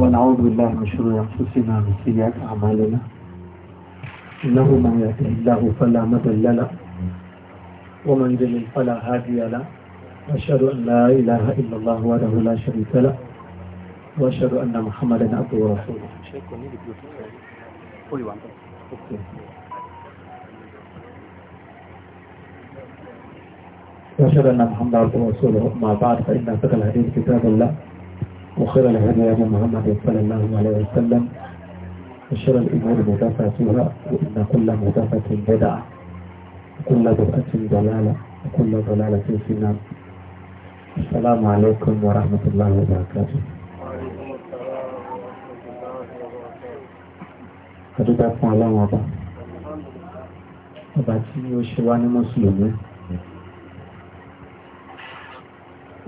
ونعوذ بالله من شرور أنفسنا ومن سيئات أعمالنا إنه من يهده الله فلا مضل له ومن يضلل فلا هادي له وأشهد أن لا إله إلا الله وحده لا شريك له وأشهد أن محمدا عبده ورسوله وأشهد أن محمدا عبده ورسوله أما بعد فإن أصدق الحديث كتاب الله وخير الهدى هدى محمد صلى الله عليه وسلم وشر الأمور محدثاتها وإن كل محدثة بدعة وكل بدعة ضلالة وكل ضلالة في النار السلام عليكم ورحمة الله وبركاته Adúgbà fún aláwọ̀ ọba. Ọba tí ó ṣe wá ní Mùsùlùmí.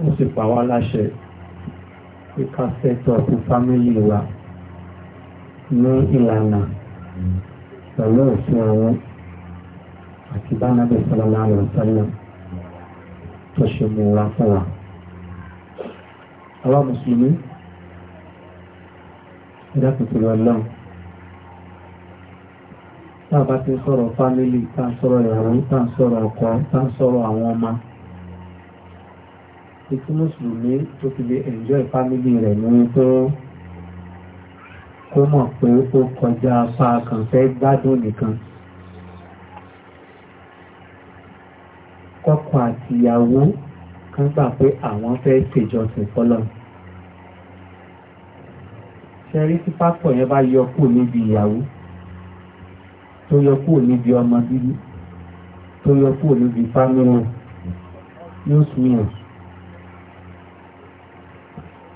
Ó sì pa wá láṣẹ kíkà sẹ́tọ̀ọ̀pù fámìlì wa ní ìlànà pẹ̀lú òfin ọ̀run àti bánábì sọlọ́lá rẹ̀ sọ́lọ́ tó ṣe mú wa fún wa. Àwọn mùsùlùmí ẹ̀dá tuntun lọ lọ́n. Tá a bá ti sọ̀rọ̀ fámìlì, tá a sọ̀rọ̀ ìyàwó, tá a sọ̀rọ̀ ọkọ, tá a sọ̀rọ̀ àwọn ọmọ ikú mùsùlùmí tó fi lè enjoy family rẹ̀ ní pé kó mọ̀ pé ó kọjá apá kan fẹ́ gbádùn nìkan. kọ́kọ àtìyàwó kan gbà pé àwọn fẹ́ ṣèjọsìn fọlọ́n. ṣẹ́rí tí pásítọ̀ yẹn bá yọ kúrò níbi ìyàwó tó yọ kúrò níbi ọmọ bíbí tó yọ kúrò níbi fámìlì yóò sùn yàn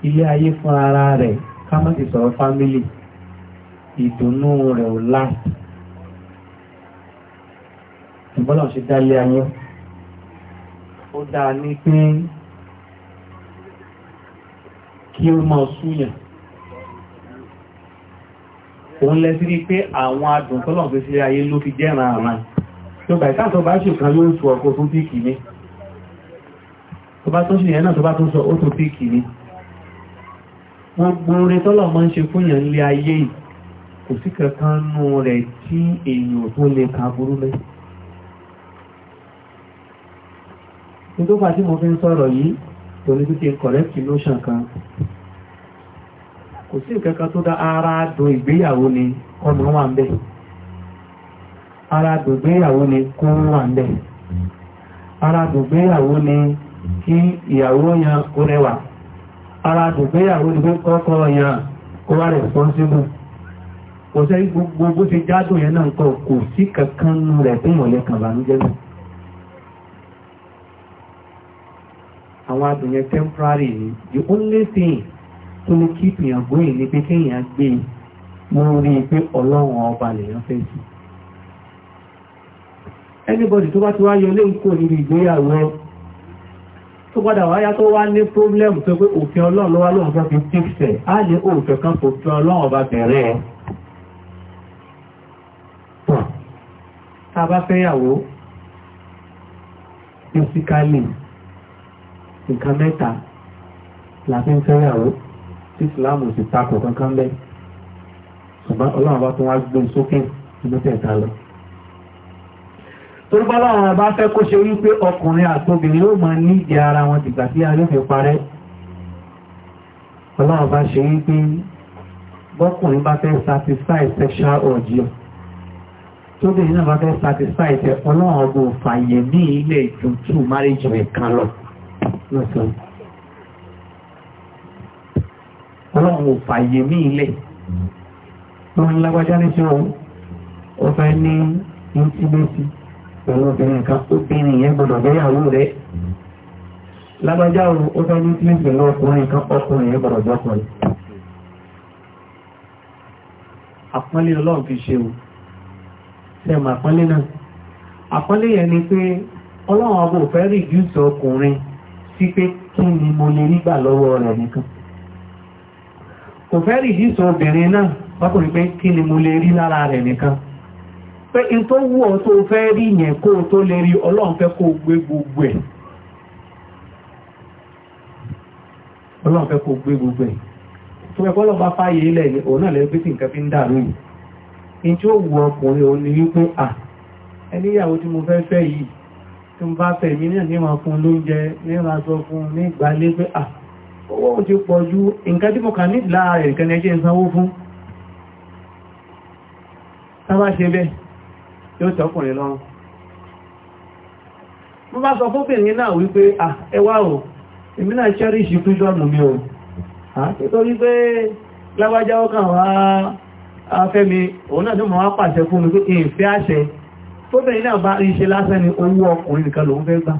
ilé ayé fún ara rẹ̀ ká má sì sọ̀rọ̀ fámílì ìdùnnú rẹ̀ ò láì ìbọ́lọ̀ ṣe dálé ayé ó dáa ní pé kí ó máa súyàn òun lẹ́sí ní pé àwọn adùn tọ́lọ̀ fi sílé ayé ló fi jẹ́ràn àwọn tó bá ìtàtọ̀ bá ṣe kan yóò sọ ọkọ̀ fún píkì ní tó bá tó ṣe yẹn náà tó bá tó sọ ó tó píkì ní gbogbo orin tọ́lọ̀ máa ń ṣe fún yàn lé ayé kò sí kankan nú rẹ̀ tí èèyàn tó lè ka burú lẹ́ ní tó fà tí mo fi ń sọ̀rọ̀ yìí torí tó ti ń correct notion kan kò sí kankan tó dá ara dùn ìgbéyàwó ni ọmọ wà ń ara dùn ìgbéyàwó ni kó wà ń ara dùn ìgbéyàwó ni kí ìyàwó yan kó rẹwà ara dùgbéyàwó ní kọ́kọ́ ọ̀yàn kó wá responsible kò sẹ́ gbogbo bó ṣe jádùn yẹn náà nǹkan kò sí kankan rẹ̀ tó mọ̀lẹ́ kan àwọn adùn temporary ni the only thing tó ní keep yàn going ni pé kéèyàn gbé mo e rí i pé ọlọ́run ọba lèèyàn fẹ́ sí anybody tó bá ti wá yọ lé ń kó nínú ìgbéyàwó tó padà wáyá tó wá ní problem tó pé òfin ọlọ́run wá lóun fẹ́ fi tíṣẹ̀ á ní òfin kan kò fi ọlọ́run ọba bẹ̀rẹ̀ ẹ̀ tá a bá fẹ́yàwó fisikali nǹkan mẹ́ta la fi ń fẹ́yàwó tí ìsìláàmù sì takò kankan bẹ́ẹ̀ ṣùgbọ́n ọlọ́run bá tún wá gbé e sókè ní mẹ́tẹ̀ẹ̀ta lọ torúbọ́lá àwọn bá fẹ́ kó ṣe wípé ọkùnrin àtobìnrin ó máa ní ìdí ara wọn dìgbà tí ayé fi parẹ́ ọlọ́run bá ṣe wípé bọ́kùnrin bá fẹ́ satisfy sexual urge tóbìnrin náà bá fẹ́ satisfy tẹ ọlọ́run ọgbọ̀n fàyè ní ilé ìtútù marriage rẹ̀ kan lọ ọlọ́run ò fàyè ní ilé lórí lágbájá ní ṣe òun fẹ́ ní intimacy òun obìnrin kan obìnrin yẹn gbọdọ̀ gbéyàwó rẹ̀ lágbájá o ó fẹ́ ní tí ń pèlú ọkùnrin kan ọkùnrin yẹn gbọdọ̀ jọkùnrin. àpọ́nlé ọlọ́run fi ṣe o ṣe mọ̀ àpọ́nlé náà àpọ́nlé yẹn ni pé ọlọ́run ọba ò fẹ́ rìdíùsì ọkùnrin sí pé kí ni mo lè nígbà lọ́wọ́ rẹ̀ nìkan kò fẹ́ rìdíùsì obìnrin náà bákùnrin pé kí ni mo lè rí lára rẹ̀ nìkan pé in tó wù ọ́ tó fẹ́ rí yẹn kó tó lè rí ọlọ́run fẹ́ kó gbé gbogbo ẹ̀ ọlọ́run fẹ́ kó gbé gbogbo ẹ̀ tó fẹ́ kọ́ lọ́ba fáyé ilẹ̀ ni òun náà lè gbé sí nǹkan fi ń dàrú yìí in tí ó wù ọkùnrin òun ni wípé à ẹni ìyàwó tí mo fẹ́ fẹ́ yìí tí mo bá fẹ́ mi náà ní máa fún lóúnjẹ ní máa sọ fún ní ìgbàlé pé à owó òun ti pọ̀ ju nǹkan tí mo kà ní ìlà rẹ̀ nǹkan ẹjẹ́ ìsanwó fún tá ṣe bẹ́ẹ̀ yóò tọ́kùnrin lọ́rùn mo bá sọ fóbìnrin náà wípé ẹwà o èmi náà ṣẹ́ríṣì pílọ́nù mi o nítorí pé lágbájá ọkàn wá afẹ́mi òun náà tó mọ̀ wá pàṣẹ fún mi pé èèfẹ́ àṣẹ fóbìnrin náà bá rí ṣe lásán ni owó ọkùnrin nìkan lòun fẹ́ gbà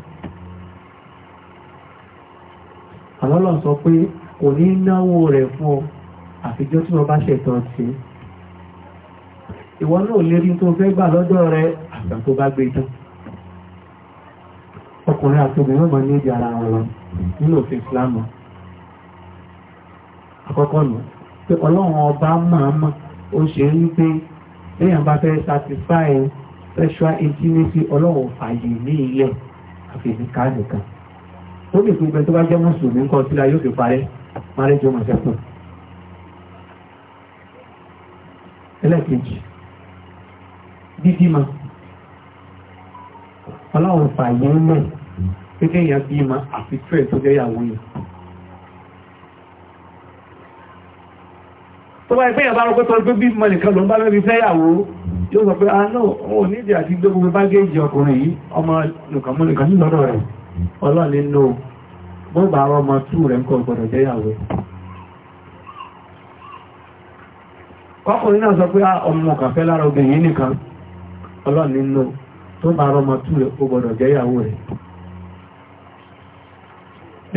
àwọn lọ sọ pé kò ní náwó rẹ̀ fún ọ àfijọ́ tí wọ́n bá ṣẹ̀tọ̀ tí ìwọ náà lérí tó fẹ́ gbà lọ́dọ̀ rẹ àgbà tó bá gbé tán ọkùnrin àti obìnrin mọ̀ ní èdè ara wọn nínú òfin Islam àkọ́kọ́ nù pé ọlọ́run ọba máa ó ṣe ń pé lẹ́yìn bá fẹ́ satisfy sexual intimacy ọlọ́run fàyè ní ilẹ̀ àfẹnìká nìkan ó lè fún ibẹ̀ tó bá jẹ́ mùsùlùmí ń kọ sílá yóò fi parẹ́ marriage home assessment ẹlẹ́ẹ̀kejì bíbí ma ọlọ́run fàyè mọ̀ kéèké èèyàn bí ma àfi tó ẹ̀ tó jẹ́ ìyàwó yìí tó bá ẹgbẹ́ yẹn bá rọ pé tọ́jú bí mọ nìkan ló ń bá lórí fẹ́yàwó yóò sọ pé ah no òun nídi àti gbé gbogbo bágéèjì ọkùnrin yìí ọmọ nìkan mú nìkan nílọ́dọ̀ rẹ̀ ọlọ́ọ̀ni no bó bá rọ ọmọ tú rẹ̀ ń kọ́ gbọ́dọ̀ jẹ́ ìyàwó kọkùnrin náà sọ pé ah, ọmọ kàfẹ́ lára obìnrin nìkan ọlọ́run nínú tó bá rọmọ tú rẹ̀ ó gbọ́dọ̀ jẹ́ rẹ̀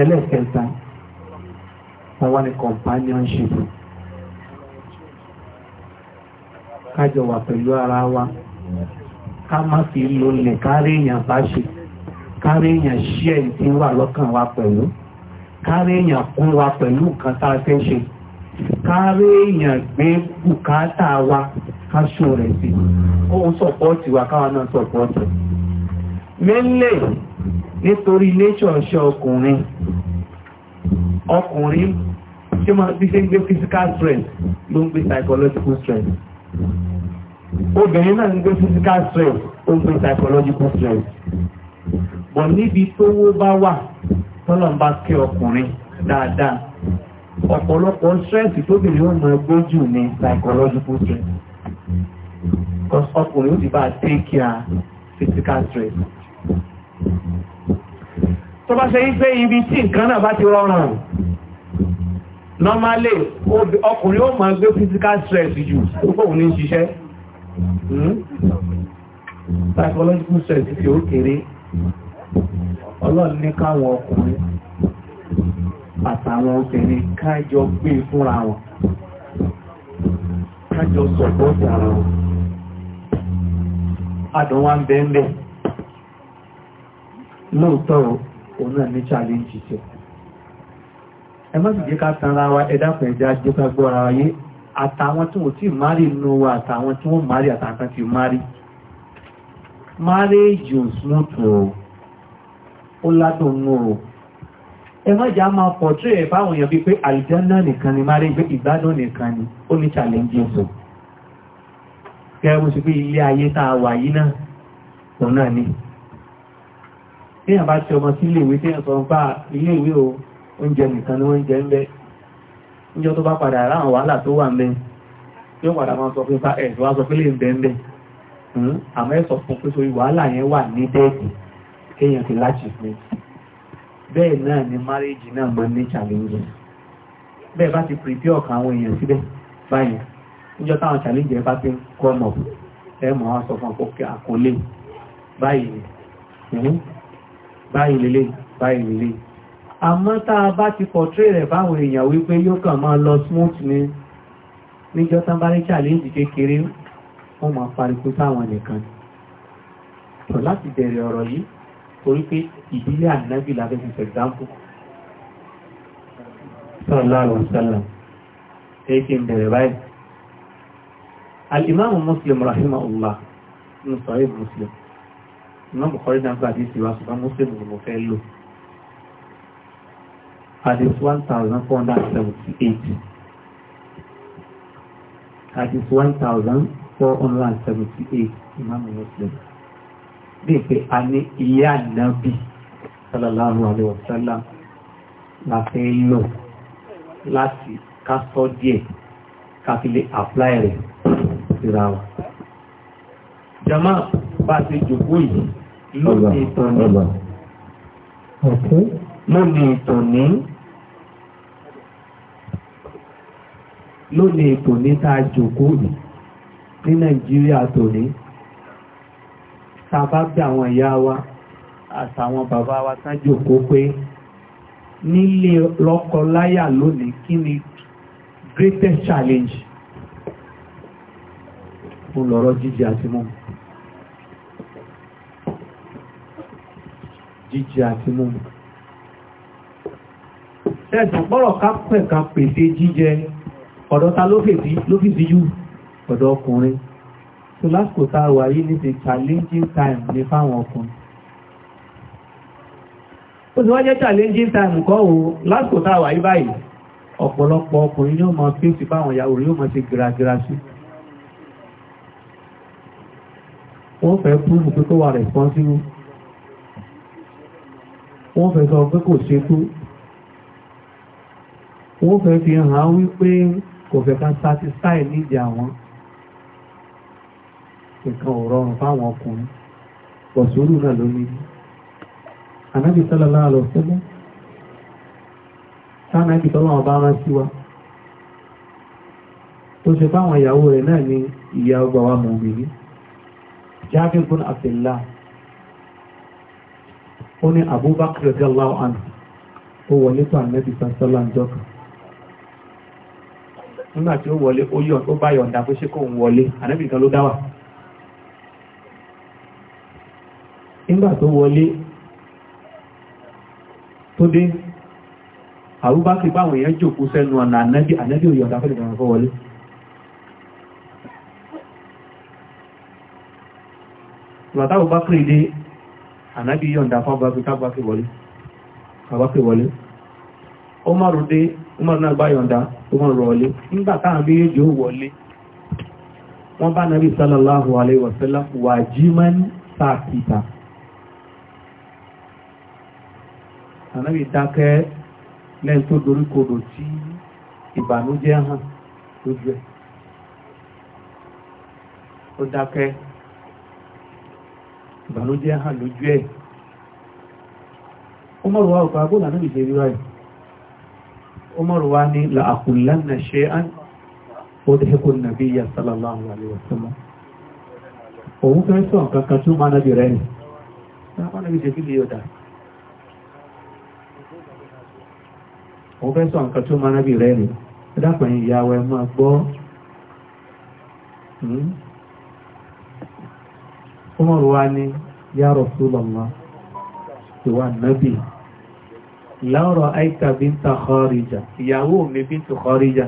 ẹlẹ́ẹ̀kẹta àwa ni companionship kájọ wà pẹ̀lú ara wa ká má fi lólẹ̀ kárí èèyàn bá ṣe kárí èèyàn ṣí ẹ̀ tí wà lọ́kàn wa pẹ̀lú kárí èèyàn kún wa pẹ̀lú nǹkan tá a fẹ́ ṣe kárí èèyàn gbé bùkátà wa ká ṣó rẹ̀ sí i òun sọ̀pọ̀tì wà káwọn náà sọ̀pọ̀tì mẹ́lẹ̀ nítorí iléṣọ̀ṣọ́ ọkùnrin ọkùnrin ṣé máa bí ṣe ń gbé physical stress ló ń gbé psychological strength. obìnrin náà ń gbé physical stress ó ń gbé psychological strength? bọ̀ níbi tówó bá wà tọ́lọ̀ ń bá kí ọkùnrin dáadáa ọ̀pọ̀lọpọ̀ stress tóbìnrin ó máa gbójú ní psychological strength because ọkùnrin ó ti bá take care physical stress. tó bá ṣe wípé ibi tí nǹkan náà bá ti rọrùn normally ọkùnrin ó máa gbé physical stress jù púpọ̀ òun ní ṣiṣẹ́ hmm? psychological stress ti ó kéré ọlọ́run ní káwọn ọkùnrin àtàwọn obìnrin kájọ gbé fúnra wọn kájọ sọ̀pọ̀ sí ara wọn adùn wa ń bẹ́ ń bẹ́ lóòótọ́ òun náà ní challenge jẹ́ ẹ má sì jẹ́ ká tanra wa ẹ̀dá pẹ̀já jẹ́ ká gbọ́ ara yé àtàwọn tí wọ́n ti márì nínú wa àtàwọn tí wọ́n márì àtàkan ti márì marriage ò smooth o ó ládùn nù o ẹ má jẹ́ a máa portray ẹ̀ fáwọn èèyàn bíi pé àlìjánná nìkan ni marriage ìgbádùn nìkan ni ó ní challenges o. So kẹ́ bó ṣe pé ilé ayé tá a wà yìí náà òun náà ni téèyàn bá ti ọmọ sí iléèwé téèyàn sọ bá iléèwé o oúnjẹ nìkan ni wọ́n ń jẹ ń bẹ níjọ́ tó bá padà ráhùn wàhálà tó wà ń bẹ yóò padà máa sọ fún ẹ̀ tó wá sọ pé lè ń bẹ ń hmm? bẹ àmọ́ ẹ̀ sọ fún pé sórí wàhálà yẹn wà ní dẹ́ẹ̀kì kéèyàn ti láti pé bẹ́ẹ̀ náà ni márèèjì náà máa ní challenges bẹ́ẹ̀ bá ti pèpè ọ̀kan àwọn èèyàn síbẹ̀ báyìí níjọ́ táwọn challenge bá ti ń kọ́ mọ̀ ẹ mọ̀ wá sọ fún akókè àkọlé báyìí báyìí lélẹ̀ báyìí lélẹ̀ àmọ́ tá a bá ti portray rẹ̀ báwọn èèyàn wípé yóò kàn máa lọ smooth ni níjọ́ tán bá rí challenge kékeré wọ́n máa pariwo sáwọn nìkan tọ̀ láti bẹ̀rẹ̀ ọ̀rọ̀ yìí torí pé ìdílé ànábì lábẹ́ fi ṣẹ̀dáǹpù sallallahu alaihi wasallam èyí ń bẹ̀rẹ̀ báyìí alimamu muslim rahimahullah nínú sọ̀rọ̀ muslim iná bukori náà gba àdìsí wa ṣùgbọ́n muslim ni mo fẹ́ lò àdìsí one thousand four hundred and seventy eight àdìsí one thousand four hundred and seventy eight imamu muslim bíi pé a ní ìyá nàbí sallallahu alayhi wa sallam la fẹ́ lò láti ká sọ díẹ̀ ká fi lè apply rẹ̀ síra wọn. jama bá ti jòkó yìí lónìí ìtàn ní lónìí ìtàn ní lónìí ìtàn ní tá a jòkó yìí ní nàìjíríà tòní tá a bá bí àwọn ìyá wa àtàwọn bàbá wa tá a jòkó pé nílé lọ́kọ láyà lónìí kí ni greatest challenge ó lọ́rọ̀ jíjẹ àti mú jíjẹ àti mú ẹ̀sùn pọ́rọ̀ ká pẹ̀ ká pèsè jíjẹ ọ̀dọ̀ ta ló fèsí ló fi sí yú ọ̀dọ̀ ọkùnrin tó lásìkò tá a wà yìí ní ti challenging time ní fáwọn ọkùnrin ó ti wá jẹ́ challenging time kọ́ o lásìkò tá a wà yìí báyìí ọ̀pọ̀lọpọ̀ ọkùnrin yóò máa fèsì fáwọn ìyàwó yóò máa ṣe gíragíra sí i wọ́n fẹ́ púrùfù pé kó wà responsible wọ́n fẹ́ sọ pé kò ṣe tó wọ́n fẹ́ fi hàn wípé kò fẹ́ ká satisfy nídìí àwọn nǹkan ò rọrùn fáwọn ọkùnrin pọ̀sùrù náà ló níbi anábì sọ́lọ́lá lọ sílẹ̀ sánábì tọ́lọ́ ọba rán sí wa tó ṣe fáwọn ìyàwó rẹ̀ náà ní ìyá ọgbà wa mọ̀ òmìnir Jabir bin Abdullah ó ní Abubakar radiyallahu anhu ó wọlé tó ànẹ́bí sọ́sọ́lá ń jọ́kàn nígbà tí ó wọlé ó yọ̀ ó bá yọ̀ǹda pé ṣé kò ń wọlé ànẹ́bí kan ló dáwà nígbà tó wọlé tó dé Abubakar báwọn èèyàn jòkó sẹ́nu ọ̀nà ànẹ́bí ànẹ́bí ò yọ̀ǹda fẹ́lẹ̀ kan kó wọlé ìgbàtàwò bá kìrì dé ànábì yọ̀ǹda fábàkì wọlé ó márùn dé Umar náà gbá yọ̀ǹda ó márùn wọlé nígbà táwọn méjèèjì ó wọlé wọ́n bá nàbí sallallahu alaihi wasallam wà jíman sáàkìta ànábì dákẹ́ lẹ́yìn tó dorí kodò tí ìbànújẹ́ hàn lójú ẹ̀ ó dákẹ́ ìbànújẹ́ hàn lójú ẹ̀ ó mọ̀rọ̀ wá ọ̀pá agbóhùn àná ìṣe ríra ẹ̀ ó mọ̀rọ̀ wá ní làákùnlánà ṣe án ó dẹ́kun nàbí yà sallallahu alaihi wasallam òun fẹ́ sọ nǹkan kan tí ó máa nábì rẹ̀ ní lápá nábì Umar wá ní ya Rasulullah ìwà nábì láọ̀rọ̀ àìkà bínta Kharija ìyàwó mi bíntu Kharija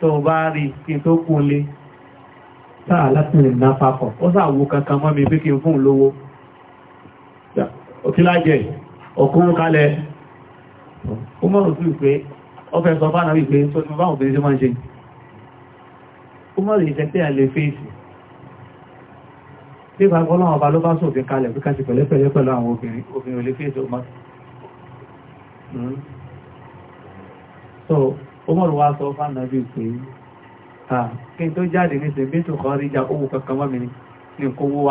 tó bá rí kí tó kúnlé sáà látìrìn náà papọ̀ ó sáàwó kankan mọ́ mi bí kí n fún lówó òkílájẹ̀ ọkùnrin kalẹ̀ Umar sí pé ọfẹ́ sọ bá náà wípé tó ti bá òbí tí ìgbàgbọ́ náà ọba ló bá sòfin kalẹ̀ bí káṣí pẹ̀lẹ́pẹ̀lẹ́ pẹ̀lú àwọn obìnrin obìnrin ò lè fi èso mọ́ hmm. so Umar wa sọ fún ànábì pé kí n tó jáde ní ṣe bí tòkọ́ rí ja owó kankan mọ́ mi ní nkówó hmm,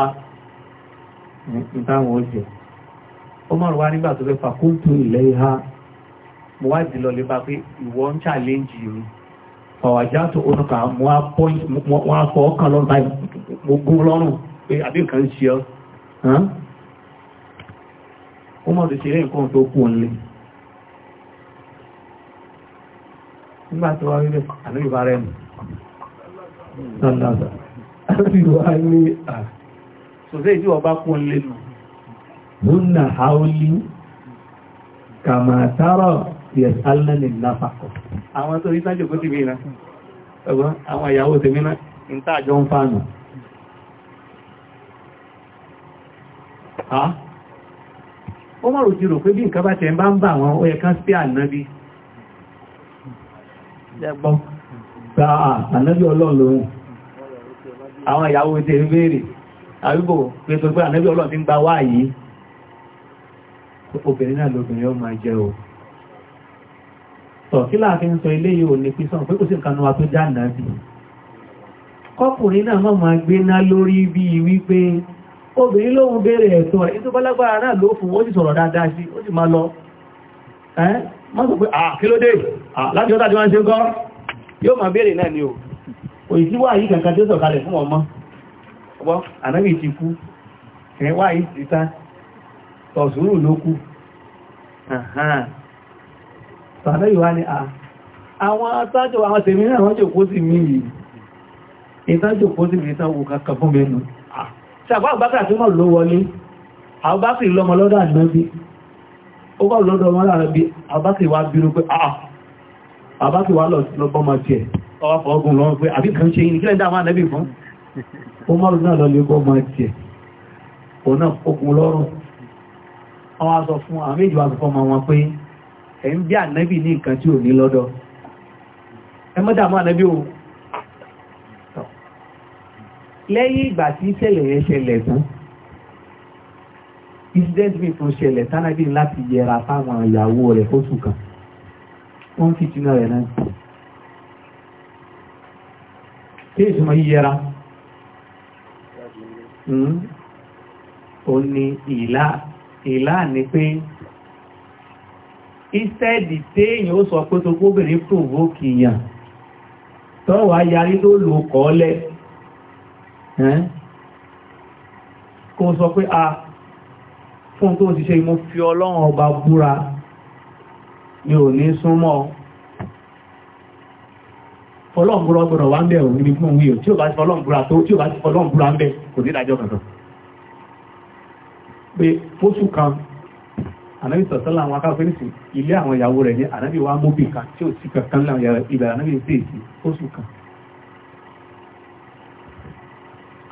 wa wá challenge mi fàwàjá tó onúkà mo wá fọ́ ọkàn lọ́nà mo gún pé àbí nǹkan ń ṣe ọ́ ó mọ̀ sí ṣeré nǹkan tó kún un lé nígbà tó wá wílé àlóyìn bá rẹ̀ mú sọ́lọ́dọ̀ àríwá ní à ṣòṣe ìjú ọba kún un lé nù múnà haúlí kàmàtàrọ̀ yẹ̀sálẹ́nì lápapọ̀ àwọn tó rí sájò kó ti mìíràn àwọn ìyàwó tèmínà ń tàjọ ń fánù ó mọ̀rò ti rò pé bí nǹkan bá tẹ̀ bá ń bà wọn ó yẹ kán sí ànábí jẹ́gbọ́n gbáà ànábí àwọn ìyàwó ti ń béèrè àríbò pẹ̀tọ̀ pé ànábí ọlọ́run ti ń gba wá yìí obìnrin náà lóbìnrin ó máa jẹ́ o tọ̀ kí láàfin sọ ilé yìí ò ní pín pé kò sí nǹkan wa tó kọkùnrin náà máa obìnrin lóhun béèrè ẹ̀tọ́ rẹ̀ tó bálágbára náà ló fún ó sì sọ̀rọ̀ dáadáa sí ó lọ ẹ́ má sọ pé àkílódé láti ọ́tà tí wọ́n ṣe ń kọ́ yóò ni o òyí tí wà yìí kankan tí ó sọ̀kalẹ̀ fún ọmọ ọgbọ́ ànábì ti kú ẹ̀ wà yìí ti ta ìtàwò fún mẹ́nu ṣàgbà àgbàkà tí wọ́n ló wọlé àbákì lọ́mọ lọ́dọ̀ ànábì ó bá lọ́dọ̀ ọmọ láàrẹ́bí àbákì wá bínú pé àà ah, àbákì ah. wá lọ́gbọ́mọ tí ẹ̀ ọwọ́pọ̀ ọgùn lọ́wọ́ pé àbí kan ṣe yìí kílẹ̀ dáa máa nẹ́bì fún ó mọ́rún náà lọ́lẹ́ gbọ́mọ tí ẹ̀ ò náà okùn lọ́rùn wọ́n wá sọ fún àmì ìjọ àsọ̀fọ́ ma wọn pé ẹ̀ ń bí ànẹ́bì ní nǹkan tí ò ní lọ́dọ̀ ẹ mọ́dà máa lẹ́yìn ìgbà tí ìṣẹ̀lẹ̀ yẹn ṣẹlẹ̀ tán incident mi tó ṣẹlẹ̀ tánàbí láti yẹra fáwọn ìyàwó rẹ̀ fóṣù kan wọ́n fi tínú rẹ̀ náà tí ìṣúná yíyẹra hmm? ó ní ìlà ìlà ní pé ìṣẹ́dì téèyàn ó sọ pé tó gbóbìnrin provoke yàn tọ́wàá yarí ló lò kọ́ lẹ́ẹ̀ kó sọ pé a fún tó ti ṣe mo fi ọlọ́run ọba búra mi ò ní súnmọ́ fọlọ́ǹbúra ọgbọ̀rọ̀ wá ń bẹ̀ òun ní fún òun yìí tí ó bá ti fọlọ́ǹbúra tó tí ó bá ti fọlọ́ǹbúra ń bẹ̀ kò ní ìdájọ́ kankan pé fóṣù kan ànábì sọ̀sọ́lá àwọn akáfẹ́lìsì ilé àwọn ìyàwó rẹ̀ ní ànábì wa mọ́bì kan tí ó sì kankan láwọn ìgbà ànábì sí èsì fóṣù kan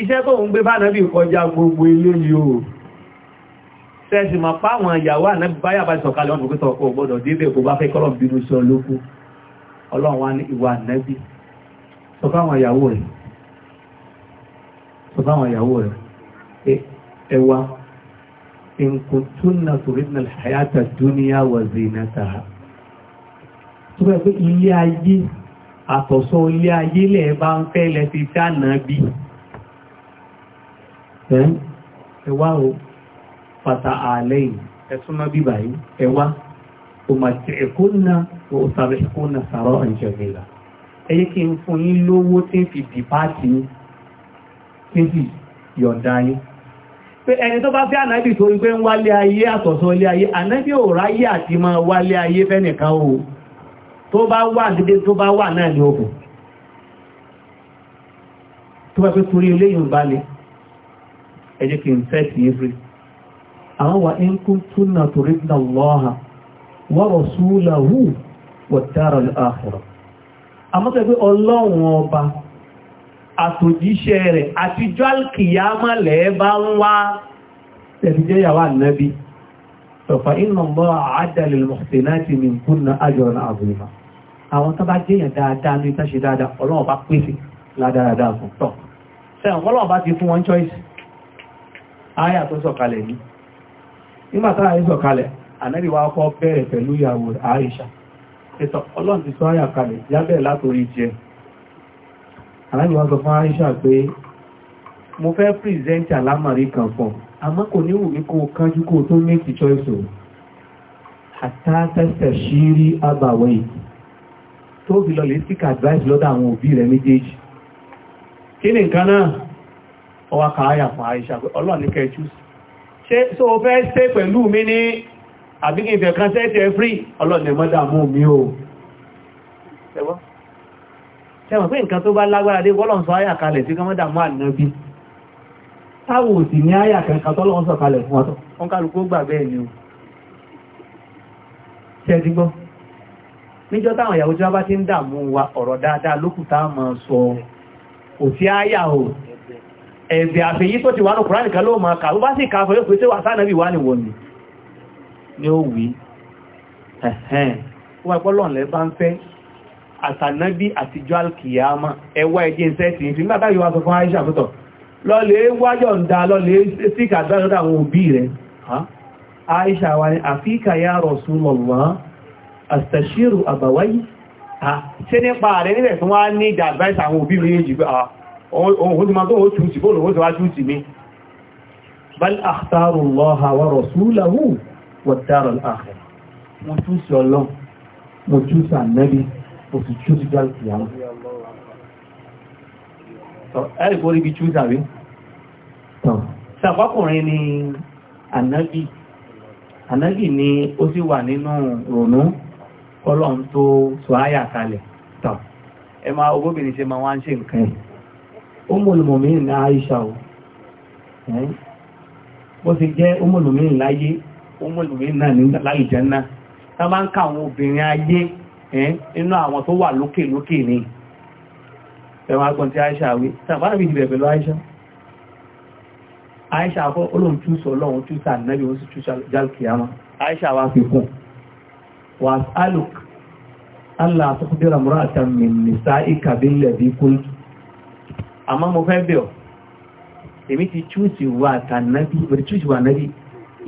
iṣẹ́ tó ń gbé bá náàbì kọjá gbogbo ilé yóò tẹ́sì ma páwọn ìyàwó ànábì báyà bá sọ̀kalẹ̀ ọmọ pẹ́tọ̀ ọkọ̀ gbọ́dọ̀ débẹ̀ kò bá fẹ́ kọ́lọ̀m bínú sọ lókú ọlọ́run wá ní ìwà ànábì sọ fáwọn ìyàwó rẹ̀ ẹwà in kuntunna turidna al-hayata ad-dunya wa zinataha ilé ayé àtọ̀sọ́ ilé ayé lẹ́ẹ̀ ń fẹ́ lẹ́ ti dáná ẹ̀hún ẹwà o fata àlẹ́yìn ẹ̀súnmọ́ bíbà yìí ẹwà o mà ti ẹ̀kọ́ náà o sàrẹ̀ ẹ̀kọ́ náà sàrọ̀ ìjọba ẹ̀yẹ́ kí n fún yín lówó tí ń fi dìpáàtì yín tí ń fi yọ̀ǹda yín pé ẹni tó bá fẹ́ ànábì tó ń gbé ń wálé ayé àtọ̀sọ ilé ayé ànábì ò ráyé àti máa wálé ayé fẹ́nìkan o tó bá wà dídé tó bá wà náà ní òkùn tó bá fẹ́ torí ilé yìí ń balẹ̀ ẹjẹ́ kí n fẹ́ sí rí àwọn wà ń kún túnà torí na lọ́ha wọ́n rọ̀ súúlà hù wọ̀dára àfọ̀rọ̀ àmọ́sẹ̀gbé ọlọ́run ọba àtòjíṣẹ́ rẹ̀ àtijọ́ alkìyàmá lẹ́ẹ̀bá ń wá tẹ̀síjẹ́ mọ́ àádàlẹ̀ mọ̀sẹ̀láti ọlọ́run bá pèsè ládáadáa fún tọ́ sẹ́wọ̀n ọlọ́run ti fún wọn choice áyà tó sọ̀kalẹ̀ ní nígbàtá àyè sọ̀kalẹ̀ ànábì wa bẹ̀rẹ̀ pẹ̀lú ìyàwó Àìṣà ẹ̀tọ̀ ọlọ́run sọ áyà kalẹ̀ jábẹ̀ látorí jẹ je. sọ fún Àìṣà pé mo fẹ́ present alámàrí kan fún àmọ́ kò ní wù kó kánjú choice o àtàtẹ̀sẹ̀ ṣírí fi ọwá kàáyà fún àìṣà ọlọ́ni kẹjú ṣe so fẹ́ ṣe pẹ̀lú mi ní àbíkí ìfẹ̀ kan sẹ́ẹ̀tẹ̀ frí ọlọ́ni mọ́dá mú mi o ṣẹwọ̀n pé nǹkan tó bá lágbára dé wọ́lọ́n sọ áyà kalẹ̀ tí kọmọ́dá mú ànábí táwò sì ní áyà kẹkàn tọ́lọ́n sọ kalẹ̀ fún ọ̀tọ̀ wọ́n kálukú gbà bẹ́ẹ̀ ni o ṣẹ́ ti gbọ́ níjọ́ táwọn ìyàwó tí wọ́n bá ti ń dààmú wa ọ̀rọ̀ dáadáa lókùtà máa sọ òtí ẹ̀bẹ̀ àfẹ́yí tó ti wà ní kùránì kan ló máa kà ló bá sì káfẹ́ yóò pé tí wà sánàbí wà ní wọ́n ni ni ó wí ẹ̀hẹ́n wọ́n ìpọ́lọ̀lẹ́ bá ń fẹ́ àtànábí àtijọ́ alkiyama ẹwà ẹjẹ́ iṣẹ́ ti fi nígbàtà yíwa sọ fún Aisha fútọ̀ lọ́lẹ̀ wájọ̀ ń da lọ́lẹ̀ síkà dáadáa àwọn òbí rẹ̀ Aisha wa ni àfíkà ya Rasulullah astashiru àbàwáyí ṣe nípa rẹ̀ níbẹ̀ tí wọ́n á ní ìdàgbàṣà àwọn òbí rẹ̀ yìí jù pé ah, ohun tí ma tó oṣù sí bóòlù oṣù wájú sí mi bal akhtaru Allaha wa rasulahu wa dar al-akhir mo tún sí ọlọ́n mo tún sí ànẹ́bí mo sì tún sí jáde ìyàwó ẹ̀rì kó rí bí tún sàrí sàpákùnrin ni ànẹ́bí ànábì ni ó sì wà nínú rònú kọ́lọ̀ tó sọ áyà kalẹ̀ ẹ máa ogóbìnrin ṣe máa wá ń ṣe nǹkan Ummul Mu'minin ní Aisha o bó ti jẹ́ Ummul Mu'minin láyé Ummul Mu'minin náà ní láì jẹ́nà tá máa ń ká àwọn obìnrin ayé inú àwọn tó wà lókè lókè ni ẹwà agbọ̀n tí Aisha wí tàbára bí ìbẹ̀ pẹ̀lú Aisha Aisha kọ́ olóhun túsọ lọ́wọ́n túsà nẹ́bí wọ́n sì túsà jálkìyàmá Aisha wá fi kún wà alùk Allah tó kúdẹ́ra mọ́ra àtàmì nìsá ìkàbílẹ̀ bí kúlù àmọ́ mo fẹ́ bẹ̀ ọ́ èmi ti chúùsì wà tànàbí ìbẹ̀rẹ̀ chúùsì wà nàbí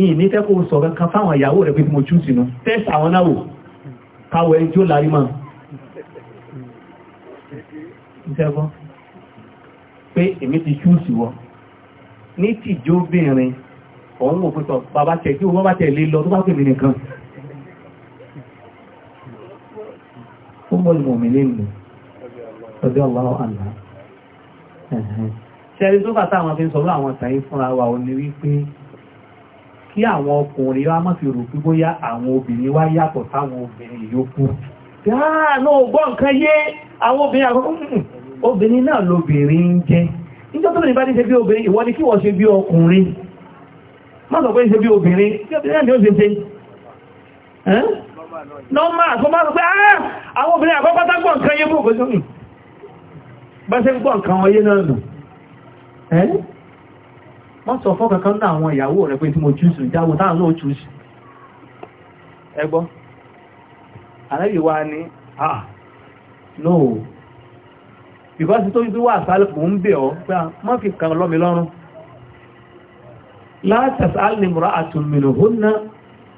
ìyìn ní tẹ́kọ̀ọ́ sọ kankan fáwọn ìyàwó rẹ̀ pé mo chúùsì nù tẹ́sì àwọn náà wò káwọ̀ ẹjọ́ lárí máa ìṣẹ́gbọ́ pé èmi ti chúùsì wọ ní tìjó bìnrin òun wò pẹ́tọ̀ bàbá tẹ̀ tí wọ́n bá tẹ̀ lé lọ tó bá pè ọjọ́ àwọn àná ṣẹ́rí tó bàtà àwọn fi ń sọ̀rọ̀ àwọn tàí fúnra wa ò ní wípé kí àwọn ọkùnrin wá mọ́ fi rò pé bóyá àwọn obìnrin wá yàtọ̀ sáwọn obìnrin yòókù dáàánú ah, gbọ́ nǹkan yé àwọn obìnrin àwọn hmm, hmm, obìnrin náà lóbìnrin ń jẹ́ níjọ́ tó bìnrin bá ní ṣe bí obìnrin ìwọ ni kí wọ́n ṣe bí ọkùnrin má sọ pé ṣe bí obìnrin kí obìnrin náà ni ó ṣe ṣe nọ́mà tó bá sọ pé ah, àwọn obìnrin àkọ́kọ́ tágbọ̀n kan yé fún òkú bá ṣe ń gbọ́ nǹkan wọ́n yé náà nù ẹ́ wọ́n sọ fọ́ kankan náà àwọn ìyàwó rẹ̀ pé tí mo jùsù ìjáwó táà náà jùsù ẹgbọ́ àlẹ́bí wa ni ah no because tó yíwá àsálùkù ń bẹ̀ ọ́ pé má fi kàn lọ́mi lọ́rùn látàs alìmọ̀rá àtùmìnà hóná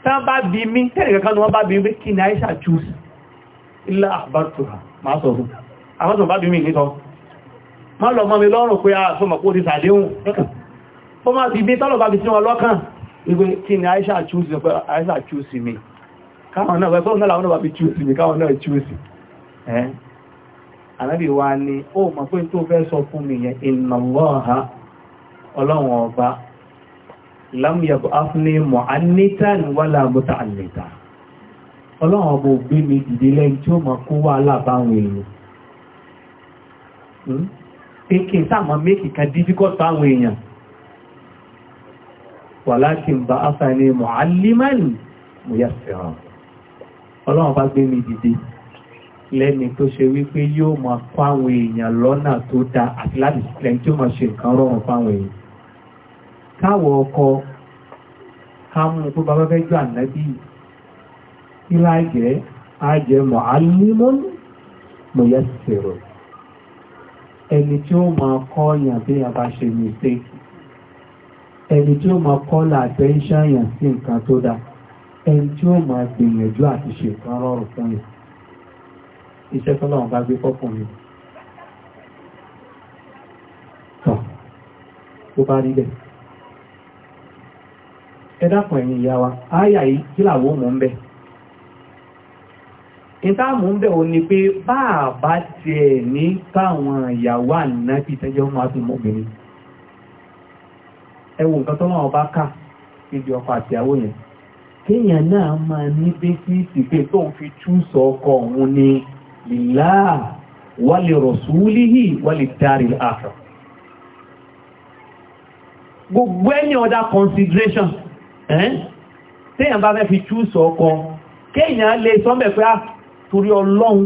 tá bá bí mi tẹ́lẹ̀ kankan ni wọ́n bá bí mi pé kí ni Aisha jùsù ilá àbátùrà máa sọ fún àwọn tó bá bí mi nítọ́ má lọ mọ́ mi lọ́rùn pé àṣọ́mọ̀pọ̀ ah, ti sàdéhùn ó má O ma tọ́lọ̀ bá fi sí wọn ìgbé kí ni Aisha chúsì mi káwọn náà wẹ́pẹ́ náà bá chúsì mi káwọn náà chúsì ẹ́ anábì wa ni ó mọ̀ pé tó fẹ́ sọ fún mi yẹn pé kí n sáàmà méèkì kan difficult fáwọn èèyàn walakin ba'athani mu'alliman muyassiran ọlọ́run bá gbé mi dìde lẹ́ni tó ṣe wípé yóò máa kọ́ àwọn èèyàn lọ́nà tó da àti láti lẹ́ni tí ó máa ṣe nǹkan rọrùn fáwọn èèyàn káwọ ọkọ ká mú pé bàbá fẹ́ jọ ànábì kí láì jẹ́ àjẹmọ̀ alímọ́nù mo yẹ ẹni tí ó máa kọ́ yàn bí a bá ṣe mistake ẹni tí ó máa kọ́ là attention yàn sí nǹkan tó dáa ẹni tí ó máa gbìyànjú àti ṣe nǹkan rọrùn fún yàn iṣẹ́ tó náà bá gbé fọ́kùnrin tọ̀ tó bá rí bẹ́ẹ̀ ẹ wa yìí kí làwọn mọ̀ ń bẹ́ẹ̀. ìtààmù ń bẹ̀ o ni pé báàbá ti ẹ̀ ní káwọn ìyàwó ànábì tẹ́jẹ́ ọmọ àtìmọ́bìnrin ẹwọ nǹkan tọ́nà ọba ká níbi ọkọ àtìyàwó yẹn kéèyàn náà máa ní bẹ́sìsì pé tó ń fi túùsọ ọkọ òun ni lílá wà lè rọ̀súlìhì wà lè dárí àfẹ́ gbogbo ẹni ọ̀dá consideration téèyàn bá fẹ́ fi túùsọ ọkọ kéèyàn lè sọ́mẹ̀ pé ah, torí ọlọ́run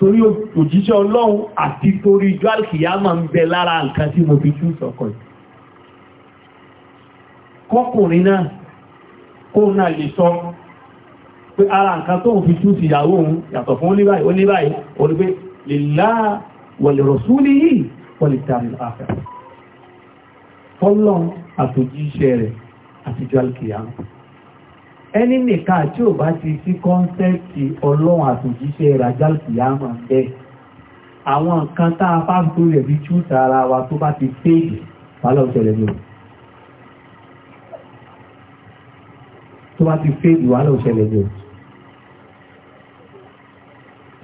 torí òjíṣẹ́ ọlọ́run àti torí ìjọ àlùkìyámà ń bẹ lára nǹkan tí mo fi tú sọ́kọ̀ yìí kọkùnrin náà kó náà lè sọ pé ara nǹkan tó ń fi tú sí ìyàwó òun yàtọ̀ fún oníbàyí oníbàyí olùgbé rasulihi wa li ta'ala àfẹ́ fọ́lọ́run àtòjíṣẹ́ rẹ̀ ẹni nìkan tí ò bá ti sí kọ́nsẹ́ẹ̀tì ọlọ́run àtòjíṣẹ́ rajal kìyàmọ̀ bẹ́ àwọn nǹkan tá a fà tó rẹ̀ bí tú tara wa tó bá ti fèèdì wàhálà òṣèlè ni o tó bá ti fèèdì wàhálà òṣèlè ni o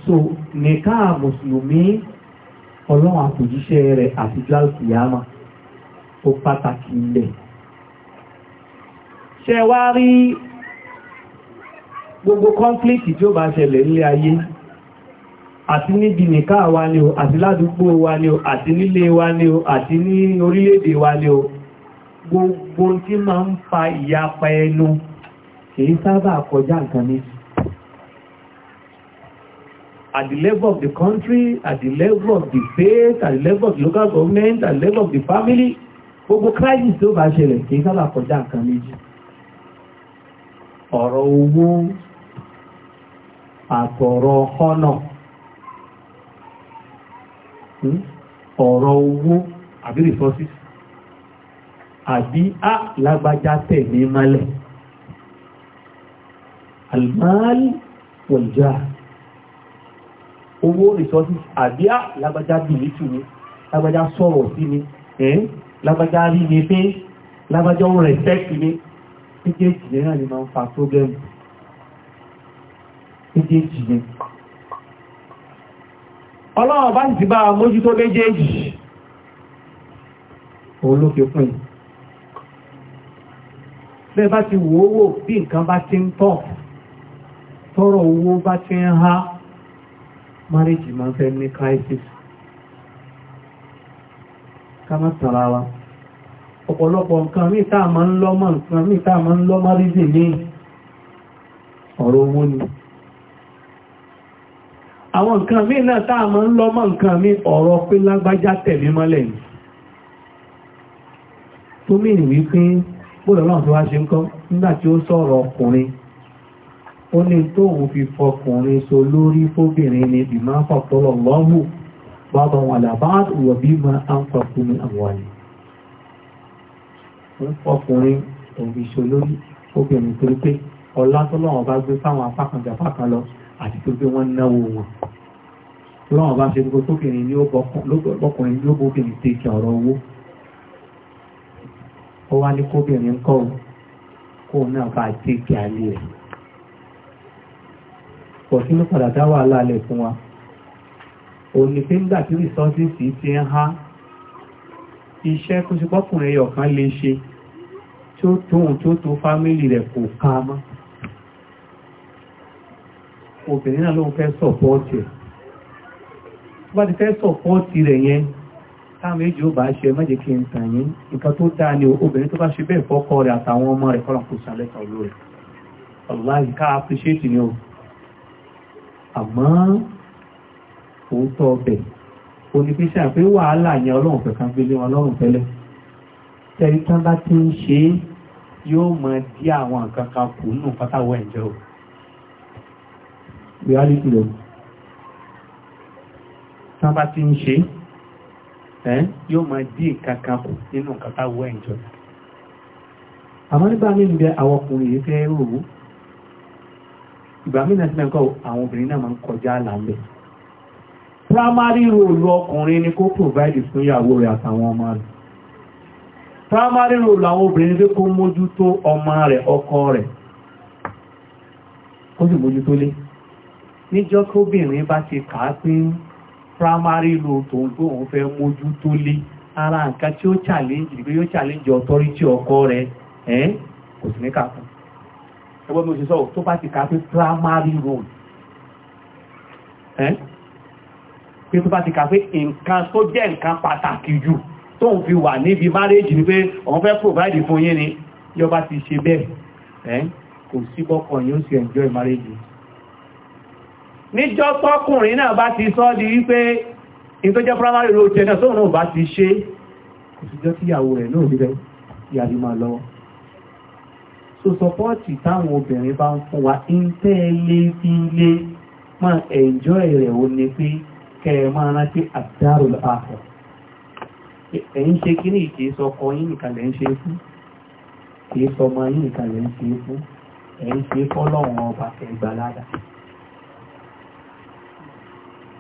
so nìkan mùsùlùmí ọlọ́run àtòjíṣẹ́ rẹ̀ àti rajal kìyàmọ̀ ó pàtàkì ilẹ̀ ṣe gbogbo kọ́nflíkì tí ó bá ṣẹlẹ̀ nílé ayé àti níbi nìká wa ni o àti ládùúgbò wa ni o àti nílé wa ni o àti ní orílẹ̀-èdè wa ni o gbogbo tí ma ń fa ìyapa ẹnu kìí sábà kọjá nǹkan ní at the level of the country at the level of the state at the level of the local government at the level of the family gbogbo crisis tí ó bá ṣẹlẹ̀ kìí sábà kọjá nǹkan méjì ọ̀rọ̀ owó àtọ̀rọ̀ ọ̀nà hmm? ọ̀rọ̀ owó àbí resources àbí á lágbájá tẹ̀ ní mọ́lẹ̀ almal wọ̀lìjá owó resources àbí á lágbájá bìlítù ni lágbájá sọ̀rọ̀ sí ni lágbájá rí ni pé lágbájá ó respect ni méjèèjì náà ni máa ń fa problem méjèèjì yẹn ọlọ́run bá ti bá mójútó méjèèjì òun ló fi pín bẹ́ẹ̀ bá ti wò ó wò bí nǹkan bá ti ń tọ̀ tọ́rọ̀ owó bá ti ń há márèjì máa fẹ́ ní crisis ká má tara wa ọ̀pọ̀lọpọ̀ nǹkan míì tá a máa ń lọ́mọ nǹkan míì tá a máa ń lọ́mọ rízì ọ̀rọ̀ owó ni àwọn nǹkan míì náà táà mọ́ ń lọ mọ́ nǹkan míì ọ̀rọ̀ pé lágbájá tẹ̀mí mọ́lẹ̀ ni tó mìíràn wípé bóòlù náà tó wá ṣe ń kọ́ nígbà tí ó sọ̀rọ̀ ọkùnrin ó ní tóun fi fọkùnrin so lórí fóbìnrin ni bìmọ́ fọ̀tọ́lọ̀ lọ́wọ́ bàbá wọn làbá àwọn àlè ọkùnrin òun fi so lórí bá gbé fáwọn apákanjàpá kan lọ àti tó gbé wọ́n náwó wọn lọ́wọ́n bá ṣe gbogbo tókìnrin ní ọkùnrin ní obìnrin tí kí ọ̀rọ̀ owó ó wá ní kóbìnrin kọ́ kó náà bá tí kí alé ẹ̀ pọ̀ sí ló padà dá wàhálà lẹ̀ fún wa òun ni pé nígbà tí rìsọ́sìsì ti ń há iṣẹ́ kó ṣe pọ́kùnrin ọ̀kan lè ṣe tí ó tóun tó tó fámìlì rẹ̀ kò ká mọ́ obìnrin náà ló ń fẹ́ sọ̀pọ́ọ̀tì ẹ̀ tó bá ti fẹ́ sọ̀pọ́ọ̀tì rẹ̀ yẹn táwọn méjì ó bá ṣe mẹ́jẹ̀ kí n tàn yín nǹkan tó dáa ni obìnrin tó bá ṣe bẹ́ẹ̀ fọ́kọ rẹ̀ àtàwọn ọmọ rẹ̀ kọ́lọ̀ kò sàlẹ̀ tọ̀lú rẹ̀ ọ̀láyìí ká appreciate ni o àmọ́ òótọ́ ọbẹ̀ onífíṣà pé wàhálà yẹn ọlọ́run fẹ́ kan gbélé wọn lọ́rùn tẹ́lẹ̀ tẹ́rí tán bá ti ń ṣe yóò mọ dí àwọn nǹkan kan kù nù pátáwọ́ ẹ̀jẹ̀ o reality lọ tán bá ti ń ṣe ẹ́ yóò máa dí ìkankan kù nínú nǹkan táwọ́ ẹ̀jọ́ àmọ́ nígbà mí ń bẹ àwọn ọkùnrin yìí fẹ́ rò ìgbà mí náà ti àwọn obìnrin náà máa ń kọjá àlàlẹ̀ primary role ọkùnrin ni kó provide fún ìyàwó rẹ̀ àtàwọn ọmọ rẹ̀ primary role àwọn obìnrin pé kó mójútó ọmọ rẹ̀ ọkọ rẹ̀ kó sì mójútó lé níjọ́ tóbìnrin bá ti kà á pé primary road tó ń gbé òun fẹ́ mójú tó lé ara nǹkan tí ó challenge ìgbé yóò challenge authority ọkọ rẹ̀ ẹ́ kò sí ní kàkún ẹgbọ́n mi ò ṣe sọ tó bá ti kà á primary road ẹ́ pé tó bá ti kà á pé nǹkan tó jẹ́ nǹkan pàtàkì jù tó ń fi wà níbi marriage ni pé òun fẹ́ provide fún yín ni yọba ti ṣe bẹ́ẹ̀ ẹ́ kò sí bọ́kọ̀ yóò sì enjoy marriage níjọ́ tọ́kùnrin náà bá ti sọ́ di wípé in tó jẹ́ primary road tẹ́nà tó náà bá ti ṣe kò sí jọ kíyàwó rẹ̀ náà níbẹ̀ yàrí máa lọ so sọpọ́ọ̀tì táwọn obìnrin bá ń fún wa ń tẹ́lé fi lé máa ẹ̀jọ́ rẹ̀ ó ní pé kẹ máa rántí àdárò àpọ̀ ẹ̀yìn ṣe kí ní ìkè sọkọ yín ń ṣe fún kì ṣe fọ́lọ́wọ́n ọba ẹgbàládà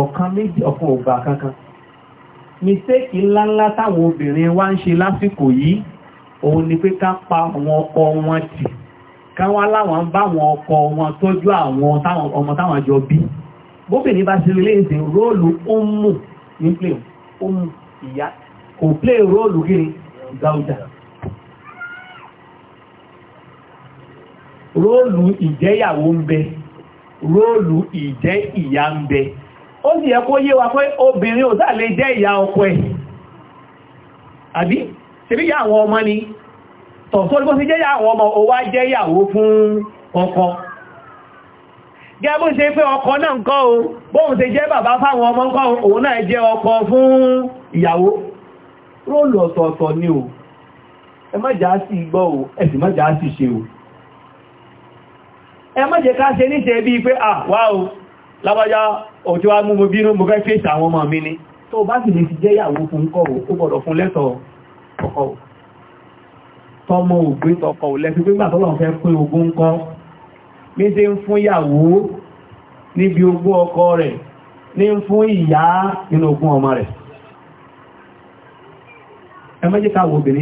ọ̀kan méjì ọ̀kan ògbà kankan mistake ńláńlá táwọn obìnrin wá ń ṣe lásìkò yìí òun ni pé ká pa àwọn ọkọ wọn tì ká wá láwọn ń bá àwọn ọkọ wọn tọ́jú àwọn ọmọ táwọn jọ bí bóbìnrin bá ṣe lè ṣe róòlù ó ní pé ó ìyá kò róòlù róòlù ó sì yẹ kó yé wa pé obìnrin ò sáà lè jẹ́ ìyá ọkọ ẹ̀ àbí ọmọ ni tọ̀tọ́ ní kó sí jẹ́ àwọn ọmọ ó jẹ́ ìyàwó fún ọkọ gẹ́bùn ṣe ọkọ náà o bóhun ṣe jẹ́ bàbá fáwọn ọmọ nkọ kọ́ òun náà jẹ́ ọkọ fún ìyàwó róòlù ọ̀tọ̀ọ̀tọ̀ ni o ẹ má jà gbọ́ o ẹ sì má jà ṣe o ẹ má jẹ́ ká ṣe bí pé à wá o lábájá òtí wá mú mo bínú mo fẹ́ fèsì àwọn ọmọ mi ni tó bá sì lè fi jẹ́ ìyàwó fún kọ̀wọ̀ ó gbọ́dọ̀ fún lẹ́tọ̀ ọkọ̀ tọmọ ògbé tọkọ̀ lẹ́fi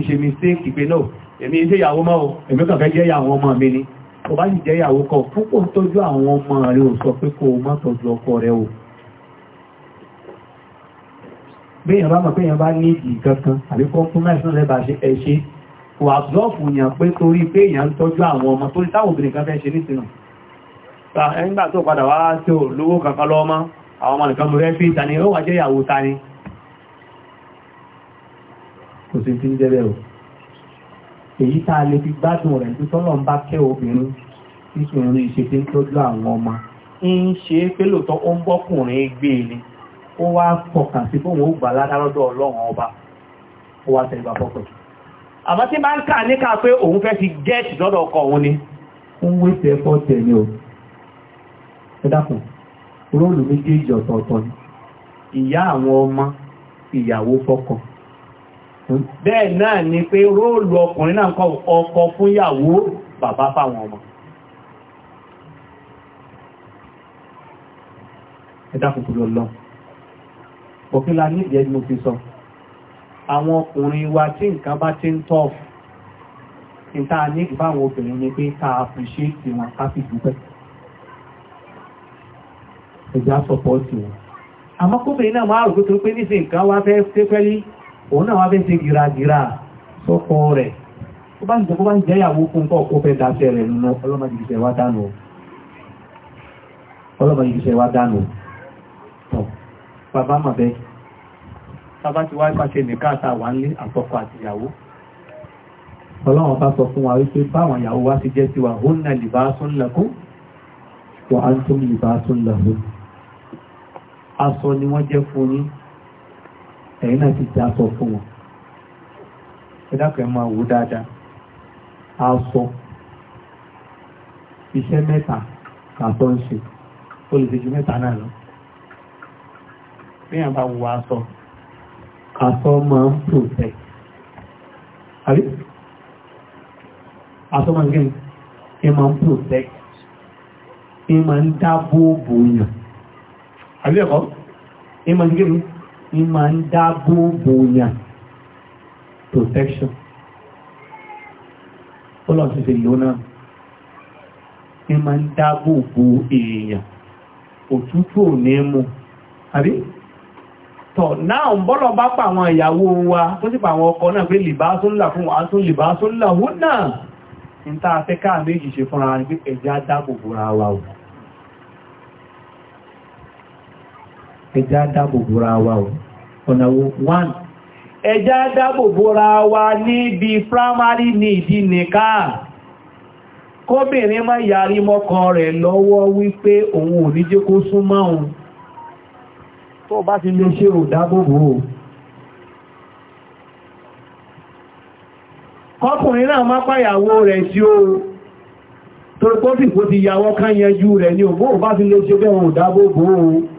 ṣe mistake pé náà èmi iṣẹ́ ìyàwó mọ́ èmi kàn fẹ́ jẹ́ ìyàwó ọmọ mi ni tó bá jẹ́ ìyàwó kan púpọ̀ tọ́jú àwọn ọmọ rẹ̀ ò sọ pé kó o má tọ́jú ọkọ rẹ̀ o béèyàn bá mọ̀ pé èèyàn bá ní ìdí kankan àbí compromise náà lẹ́bàá ṣe ẹṣe kò àbúrọ́fù yàn pé torí pé èèyàn ń tọ́jú àwọn ọmọ torí táwọn obìnrin kan fẹ́ ṣe nísìnà ta ẹgbà tó padà wá tí ò lówó kankan lọ́mọ́ àwọn ọmọ nìkan mọ̀rẹ́ fi ìtàní ó wà o èyí tá a lè fi gbádùn rẹ̀ tó tọ́lọ̀ ń bá kẹ́ obìnrin tí sì ń tí ń tọ́jú àwọn ọmọ ń ṣe pé lóòótọ́ ó ń bọ́kùnrin gbé e ni ó wá fọkàn sí fóun ó gbà ládàrọ́dọ̀ ọlọ́run ọba ó wá tẹ̀lé bàbá pẹ̀lú àmọ́ tí máa ń kà níkà pé òun fẹ́ fi get lọ́dọ̀ ọkọ òun ni ń wéṣẹ̀ ẹ̀fọ́ tẹ̀ ni o ẹ dákun róòlù méjèèjì ọ̀tọ̀ọ̀tọ̀ ni ìyá àwọn ọmọ ìyàwó fọ́kọ̀ọ́ bẹ́ẹ̀ náà ni pé róòlù ọkùnrin náà kọ ọkọ fún yàwó bàbá fáwọn ọmọ ẹ̀dàkùnkùn lọ́lọ́ òkínlá ní ìdí ẹgbùn fi sọ àwọn ọkùnrin wa tí nǹkan bá ti ń tọ́ ìta ní ìbáwọn obìnrin ni pé ká appreciate wọn ká fi dúpẹ́ ẹ̀dà support wọn àmọ́ kóbìnrin náà máa rò pé ní sí nǹkan wá fẹ́ fẹ́ òun náà wá fẹ́ ṣe gìràgìrà sọ́kọ rẹ̀ ó bá ń jẹ́ kó bá ń jẹ́ ìyàwó fún kọ́ kó fẹ́ dáṣẹ́ rẹ̀ nínú ọlọ́mọdé ìṣẹ́ wá dánù ọlọ́mọdé ìṣẹ́ wá dánù tọ̀ bàbá màbẹ́ bàbá ti wá pàṣẹ nìkan àtàwà ńlé àtọkọ àti ìyàwó wa wípé báwọn ìyàwó wá ti jẹ́ tiwa ẹ̀yin náà ti já sọ fún wọn ẹ dákun ẹ máa wò dáadáa aṣọ iṣẹ́ mẹ́ta kàtọ́ ń ṣe ó lè ṣejú mẹ́ta náà lọ bíyàn bá wo aṣọ aṣọ máa ń protect àbí aṣọ máa ń gẹ́ni ẹ máa ń protect ẹ máa ń dáàbò bò yàn àbí ẹ̀kọ́ ẹ máa ń gẹ́ni ní máa ń dáàbò bòyàn protection bọ́lá ti ṣe lónà ní máa ń dáàbò bo èèyàn òtútù ò ní mú àbí tọ̀ náà ń bọ́lọ̀ bá pa àwọn ìyàwó wa tó sì pa àwọn ọkọ náà pé lìbá tó ń là fún wa tó lìbá tó là hún náà ní tá a fẹ́ káà méjì ṣe fúnra ní pé ẹ̀já dáàbò bòra wa o ẹjá dáàbò wa o ọ̀nà wo one ẹjá wa níbi primary need nìkan kóbìnrin má yarí mọ́kọ rẹ̀ lọ́wọ́ wípé òun ò ní tó bá ti lè ṣe ò dáàbò kọkùnrin náà má pàyàwó rẹ̀ sí o ti rẹ̀ ní bá ti lè ṣe bẹ́ẹ̀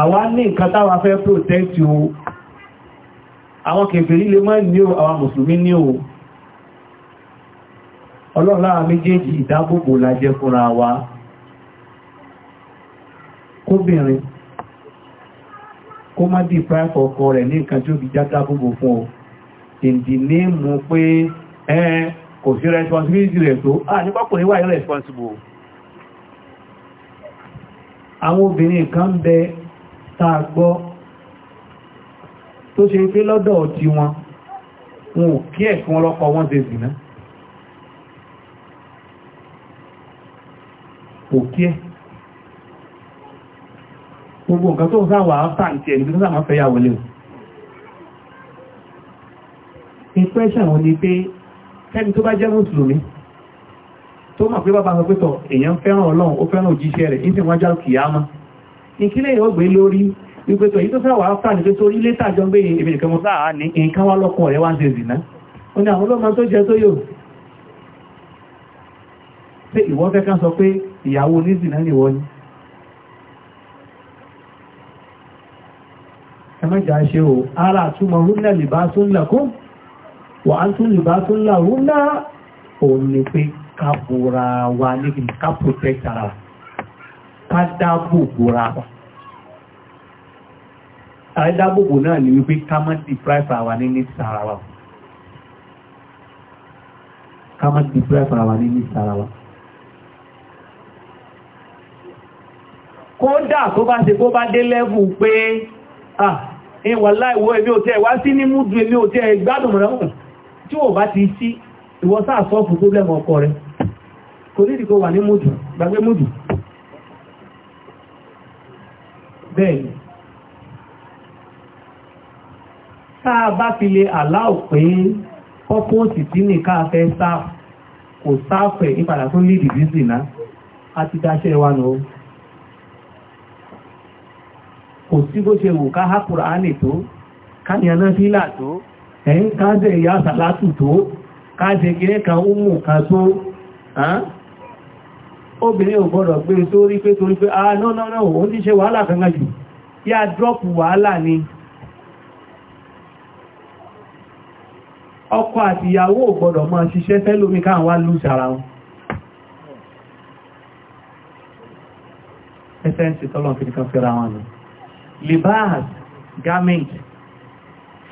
àwa ní nǹkan táwa fẹ́ protect o àwọn kèfèrí lè mọ́ ní o àwọn mùsùlùmí ní o ọlọ́run láwa méjèèjì ìdábòbò la jẹ́ fúnra wa kóbìnrin kó má dì fáìfọ ọkọ rẹ̀ ní nǹkan tí ó fi já dábòbò fún ọ ìdí ní mú pé ẹ kò sí responsibility rẹ̀ tó à nípọ̀kùnrin wà irresponsible àwọn obìnrin kan bẹ táa gbọ́ tó ṣe pé lọ́dọ̀ ọ̀tí wọn wọn ò kí ẹ̀kún ọlọ́kọ wọn ṣe zìnà kò kí ẹ̀ gbogbo nǹkan tó sáwà áfáǹtì ẹni tó sáwà fẹ́ yàwó léò impression wọn ni pé kẹ́ni tó bá jẹ́ mùsùlùmí tó mọ̀ pé bàbá sọ pé tọ̀ èèyàn fẹ́ràn ọlọ́run ó fẹ́ràn òjíṣẹ́ rẹ̀ ní tí wọ́n kìí á mọ́ ìkílẹ̀ yóò gbé lórí wípé tòyí tó sáwà áfà ní pé sórí létà jọ gbé èmì nìkan mọ́ sáà ní nǹkan wá lọ́kùn rẹ̀ wá ń ṣe zìná ó ní àwọn ọlọ́mọ tó jẹ tó yò pé ìwọ́n fẹ́ kán sọ libasun lakum wa libasun lahunna òun ni pé ká bora wa kádábò bóra wa àìdábòbò náà ni wípé ká má deprive àwa ní ní sàrà wa ká má deprive àwa ní ní sàrà kódà tó bá ṣe kó bá dé level pé ah ìwà láìwọ́ ẹ̀mí ò tẹ́ wá sí ní múdù ẹ̀mí ò tẹ́ gbádùn rẹ̀hùn tí ó bá ti sí ìwọ sáà sọ́ọ̀fù problem ọkọ rẹ̀ kò nídìí kó wà ní bẹ́ẹ̀ni táa bá fi lè aláò pé pọ́pọ́ọ̀tì tí fẹ́ kò nípadà tó lè dìbísì náà a ti dáṣẹ́ wa nù ó kò sí bó ṣe wù ká hákùrà á tó ká yànà fílà tó ẹ̀yìn ká ìyá sàlátù tó ká jẹ́ ka ó mú kan tó obìnrin ò gbọ́dọ̀ gbé torí e pé torí pé ah no no no òun ti ṣe wàhálà kankan jù ya drop wàhálà ni ọkọ àti ìyàwó gbọ́dọ̀ máa ṣiṣẹ́ fẹ́lómi káwọn wá sára wọn ẹsẹ́ǹsì tọ́lọ̀n fẹ́ra wọn ni libas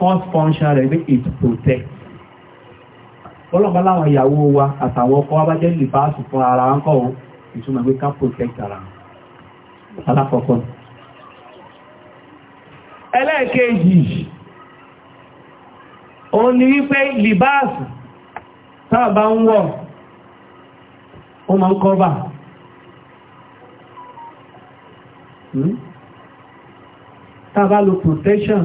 function rẹ̀ it ìtumọ̀ pé ká protect ara alákọ̀ọ́kọ́ ẹlẹ́ẹ̀kejì òun ni wípé libáàsì sáàbá ń wọ̀ ó ma ń kọ́bà hmm? sáàbá lo protection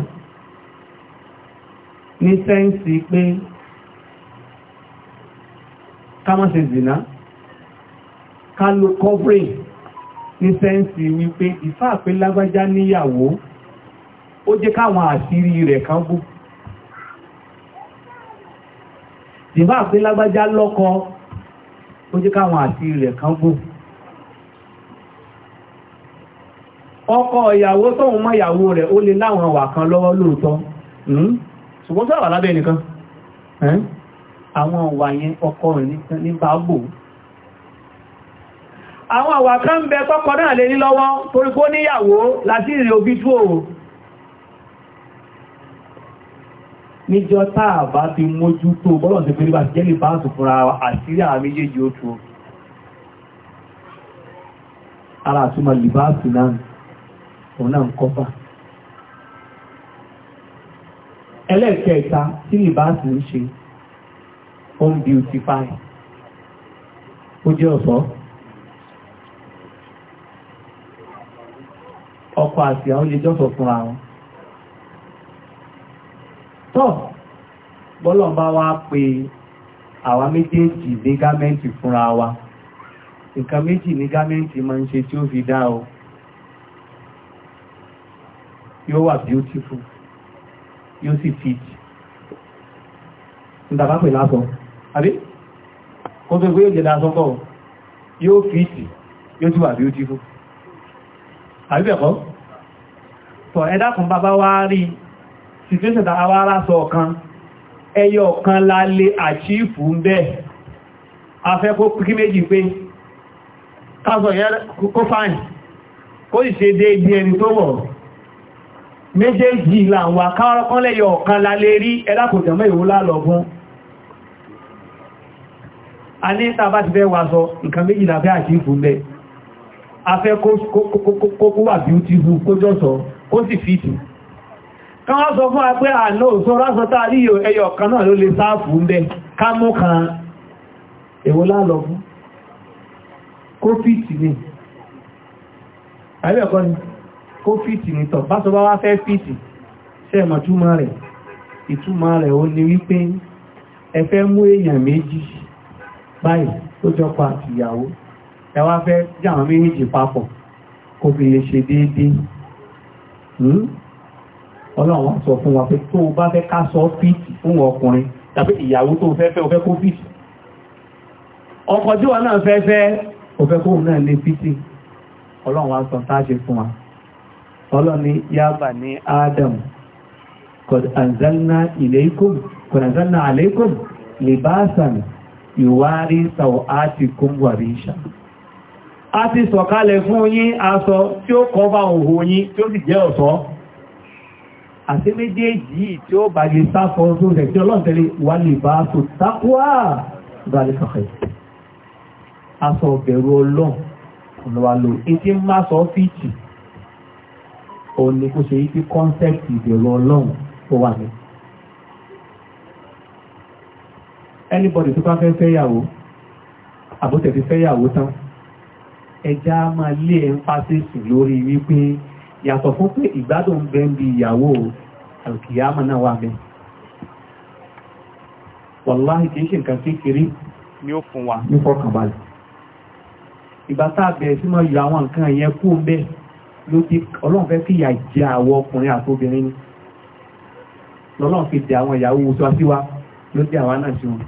ní sẹ́ǹsì pé ká má ṣe zìnà ká lo coverage ní sẹ́ǹsì wípé ìfáàpé lágbájá níyàwó ó jẹ́ káwọn àṣírí rẹ̀ kan bú ìfáàpé lágbájá lọ́kọ ó jẹ́ káwọn àṣírí rẹ̀ kan bú ọkọ ìyàwó tóun mọ́ ìyàwó rẹ̀ ó lè láwọn wà kan lọ́wọ́ lóòótọ́ hmm? ṣùgbọ́n tó àwà lábẹ́ nìkan hmm? àwọn ọ̀wà yẹn ọkọ rẹ̀ ní báàbò àwọn àwàká ń bẹ kọ́kọ́ náà lè ní lọ́wọ́ torí kó níyàwó láti ìrìn òbí tó òwò níjọ́ táà bá ti mójú tó bọ́lọ̀ ti pẹ̀lú àti jẹ́lì bá sùn fúnra àṣírí àwọn méjèèjì ó tó ara àtúmọ̀ lìbáàsì náà òun náà ń kọ́fà tí lìbáàsì ń ṣe ó beautify ó jẹ́ ọ̀ṣọ́ ọkọ àti àwọn ilé jọ́sọ̀ fúnra wọn tọ́ bọ́lọ̀ bá wá pé àwa méjèèjì ní gámẹ́ǹtì fúnra wa nǹkan méjì ní gámẹ́ǹtì máa ń ṣe tí ó fi dá o yóò wà beautiful yóò sì fit ìdàbá pè lásọ àbí kó tó gbé yóò jẹ́ lásọ́kọ̀ yóò fit yóò sì wà beautiful àbíbẹ̀kọ́ tọ̀ ẹ̀dàkùn bàbá wá rí situation tàbá wá rásọ ọ̀kan ẹyọ ọ̀kan lálé àchífù ń bẹ́ afẹ́ kó kí méjì pé káàsọ̀ yẹ́ kó fáìn kó sì ṣe déédé ẹni tó wọ̀ méjèèjì làwọn akáwọ́kán lẹ́yọ ọ̀kan lálé rí ẹ̀dàkùn jẹ́mọ́ ìwó lálọ́gún a ní tàbá ti fẹ́ wàsọ nǹkan méjì làfẹ́ àchífù ń bẹ́ẹ̀ afẹ́ kó wà bí ó ti hu kó jọ́sọ kó sì fìtì kan wọ́n sọ fún wa pé àná ah, òsọ rásọ táàrí ẹyọ kan náà ló lè sáàfù ń bẹ ká mú kan èwo lálọ fún kó fìtì ni àbí ẹ̀kọ́ ni kó fìtì ni tọ̀ bá sọ bá wá fẹ́ fìtì ṣe mọ̀ túmọ̀ rẹ̀ ìtumọ̀ rẹ̀ ó ní wípé ẹ fẹ́ mú èèyàn méjì báyìí ó jọ pa àtìyàwó ẹwà fẹ́ jẹ́ àwọn méjì papọ̀ kò fi lè ṣe déédéé hmm? ọlọ́run sọ fún wa pé tó bá fẹ́ ká sọ fíìtì fún ọkùnrin tàbí ìyàwó tó fẹ́ fẹ́ o fẹ́ kó fíìtì ọkọ tí wọ́n náà fẹ́ fẹ́ o fẹ́ kóhùn náà lè fíìtì ọlọ́run wa sọ táṣe fún wa ọlọ́run ní yába ní Adam qad anzalna ilaykum qad anzalna alaykum libasan yuwari sawatikum wa risha a ti sọ̀kalẹ̀ fún yín aṣọ tí ó kọ́fà òhò yín tí ó sì jẹ́ ọ̀ṣọ́ àti méjèèjì tí ó bá lè sáfọ́ ọdún rẹ̀ tí ọlọ́ntẹ̀lẹ̀ wà lè bá aṣọ tákúwà ìbálẹ̀ ni kó ṣe yí kọ́nsẹ́pì ìbẹ̀rù ọlọ́run tó wà ní anybody tó bá fẹ́ fẹ́yàwó àbótẹ̀ fi fẹ́yàwó tán ẹja máa lé ẹ̀ńfásísì lórí wípé yàtọ̀ fún pé ìgbádùn bẹ́ ń bi ìyàwó alkiyama náà wà bẹ́ wàláhì kìí ṣe nǹkan kékeré ni ó fún wa ní fọkànbalẹ̀ ìgbà tá a bẹ̀rẹ̀ sí máa yọ àwọn nǹkan yẹn kú ń bẹ́ẹ̀ ló ti ọlọ́run fẹ́ kíyà jẹ àwọ ọkùnrin àtobìnrin ni lọ́lọ́run fi dẹ àwọn ìyàwó wùsọ́ sí wa ló dé àwa náà sí wọn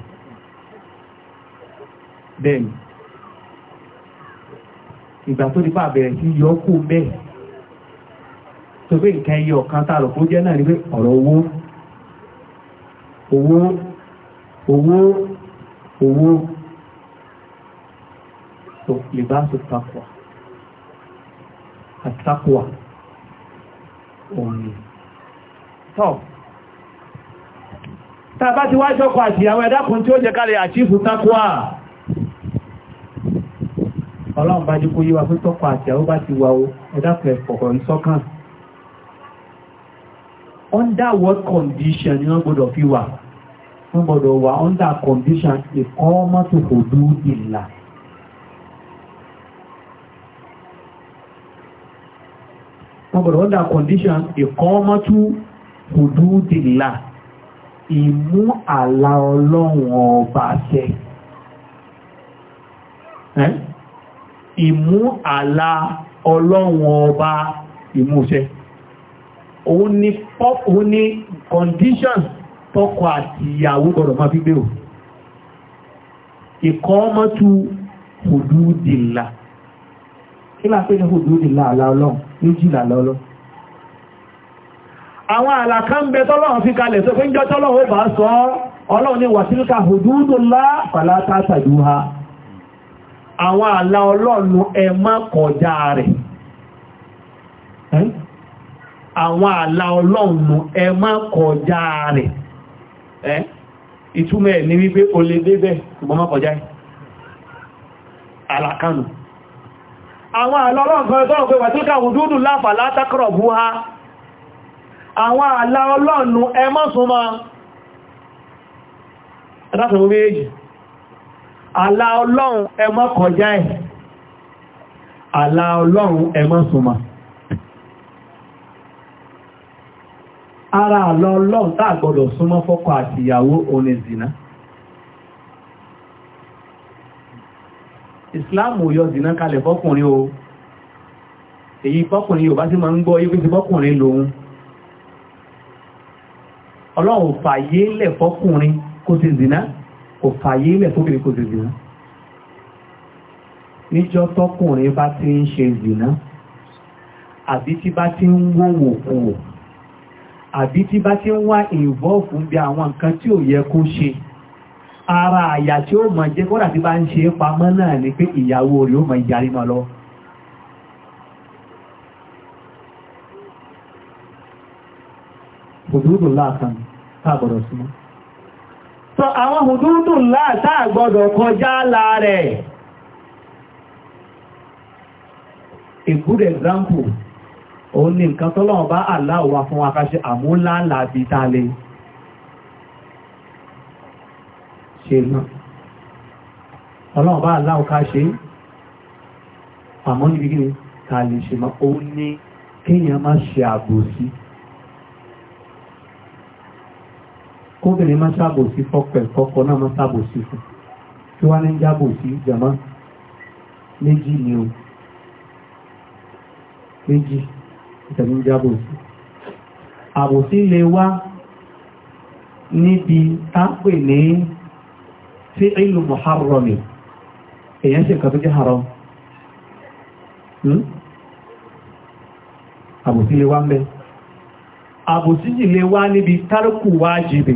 bẹ́ẹ̀ ni ìgbà tó ní bá bẹ̀rẹ̀ sí yọ kó bẹ́ẹ̀ tó pé nǹkan ẹyọ kan tààrọ̀ kó jẹ́ náà ní pé ọ̀rọ̀ owó owó owó owó tó lè bá tó takwa àtakwa òní tọ́ tá a bá ti wá jọ́kọ̀ àti àwọn ẹ̀dá kan tí ó jẹ́ ká lè àṣífù takwa ọlọ́run bá jí kó yíwa fún tọ́kọ̀ àti àwọn bá ti wà ó ẹ̀dàpẹ̀ ọ̀rọ̀ ìsọ́kàn under what condition ni wọ́n gbọ́dọ̀ fi wà wọ́n gbọ́dọ̀ wà under condition ìkọ́ mọ́tò kò dú ìlà wọ́n gbọ́dọ̀ under condition ìkọ́ mọ́tò kò dú ìlà ìmú àlà ọlọ́run ọba ṣẹ ìmú àlà ọlọ́run ọba ìmúṣẹ òun ni òun ni conditions tọkọ àti ìyàwó gbọdọ̀ máa fi gbé o ìkọ́ ọmọ tu hududillah kí láti ní hududillah àlà ọlọ́run méjìlá lọ́lọ́run àwọn àlàkán bẹ tọ́lọ́run fi kalẹ̀ tó fi ń jọ tọ́lọ́run ó bá sọ ọlọ́run ni wàtílùkà hududullah fala tataduha àwọn àlà ọlọ́run ẹ má kọjá rẹ̀ àwọn àlà ọlọ́run ẹ má kọjá rẹ̀ ní wípé o lè débẹ̀ ṣùgbọ́n má kọjá ẹ̀ àwọn àlà ha àwọn àlà ọlọ́run ẹ súnmọ́ àlà ọlọ́run ẹ má kọjá ẹ̀ àlà ọlọ́run ẹ má ara àlà ọlọ́run tá gbọ́dọ̀ súnmọ́ fọ́kọ àti ìyàwó òní zina ìsìláàmù yọ zina kalẹ̀ fọ́kùnrin o èyí fọ́kùnrin yóò bá sí ma ń gbọ́ yí pé fọ́kùnrin lòun ọlọ́run fàyé lẹ̀ fọ́kùnrin kò ti zina kò fàyè ilẹ̀ fóbìnrin kò dùn jùlọ níjọ́ tọkùnrin bá ti ń ṣe zìnà àbí tí bá ti ń wòwò kùn wò àbí tí bá ti ń wá ìvọ́ọ̀fù bí àwọn nǹkan tí ò yẹ kó ṣe ara àyà tí ó mọ̀ jẹ́ kọ́dà tí bá ń ṣe pamọ́ náà ni pé ìyàwó rẹ̀ ó mọ̀ ìyàrí mọ́ lọ òdúrúdù láàkan táàbọ̀dọ̀ súnmọ́ so àwọn hùdúdù láàtà gbọdọ̀ kọjá láàrẹ̀ a good example òun ni nǹkan tọ́lọ́wọ́ bá aláwọ̀ fún akáṣẹ́ àmúláàlá bí tálé ṣe náà ọlọ́wọ́ bá aláwọ̀ ká ṣe àmọ́ níbi gíní ká lè ṣe mọ́ òun ni kéèyàn má ṣe àgbòsí kóbìnrin má ṣàbòsí fọ́pẹ̀ kọ́kọ́ náà má ṣàbòsí fún tí wá ní jábòsí jàmá méjì ni o méjì ìtẹ̀lú jábòsí àbòsí lè wá níbi tápè ní tí ìlú muharrami èyàn ṣe kàtó jẹ́ haram hmm? àbòsí lè wá mẹ́ àbòsí jì lè wá níbi tárùkù wájibì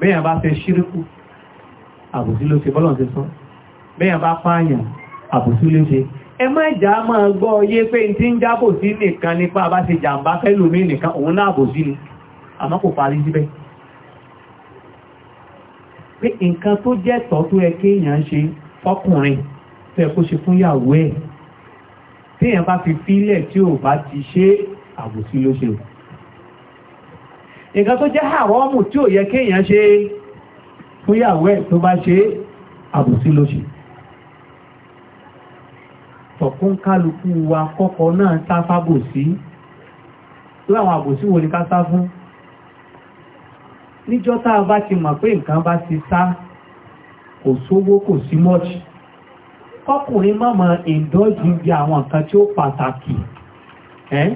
bẹ́yàn bá fẹ́ ṣíríkù àbòsí ló ṣe bọ́lọ̀ ti sọ bẹ́yàn bá pààyàn àbòsí ló ṣe ẹ má jà máa gbọ́ yé pé tí ń jábò sí nìkan nípa bá ṣe jàǹbá fẹ́lòmí nìkan òun náà àbòsí ni àmọ́ kò parí síbẹ̀ pé nǹkan tó jẹ́ tọ́ tó yẹ kéèyàn ṣe fọ́kùnrin tó yẹ kó ṣe fún yàwó ẹ̀ téèyàn bá fi fílẹ̀ tí ò bá ti ṣe àbòsí ló ṣe o nǹkan tó jẹ́ àwọ́mù tí ò yẹ kéèyàn ṣe fúyàwó ẹ̀ tó bá ṣe àbòsí ló ṣe tọ̀kún kálukú wa kọ́kọ́ náà sáfá bòsí láwọn àbòsí wo ni ká sá fún níjọ́ tá a bá ti mọ̀ pé nǹkan bá ti sá kò sówó kò sí mọ́ọ̀ṣì kọkùnrin mọ̀mọ́ ìdọ́jú bí àwọn nǹkan tí ó pàtàkì ẹ́ eh?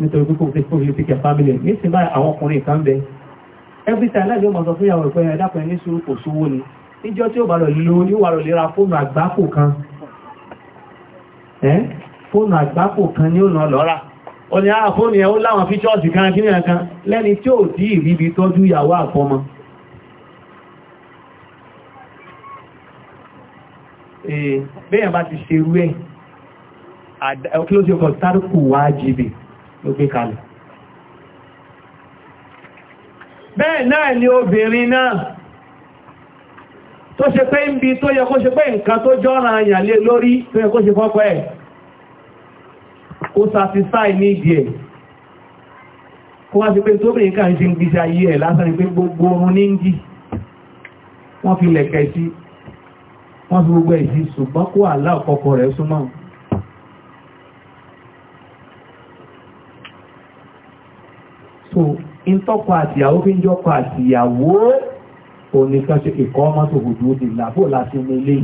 nítorí pé kò tẹ́ kó fi pìkẹ̀ fámílì ní sí báyìí àwọn ọkùnrin kan bẹ everytime láti ọmọ sọ fún ìyàwó ẹ̀pẹ́ ẹ̀dàpẹ́ ní sùúrù kò sówó ni níjọ́ tí ó bá lọ lo ní wà lọ lera fóònù àgbákò kan fóònù àgbákò kan ní ọ̀nà lọ́ra ó ní àwọn ah, fóònù yẹn ó láwọn fíṣọ́ọ̀sì kan kí nìkan lẹ́ni tí ò tí ì ríbi tọ́jú ìyàwó àfọmọ bẹ́ẹ̀ bá ti ṣerú ẹ̀ kí ló ti kọ̀ sárùkù wájibì ló gbé kalẹ̀ bẹ́ẹ̀ náà ni obìnrin náà tó ṣe pé ń bi tó yẹ kó ṣe pé nǹkan tó jọ́ra àyàlé lórí tó yẹ kó ṣe fọ́pọ̀ ẹ̀ kó satisfy ní ìdí ẹ̀ kó wá sí pé tó bìnrin káà ń ṣe ń gbíṣẹ́ ayé ẹ̀ lásán pé gbogbo oorun ní ń jí wọ́n fi lẹ̀kẹ̀ sí wọ́n fi gbogbo ẹ̀ sí ṣùgbọ́n kó àlá ọ̀kọ̀ọ̀kọ̀ rẹ̀ súnmọ́ ìtọ́kọ àtìyàwó fi ń jọkọ àtìyàwó onìkan ṣe ìkọ́ ọmọ tó hùdú ó dìlà bó láti ní ilé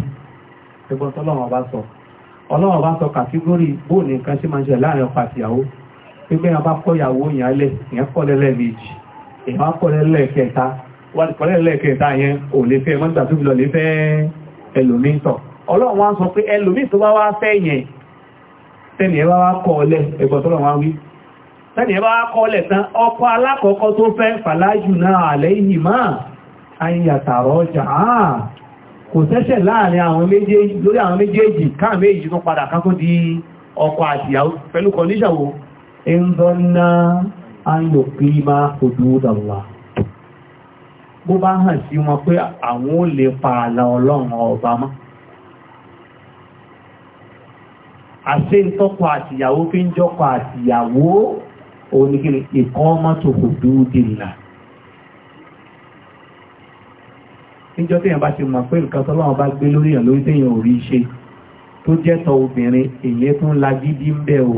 ẹgbọ́n tó lọ́wọ́ bá sọ ọlọ́wọ́ bá sọ kàtígórì bó nìkan ṣe máa ń ṣe láàrin ọkọ àtìyàwó pé bẹ́ẹ̀ bá kọ́ ìyàwó ìyàn lẹ̀ ìyẹn kọ́ lẹ́lẹ́ méjì ìyẹn kọ́ lẹ́lẹ́ kẹta wọ́n kọ́ lẹ́lẹ́ kẹta yẹn ò lè fẹ́ mọ́gbà tó fi lọ lè fẹ́ ẹlòmíì tọ̀ tẹ́lẹ̀ bá kọ́lẹ̀ tán ọkọ alákọ̀ọ́kọ́ tó fẹ́ fàlájù náà àlẹ́yìn máa ayàtàrọ̀ ọjà kò sẹ́sẹ̀ láàrin àwọn méjèèjì lórí àwọn méjèèjì káà méjì tó padà kákó di ọkọ àtìyàwó pẹ̀lú kọ̀níṣàwó ẹ̀ndọ́nà ayòkí máa kòdó dàwà bó bá hàn sí wọn pé àwọn ò lè pààlà ọlọ́run ọba mọ́ àṣẹ ìtọ́kọ àtìyàwó fi ń jọ́kọ àtìyàwó òun ní kíni ìkan mọ́tò kò dúró dè nà níjọ́ téèyàn bá ti mọ̀ pé nǹkan tọ́lọ́wọ́n bá gbé lórí èèyàn lórí téèyàn ò rí ṣe tó jẹ́tọ̀ obìnrin èyí tó ń lagídí ń bẹ̀ o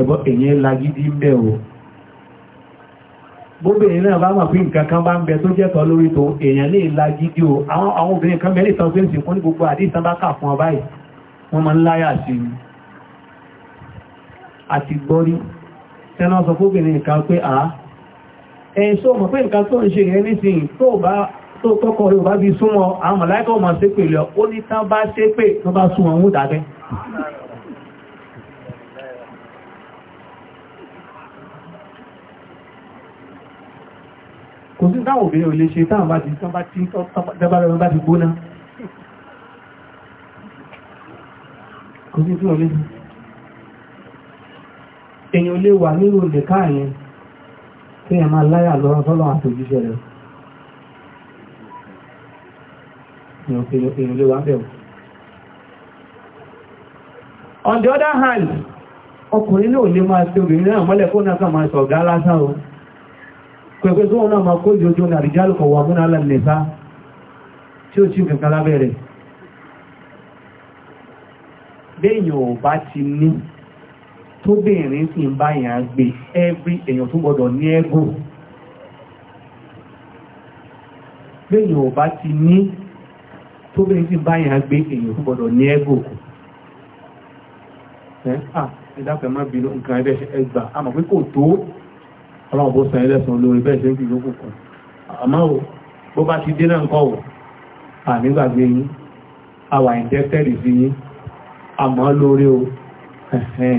ẹ̀bọ́ èyí lagídí ń bẹ̀ o bóbìnrin náà bá mọ̀ pé nǹkan kan bá ń bẹ tó jẹ́tọ̀ lórí tó èèyàn lè lagídí o àwọn obìnrin kan bẹ̀rẹ̀ ìtàn pé ìsìnkú ní gbogbo àdìsán bá kà fún ọ báyìí wọ́n máa ń láyà sí i àti gbọ́rí tẹ́nà sọ fóbìnrin nǹkan pé àá ẹ̀yìn só mọ̀ pé nǹkan tó ń ṣe yẹn nísìnyí tó tọ́kọ̀ rẹ̀ bá bí súnmọ́ àwọn mọ̀láíkà ọmọ ṣépè lọ ó ní tán bá ṣépè tó bá súnmọ́ ń dábẹ́ kò sí táwọn obìnrin ò lè ṣe táwọn bá ti tán bá ti gbóná kò sí tí wọ́n lè ṣe èèyàn lè wà nínú ìdẹ̀ká yẹn tí ẹ máa láyà lọ́rọ̀ tọ́lọ̀ àtòjíṣẹ́ rẹ̀ èèyàn lè wà bẹ̀rù on the other hand ọkùnrin náà lè máa ṣe obìnrin náà mọ́lẹ̀ kó náà máa ṣọ̀gá lásán o tó wọn náà máa kó jojo ní àríjálùkọ̀ wà múnà béèyàn ò bá ti ní tó bèèrè sí ń bá yàn gbé every èèyàn tó gbọdọ̀ ní ego bẹ́yìn ò bá ti ní tó bèèrè sí ń bá yàn gbé èèyàn tó gbọdọ̀ ní ego ìdápẹ̀ má bínú nǹkan ẹgbẹ́ ẹgbà àmọ̀ pé kò tó ọlọ́run bó san ẹlẹ́sàn olórí bẹ́ẹ̀ ṣe ń fi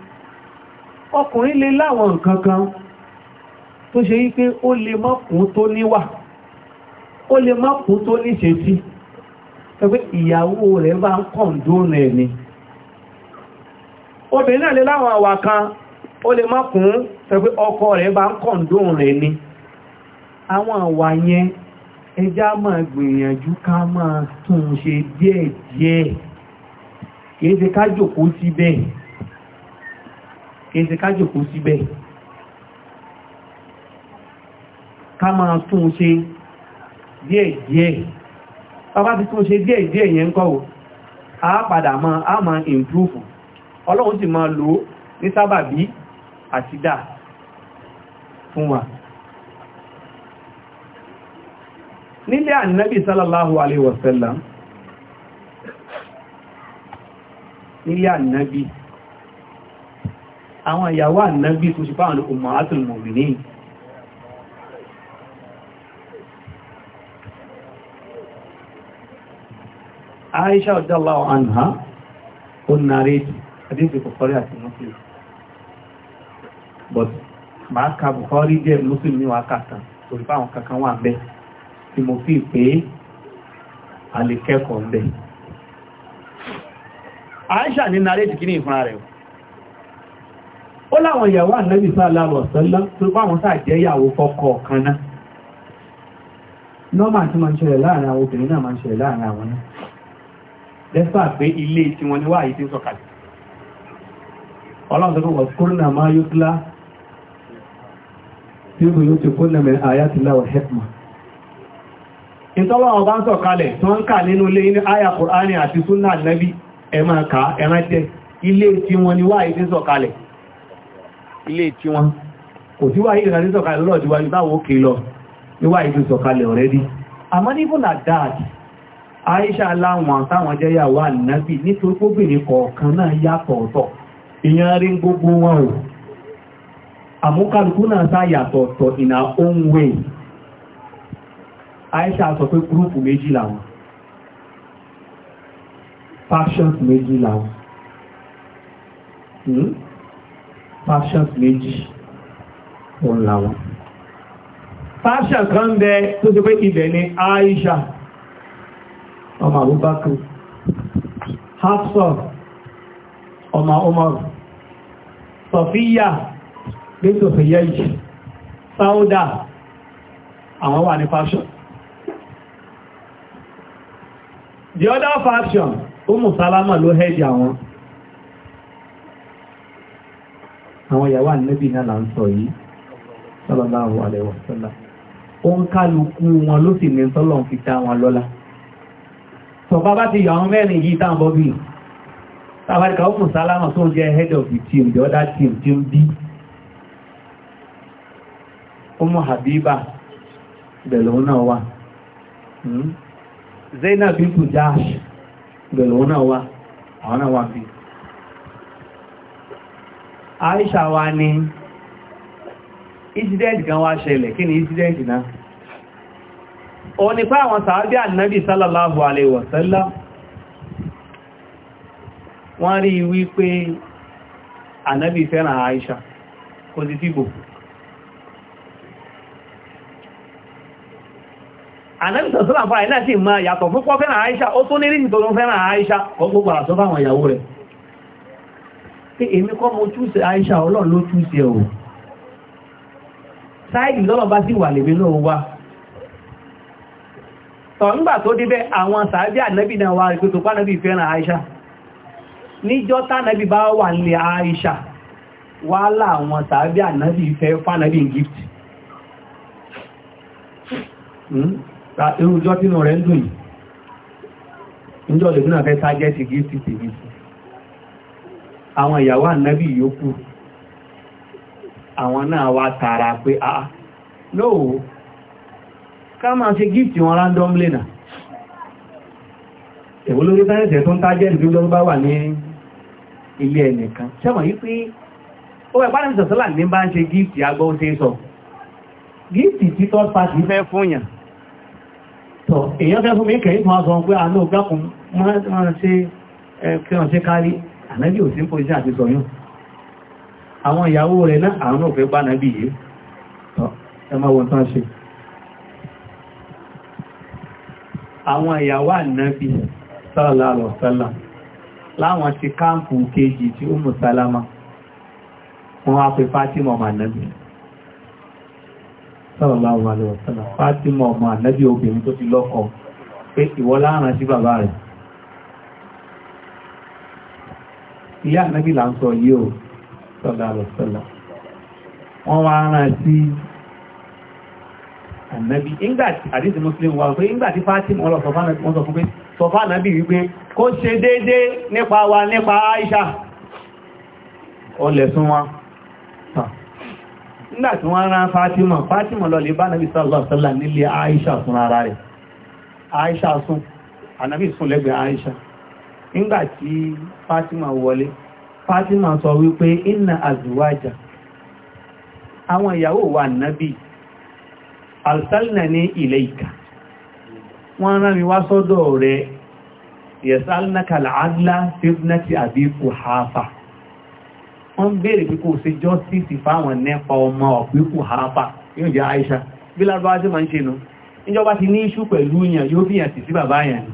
ọkùnrin lè láwọn nǹkan kan tó ṣe wípé ó lè mọ́kùn tó níwà ó lè mọ́kùn tó níṣe sí pé ìyàwó rẹ̀ bá ń kọ̀ǹdónà ẹ̀ ni obìnrin náà lè láwọn àwà kan ó lè mọ́kùn pé ọkọ rẹ̀ bá ń kọ̀ǹdónà ẹ̀ ni àwọn àwà yẹn ẹjá máa gbìyànjú ká máa tún ṣe díẹ̀díẹ̀ kìí ṣe ká jòkó síbẹ̀ kìí ṣe kájòkó síbẹ̀ ká máa tún ṣe díẹ̀díẹ̀ bàbá ti tún ṣe díẹ̀díẹ̀ yẹn kọ́ o a padà máa a máa improve ọlọ́run sì máa lò ní sábàbí àti dà fún wa nílé ànábì sallallahu alaihi wasallam nílé ànábì àwọn ìyàwó ànábí tó ṣe fáwọn ummatul mu'minin Aisha radiyallahu anha ó nàrètì àdíṣẹ́ Bukhari àti Muslim but ma ka Bukhari jẹ́ Muslim ní wákàtà torí fáwọn kankan wà bẹ́ tí mo fi pé a bẹ́ Aisha ní nàrètì kí ní ìfúnra rẹ̀ ó láwọn ìyàwó ànábì sallallahu alaihi wasallam tó báwọn sáà jẹ́ ìyàwó fọ́kọ ọ̀kan náà nọ́mà tí máa ń ṣẹlẹ̀ láàrin àwọn obìnrin náà máa ń ṣẹlẹ̀ láàrin àwọn náà lẹ́fà pé ilé tí wọ́n ni wà yìí tí ó sọ̀kalẹ̀ ọlọ́run tó kọ́ kúrúnà máa yóò tílá tí ó yóò ti kúrúnà mẹ́rin àyá ti láwọ̀ hekma ìtọ́lọ́wọ́ bá ń sọ̀kalẹ̀ tó ń kà nínú ilé ní àyà kùránì àti súnà nábì ẹ máa kà ẹ̀rántẹ́ ilé tí wọ́n ni wà yìí tí ó sọ̀kalẹ̀ ilé tí wọn. kò tí wáyé ìrìnàjí sọ̀kalẹ̀ lọ́rọ̀ tí wáyé báwo kè lọ níwáyé tí sọ̀kalẹ̀ ọ̀rẹ́dí àmọ́ ní fún Aisha láwọn táwọn jẹ́ yàwó ànábì nítorí póbìnrin náà yàtọ̀ ọ̀tọ̀ gbogbo wọn o náà sọ pé méjì Fashion méjì òun làwọn fashion kan bẹ tó ṣe pé ibẹ̀ ni Aisha ọmọ Abubakar Hafsa ọmọ Umar Sofiya bí Sofiya yìí Sauda àwọn wà ní fashion the other fashion Umu Salama ló hẹ́dì àwọn àwọn ìyàwó ànábì náà là ń sọ yìí sallallahu alaihi wasallam ó ń kálukú wọn ló sì ní sọ́lọ̀ fi ta wọn lọ́lá tọ̀bá bá ti yọ àwọn mẹ́rin yìí tàn bọ́ bí tàbáríkà ó fún sálámà tó ń jẹ́ head of the team the other team tí ń bí Habiba bẹ̀lọ́wọ́ náà wà hmm? Zainab bintu Jahsh bẹ̀lọ́wọ́ náà wà àwọn Aisha wa ni incident kan wá ṣẹlẹ̀ kí ni incident náà o ni pa àwọn sàábí ànábì sallallahu alaihi wọ́n rí wípé ànábì fẹ́ràn Aisha kò sí fíbò ànábì sọ̀sọ́lá fún àìná Aisha ó tó ní rí nítorí fẹ́ràn Aisha kọ́ gbogbo àṣọ́fà àwọn ìyàwó pé èmi kọ́ mo Aisha ọlọ́run ló túùsì ẹ̀ o sáìdì lọ́lọ́ bá sì wà lèmi náà wá tọ̀ tó débẹ̀ àwọn sàábí ànábì náà wà ìpètò fẹ́ràn Aisha níjọ́ tánábì bá wà nílé Aisha wà láwọn sàábí ànábì fẹ́ gift hmm? àwọn ìyàwó ànábì yòókù àwọn náà wá tààrà pé a ah, lóòó ah, ká máa ṣe gift wọn random lena èwo lórí táyẹ̀sẹ̀ tó ń tájẹ́ ìdúró bá wà ní ilé ẹnìkan ṣẹ́mọ̀ yí pé ó wẹ̀ pàdé sọ̀sọ́là ní bá ń ṣe gift agbó ṣe sọ gift tí third party fẹ́ fún yàn tọ̀ èèyàn fẹ́ fún mi kẹ̀yìn fún aṣọ pé àánú ah, gbákùn ànábì ò sí pòṣíṣà àti sọyún àwọn ìyàwó rẹ̀ náà àwọn òfin pa ànábì yìí ẹ máa wọ́n tán ṣe àwọn ìyàwó ànábì sallallahu alaihi wasallam láwọn ti káàmpù kejì tí ó mú sálámà wọ́n á pe fátímọ̀ ọmọ ànábì sallallahu alaihi wasallam fátímọ̀ ọmọ ànábì obìnrin tó ti lọ́kọ pé ìwọ láàrán ìyá ànábì là ń sọ o sọ́lá àlọ́sọ́lá wọ́n wá rán sí ànábì ìgbàtí àdíjì muslim wà pé ìgbàtí fátim wọ́n sọ fún pé wípé kó ṣe déédé nípa wa nípa Aisha ọlẹ̀sùn wọn nígbàtí wọ́n rán Fatima Fatima lọ lè bá ànábì sọ́lá Aisha ara Aisha sun, Aisha nígbàtí Fátímà wọlé Fátímà sọ wípé iná àzúwájà àwọn ìyàwó wa nábi alsalna ní ilẹ̀ ìkà wọ́n rán mi wá sọ́dọ̀ rẹ̀ yẹ̀sálnaka al'adla fífnati àbí kò hafa wọ́n bèèrè pé kò sí jọ́sìsì fáwọn nẹ́pa ọmọ ọ̀pí kò hafa yóò jẹ́ Aisha bí lábáwá sí ma ń ṣe nù ìjọba ti ní iṣu pẹ̀lú yàn yóò fi yàn sí sí bàbá yàn ni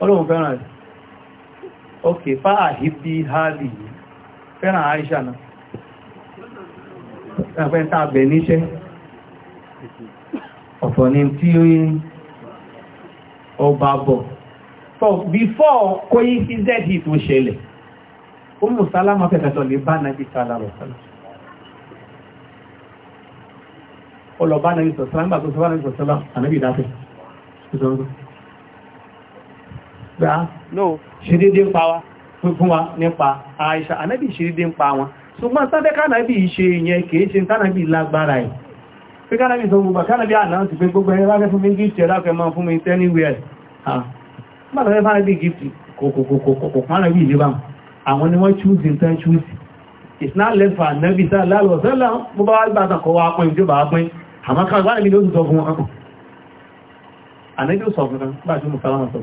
ọlọ́run fẹ́ràn rẹ̀ ok fáàhì bí hálì fẹ́ràn àìṣà náà ẹ̀fẹ́ tàbẹ̀ níṣẹ́ ọ̀tọ̀ ni tí ọba bọ̀ before kó yí sí zedhi tó ṣẹlẹ̀ ó mú sálámà fẹ́kẹ̀tọ̀ lè bá nàbí sálámà ọlọ̀bá nàbí sọ̀sọ́lá gbá no ṣerédé ń pa wa fún wa nípa àìṣà ànábì ṣerédé ń pa wọn ṣùgbọ́n sáfẹ́ kánàbì ṣe ìyẹn kìí ṣe kánàbì lágbára ẹ̀ pé kánàbì sọ gbogbo kánàbì àná ti pé gbogbo ẹ̀rọ afẹ́ fún mi gíftì ẹ̀rọ afẹ́ máa fún mi tẹ́niwẹ̀ẹ́ àwọn ni wọ́n chúùsì tán chúùsì ìsìnàlẹ́fà ànábì sáà lálọ́ sẹ́lá bó bá wá gbàtàn kọwàá pín tí ó bá pín àmọ́kà wà ní ló ń sọ fún wọn ànábì ó sọ fún wọn bá ṣe mú sálámà sọ fún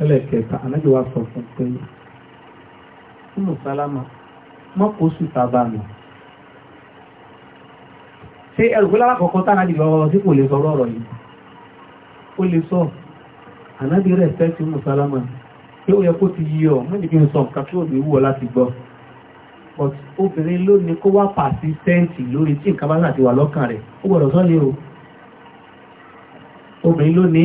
ẹlẹ́kẹta anájọ wa sọ fún pé nínú sálámà mọ́kò sùtà bá mi ṣé ẹrùgbẹ́ lálákọ̀ọ́kọ́ tánàbí lọ sí kò lè sọ̀rọ̀ ọ̀rọ̀ yìí ó lè sọ ànábì rẹ̀ fẹ́ sí mùsálámà pé ó yẹ kó ti yí ọ mẹ́bí kí n sọ nǹkan tí ó lè wúwo láti gbọ́ but obìnrin ló ní kó wá pàṣísẹ́ǹtì lórí tí nǹkan bá láti wà lọ́kàn rẹ̀ ó gbọ́dọ̀ sọ ní o obìnrin ló ní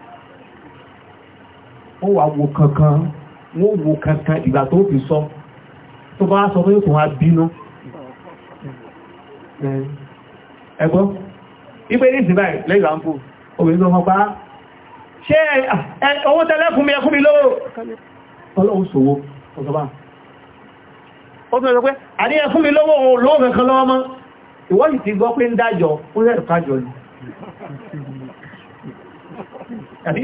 wọ́n wà wo kankan wọ́n wo kankan ìgbà tó fi sọ tó bá sọ pé kò wá bínú ẹgbọ́n ipé ní ìsìn báyìí lẹ́gbàmpo obìnrin tó fọ́pá ṣe owó tẹ́lẹ̀ fún mi ẹkún mi lówó ọlọ́run sòwò ọ̀sọ̀bá ó tún ẹ̀sọ pé àní ẹkún mi lówó òun lówó kankan lọ́wọ́ mọ́ ìwọ́n sì ti gbọ́ pé ń dájọ́ ó rẹ̀ kájọ ni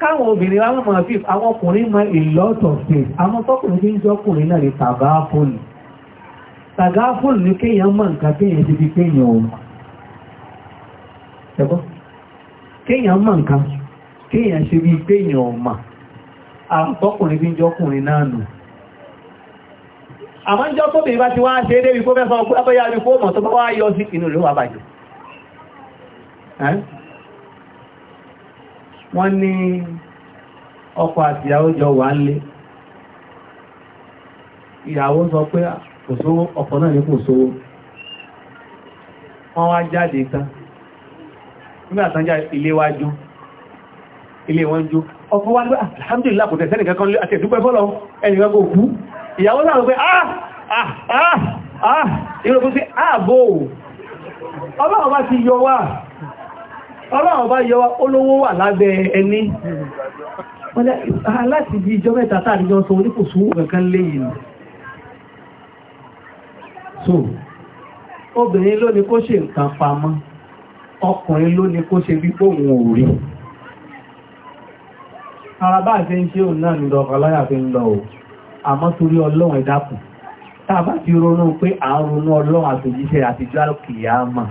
káwọn obìnrin wá mọ̀ fíf àwọn ọkùnrin mọ ìlọ́tọ̀ sí àwọn tọkùnrin tí ń jọkùnrin náà lè tàgáfóònù tàgáfóònù ní kéèyàn mọ̀ nǹkan kéèyàn ti fi kéèyàn òun ẹ̀kọ́ kéèyàn mọ̀ nǹkan kéèyàn ṣe bí kéèyàn ọ̀mà ti kó wọ́n ní ọkọ àti ìyàwó jọ wà ń lé ìyàwó sọ pé kò sówó ọkọ náà ní kò sówó wọ́n wá jáde tán nígbà tán já ilé wá jó ilé wọn jó ọkọ wá lọ ah, alhamdulillah kò tẹ̀sẹ́ nìkan kan lé àti ìdúpẹ́ fọ́lọ́ ẹnìkan kò kú ìyàwó náà rọ pé ah ah ah ah ìrọ̀kú sí ààbò ọlọ́run bá ti yọ wá ọlọ́run bá yọ olówó wà lábẹ́ ẹni ah, láti bí ìjọ mẹ́ta tàbíjọ sọ oníkò sówó kankan léyìn so obìnrin ló ní kó ṣe nǹkan pamọ́ ọkùnrin ló ní kó ṣe wípé òun ò rí ara bá ṣe ń ṣe òun náà nílò ọkọ̀ láyà fi ń lọ ò àmọ́ torí ọlọ́run ẹ̀dàkùn tàbá ti ronú pé à ń ọlọ́run àtòjíṣẹ́ àtijọ́ àlùkìyà máa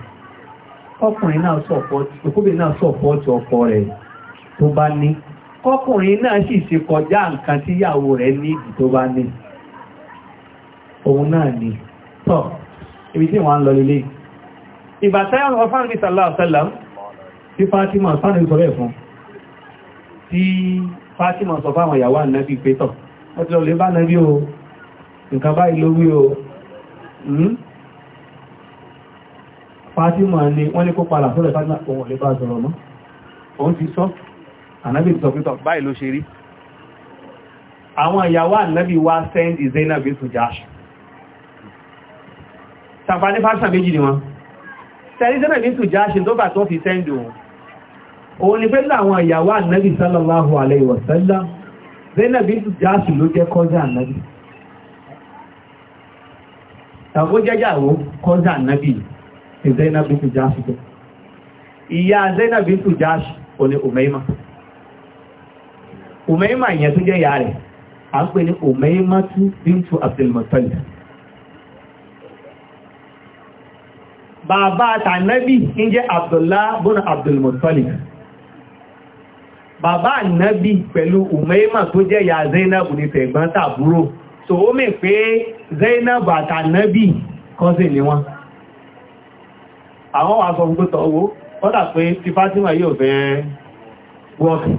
ọkùnrin náà sọ̀pọ̀tì òkúbìnrin náà sọ̀pọ̀tì ọkọ rẹ̀ tó bá ní kọkùnrin náà sì ṣe kọjá nǹkan tí ìyàwó rẹ̀ ní ìdí tó bá ní òun náà ni tọ́ ibi tí wọ́n ń lọ lélẹ̀ ìbàtáyàn ọfán ní sàlá ọ̀sẹ́lá tí Fátímà sáré sọ bẹ́ẹ̀ fún tí Fátímà sọ fáwọn ìyàwó ànábì pé tọ̀ wọ́n ti lọ Fátímà ni wọ́n ní kó padà sọ́rọ̀ Fátímà ohun lè bá sọ̀rọ̀ mọ́ òun ti sọ ànábì sọ pé tọ̀ báyìí ló ṣe rí àwọn ìyàwó ànábì wá sẹ́ndì Zainab ètò jáṣù tàbá ní fásità méjì ni wọn sẹ́ndì Zainab ètò jáṣù tó bà tó fi sẹ́ndì òun òun ni pé láwọn ìyàwó ànábì sallallahu alaihi wasallam Zainab ètò jáṣù ló jẹ́ kọ́sẹ̀ ànábì tàbó jẹ́jàwó kọ́sẹ̀ ànábì yìí Zainab bintu Jahsh jẹ́ ìyá Zainab bintu Jahsh ó ní Umayma Umayma yẹn tó jẹ́ ìyá rẹ̀ a ń pè ní Umayma tú bintu Abdul Muttalib bàbá tànẹ́bì ń jẹ́ Abdullah bọ́nà Abdul Muttalib bàbá ànábì pẹ̀lú Umayma tó jẹ́ ìyá Zainab ní tẹ̀gbọ́n tàbúrò so ó mẹ́ pé Zainab àtànábì kọ́sìn ni wọ́n àwọn wà sọ gbogbo tọ́wó ọ́dà pé ti Fátímà yóò fẹ́ wọ́kì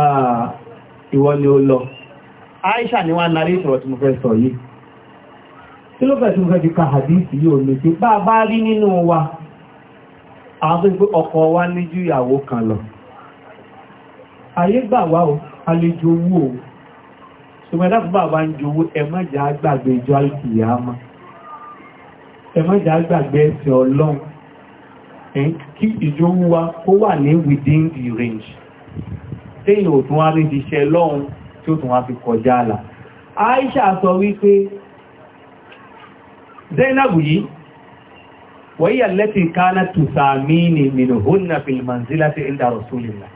ah, ìwọ ni ó lọ Aisha ni wá narí ìṣòro tí mo fẹ́ sọ yìí tí ló fẹ́ tí mo fẹ́ fi ka hadisi yóò lè tí bá bá rí nínú wa àwọn tó gbé ọkọ wa ní ju ìyàwó kan lọ ayé gbà wá o àlejò owó o ṣùgbọ́n ẹ̀dá fún bàbá ń jowó ẹ gbàgbé ìjọ àìsìyà máa ẹmọ́jà gbàgbé ẹ̀sẹ̀ ọlọ́run kí ìjọ ń wá kó wà ní within the range tẹ́yìn ò tún wá ní ti ṣe tí ó tún wá fi kọjá àlà Aisha sọ wípé Zainab yìí wọ́yí alẹ́tì kánà tùsàmínì mìnúhùnà fìlìmànzílá sí ìdá Rasulillah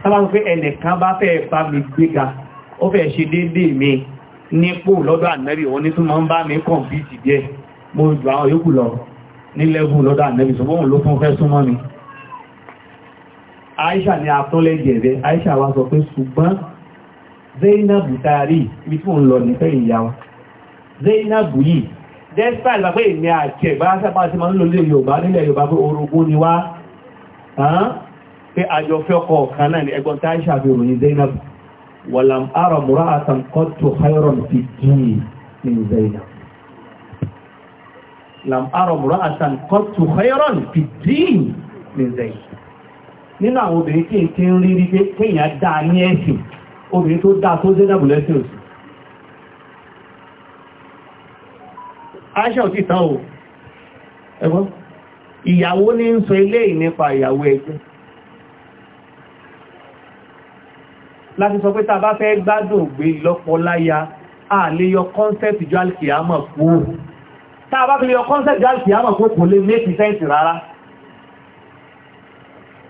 sábà ń pẹ́ ẹnìkan bá fẹ́ bá mi gbéga ó fẹ́ nípò lọ́dọ̀ ànẹ́bì òun ní tún máa ń bá mi kàn bí ti díẹ̀ mo jù àwọn yòókù lọ ní lẹ́gùn lọ́dọ̀ ànẹ́bì ṣùgbọ́n ló fún fẹ́ súnmọ́ mi Aisha ni àtọ́lẹ́jẹ̀ rẹ̀ Aisha wa sọ pé ṣùgbọ́n Zainab tààrí ibi tí òun lọ nífẹ́ ìyá wa Zainab yìí despite bàbá èmi àti ẹ̀bá sápá sí ma ń lò lè Yorùbá nílẹ̀ Yorùbá pé orogún ni wá pé Aisha fi ròyìn wàlàm àrọ̀ múra àtàn kọ́tù hayron fi dìní ní Zainab lam àrọ̀ múra àtàn kọ́tù hayron fi dìní ní Zainab nínú àwọn obìnrin kí n ti ń rí rí pé kéèyàn dáa ní ẹ̀sìn obìnrin tó dáa tó Zainab lẹ́sìn òsì aṣọ òtí tán ẹgbọ́n ìyàwó ní ń sọ ilé ìnípa ìyàwó ẹgbẹ́ láti sọ pé tá bá fẹ́ gbádùn gbé lọ́pọ̀ láyá a lè yọ concept ìjọ alkiyama kó tá bá fi lè yọ concept ìjọ alkiyama kó kò lè make sense rárá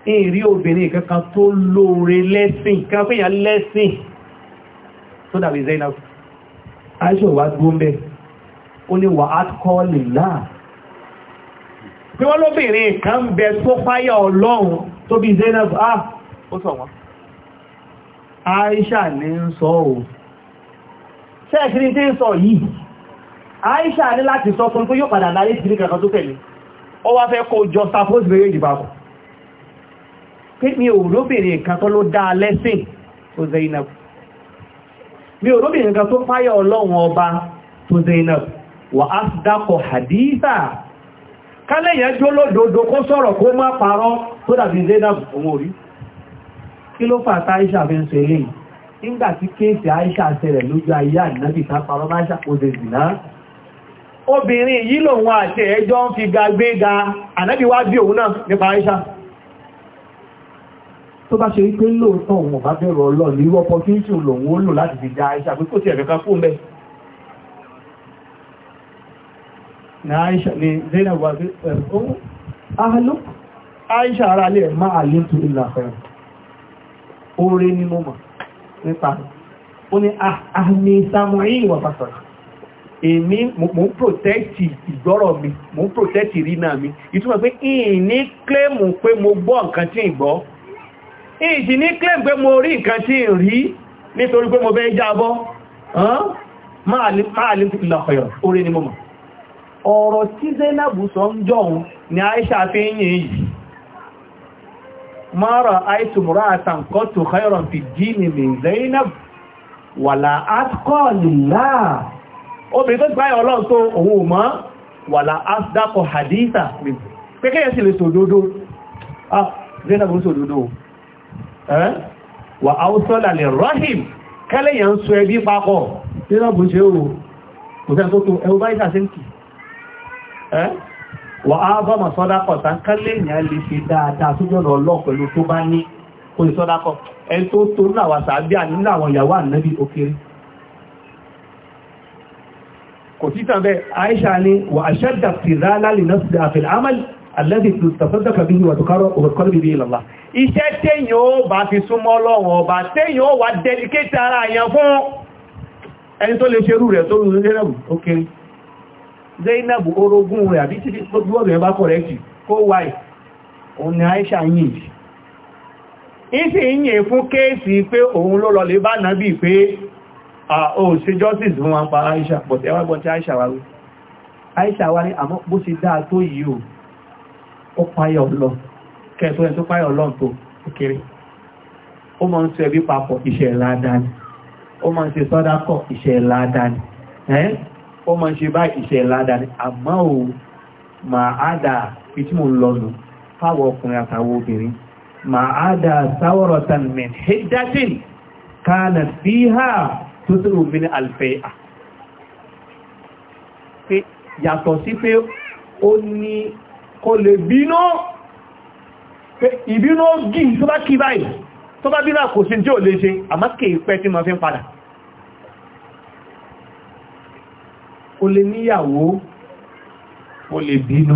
èrí obìnrin kankan tó lóore lẹ́sìn kan fíyàn lẹ́sìn tó dàbí Zainab aṣọ wà gbóǹbẹ̀ ó ní wà átkọ́ọ̀lì náà pé wọ́n lóbìnrin kan bẹ tó fáyà ọlọ́run tó bí Zainab ah ó sọ wọn Aisha ní ń sọ o ṣẹ́ẹ̀kiri tí ń sọ yìí Aisha ní láti sọ fún yóò padà láyé ìsìnkiri kankan tó tẹ̀lé ó wá fẹ́ kó jọ suppose bèèrè ìdìbàkù pé mi ò róbìnrin kan tó ló dáa lẹ́sìn tó Zainab mi ò róbìnrin kan tó páyà ọlọ́run ọba tó Zainab wà á dákọ̀ haditha kálẹ̀yẹn jólódodo kó sọ̀rọ̀ kó má parọ́ tó dàbí Zainab òun orí kí ló fàtà Aisha fi ń ṣe lè kéèsì Aisha ṣẹlẹ̀ lójú ayé ànábì tá máa ṣàkóso ìdìná obìnrin yìí lòun àti ẹjọ́ ń fi gagbéga ànábì wá bí òun náà nípa Aisha bá Aisha pé na eh, ah, Aisha ara lè máa lè ìlàfẹ́ oore ni mo mọ̀ nípa rẹ̀ a ní ah, àmì samuel wà pàtàkì èmi mo ń protẹ́tì ìgbọ́rọ̀ mi mo ń protẹ́tì ìrìnà mi ìtumọ̀ pé ìní kílẹ̀mù pé mo gbọ́ nǹkan tí ń gbọ́ ìsì ní kílẹ̀mù pé mo rí nǹkan tí ń rí nítorí pé mo fẹ́ jábọ́ máa lè lọ́kọ̀yọ̀ orí ni mo mọ̀ ọ̀rọ̀ tí Zainab sọ ń jọun ni Aisha mara aitu mura'atan qattu khayran fi dini min Zainab wàlà àtkọ́lìlá obìnrin tó gbáyà ọlọ́run tó òun mọ́ wàlà àtdákọ̀ hadita pẹ́kẹ́yẹ sí lè sòdodo ah Zainab sòdodo ẹ́ eh? wà áwùsọ́là lè rahim kẹ́lẹ̀yàn sọ ẹbí papọ̀ Zainab ṣe ó wà á bá ma sọ́dákọ̀ tánkálẹ̀ èèyàn lè ṣe dáadáa sójọ́nà ọlọ́ọ̀ pẹ̀lú tó bá ní kò lè sọ́dákọ̀ ẹ tó tó ní àwọn sàábí àwọn ìyàwó ànábì òkèrè kò títà bẹ́ Aisha ni wà aṣẹ́dà tìrá lálẹ́ náà sí àfẹ́lẹ́ àmàlì alẹ́dì tàfẹ́dàkà bí wà tọkọrọ bíbí ìlàlá iṣẹ́ tẹ́yìn ó bá fi súnmọ́ Ọlọ́run ọba tẹ́yìn ó Zainab orogún rẹ̀ àbí tí gbogbo ẹ̀ bá kọ̀rẹ́kì kó wáì òun ni Aisha yìí ìsì yìí fún kéèsì pé òun ló lọlẹ̀ bá náàbì pé o ṣe justice fún wọn pa Aisha but ẹwà gbọ́n tí Aisha wá rí Aisha wá rí àmọ́ bó ṣe dáa tó yìí o ó páyà ọlọ kẹtọ ẹ̀ tó páyà ọlọ tó kéré ó máa ń sọ ẹbí papọ̀ iṣẹ́ ńlá dání ó máa ń ṣe sọ́dákọ̀ iṣẹ́ ó máa ń ṣe bá ìṣẹ̀ ìlàdà ní àmọ́ ò máa àdà fi tí mo lọ́nu fáwọn ọkùnrin àtàwọn obìnrin máa àdà sáwọ́rọ̀tàn min hiddatin kánà fiha tó tó omi ní alfẹ́à pé yàtọ̀ sí pé ó ní kó lè bínú pé ìbínú gí tó bá kí báyìí tó bá bínú àkòsí tí ò lè ṣe àmọ́ kèé pẹ́ tí mo fi ń padà o lè níyàwó o lè bínú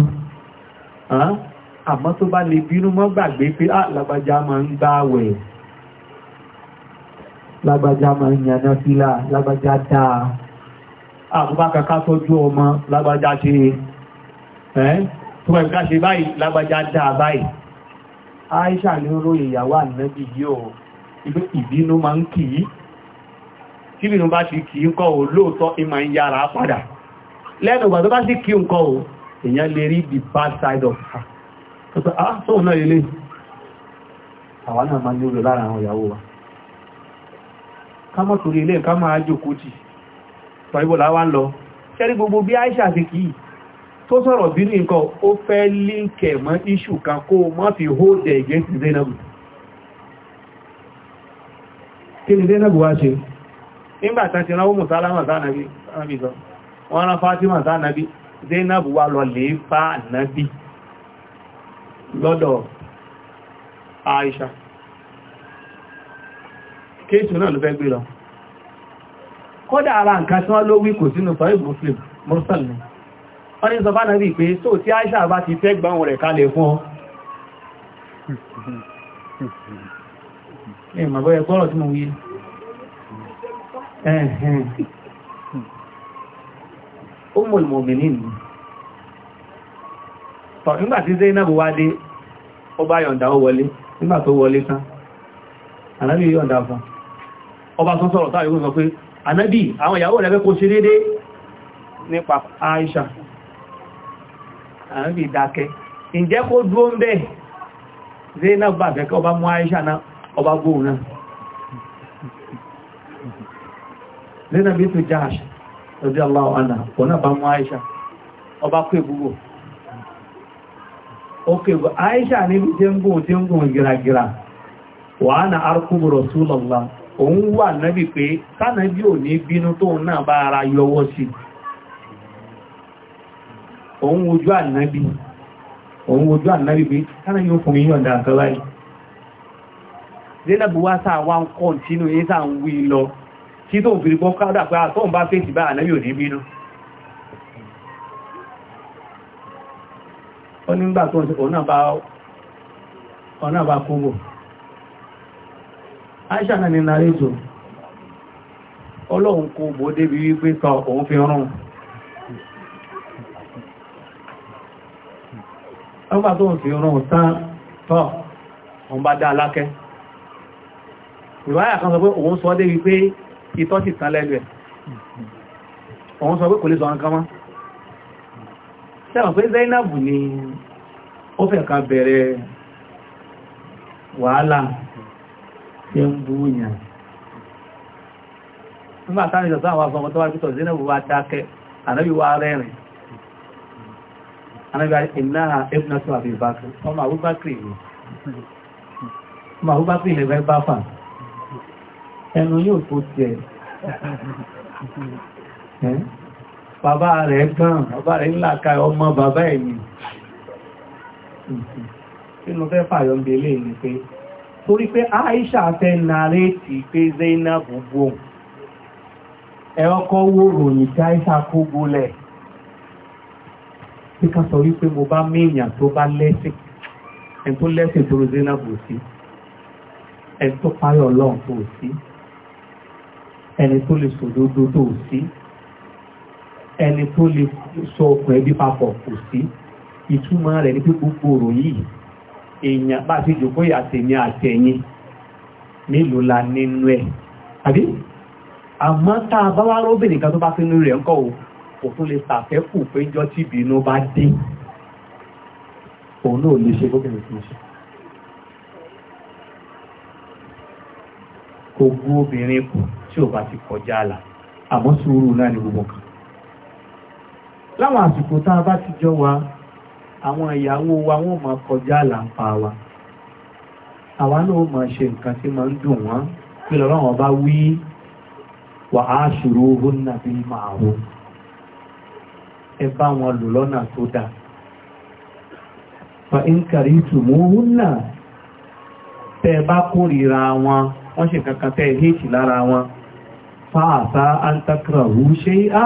àmọ́ tó bá lè bínú mọ́ gbàgbé pé ah, lágbàjá máa ń gbààwẹ̀ lágbàjá máa ń yànà fílà lágbàjá dáa ah, àkúbá kàkà tọ́jú ọmọ lágbàjá ṣe ẹ́ tó bá ìkà ṣe báyìí lágbàjá dáa báyìí Aisha ní oró ìyàwó ànábì yíò ìbínú máa ń kìí tí ìbínú bá ti kìí kọ́ òlóòtọ́ ìmọ̀ ń padà lẹ́nu ìgbà tó bá o èèyàn lè rí the bad side of her tó sọ ah sóhun náà ilé àwa náà máa ní olè lára àwọn ìyàwó wa ká torí ilé nǹkan máa ń lọ ṣẹ́rí gbogbo bí Aisha ti kìí tó sọ̀rọ̀ bí ní nǹkan ó fẹ́ líǹkẹ̀ mọ́ iṣù kan kó fi hold the against Zainabu kí ni Zainabu wá ṣe ti rán ó mùsálámà sáà nàbí sọ wọ́n rán Fatima sáànàbí Zainab wà lọ lè fà nàbí lọ́dọ̀ Aisha kéèsù náà ló fẹ́ gbé lọ kódà ara nǹkan tí wọ́n ló wí kò sínú sọ́rọ̀ Muslim Mursal ni wọ́n ní sọ bá nàbí pé tó tí Aisha bá ti fẹ́ gbọ́n rẹ̀ kalẹ̀ fún ọ ẹ̀mà bọ́yẹ̀ gbọ́rọ̀ tí mo wí ẹ̀hẹ̀n Ummul Mu'minin ni tọ̀ nígbàtí Zainab wá dé ó bá yọ̀ǹda ó wọlé nígbà tó wọlé tán anábì yọ̀ǹda fún ọba tún sọ̀rọ̀ táà yóò sọ pé anábì àwọn ìyàwó rẹ̀ fẹ́ kó ṣe dédé nípa Aisha anábì dákẹ́ ǹjẹ́ kó dúró ń bẹ́ẹ̀ Zainab bá fẹ́ kí ọba mú Aisha náà ọba gbóhùn náà Zainab bí tó jáàṣì rọ̀dí aláwọ̀ àná ọ̀nà bá mú àìṣà ọba kó ìbúgbò ókè bú àìṣà níbi tí ń gùn gíragíra wà á na arkúbù rọ̀súlọ̀lá òun wà nábi pé kánàbí ò ní bínú tó náà bá ara yọwọ́ sí òun ojú ànábì pé kánàbí ó fún mi tí tó ń fi gbọ́ kádà pé àtọ́n bá fèsì bá ànábì ní bínú ó nígbà tó ń ṣe ọ̀nà bá Aisha náà ni nàrètò ọlọ́run kò bó débi wípé sọ òun fi rán ọgbà tó ń fi tán tọ́ bá dá ìwáyà kan sọ pé òun sọ ìtọ́ sì tán lẹ́nu ẹ̀ òun sọ pé kò lè sọ nǹkan mọ́ sẹ́wọ̀n pé Zainab ni ó fẹ́ kan bẹ̀rẹ̀ wàhálà tẹ́ ń bú yàn nígbà táwọn ìjọsán àwọn afọ́mọ́ tó wá pítọ̀ Zainab wá dákẹ́ ànábì wá rẹ́rìn ànábì iná ẹ̀bùnà tó àbí ìbákẹ́ ọmọ àwúbákẹ́ ìlú ẹnu yóò tó tẹ̀ bàbá rẹ̀ gan bàbá rẹ̀ ńláka ọmọ bàbá ẹ̀mí sínú fẹ́ fàyọ ń belé ní pé torí pé Aisha fẹ́ nàrétì pé Zainab gbóhùn ẹ ọkọ̀ wo ròyìn tí Aisha kó gbólẹ̀ tí ká sọ wípé mo bá méèyàn tó bá lẹ́sìn ẹ̀ tó lẹ́sìn tó Zainab sí ẹ̀ tó parí ọlọ́run tó sí ẹni tó lè sòdodo tó ò sí ẹni tó lè sọ ọkùn ẹbí papọ̀ kò sí ìtumọ̀ rẹ̀ ní pé gbogbo ọ̀rọ̀ yìí èèyàn bá ti jòkó àtẹ̀mí àtẹ̀yìn mélòó la nínú ẹ̀ àbí àmọ́ tá a bá wá lóbìnrin kan tó bá sínú rẹ̀ ńkọ́ o kò tún lè ṣàfẹ́kù péjọ tí ìbínú bá dé òun náà lè ṣe gómìnà tó ń ṣe kò gún obìnrin kù tí ò bá ti kọjá àlà àmọ́ sùúrù náà ni gbogbo kan láwọn àsìkò tá ti jọ wa àwọn ìyàwó wa wọ́n máa kọjá àlà ń pa wa àwa náà máa ṣe nǹkan tí máa ń dùn wọ́n pé lọ́wọ́n bá wí wà á ṣòro owó nàbí máa hó ẹ bá wọn lò lọ́nà tó fa in kàrí tùmú hùn wọ́n ṣe kankan tẹ́ lára wọn fáàsá antakra hù ṣe à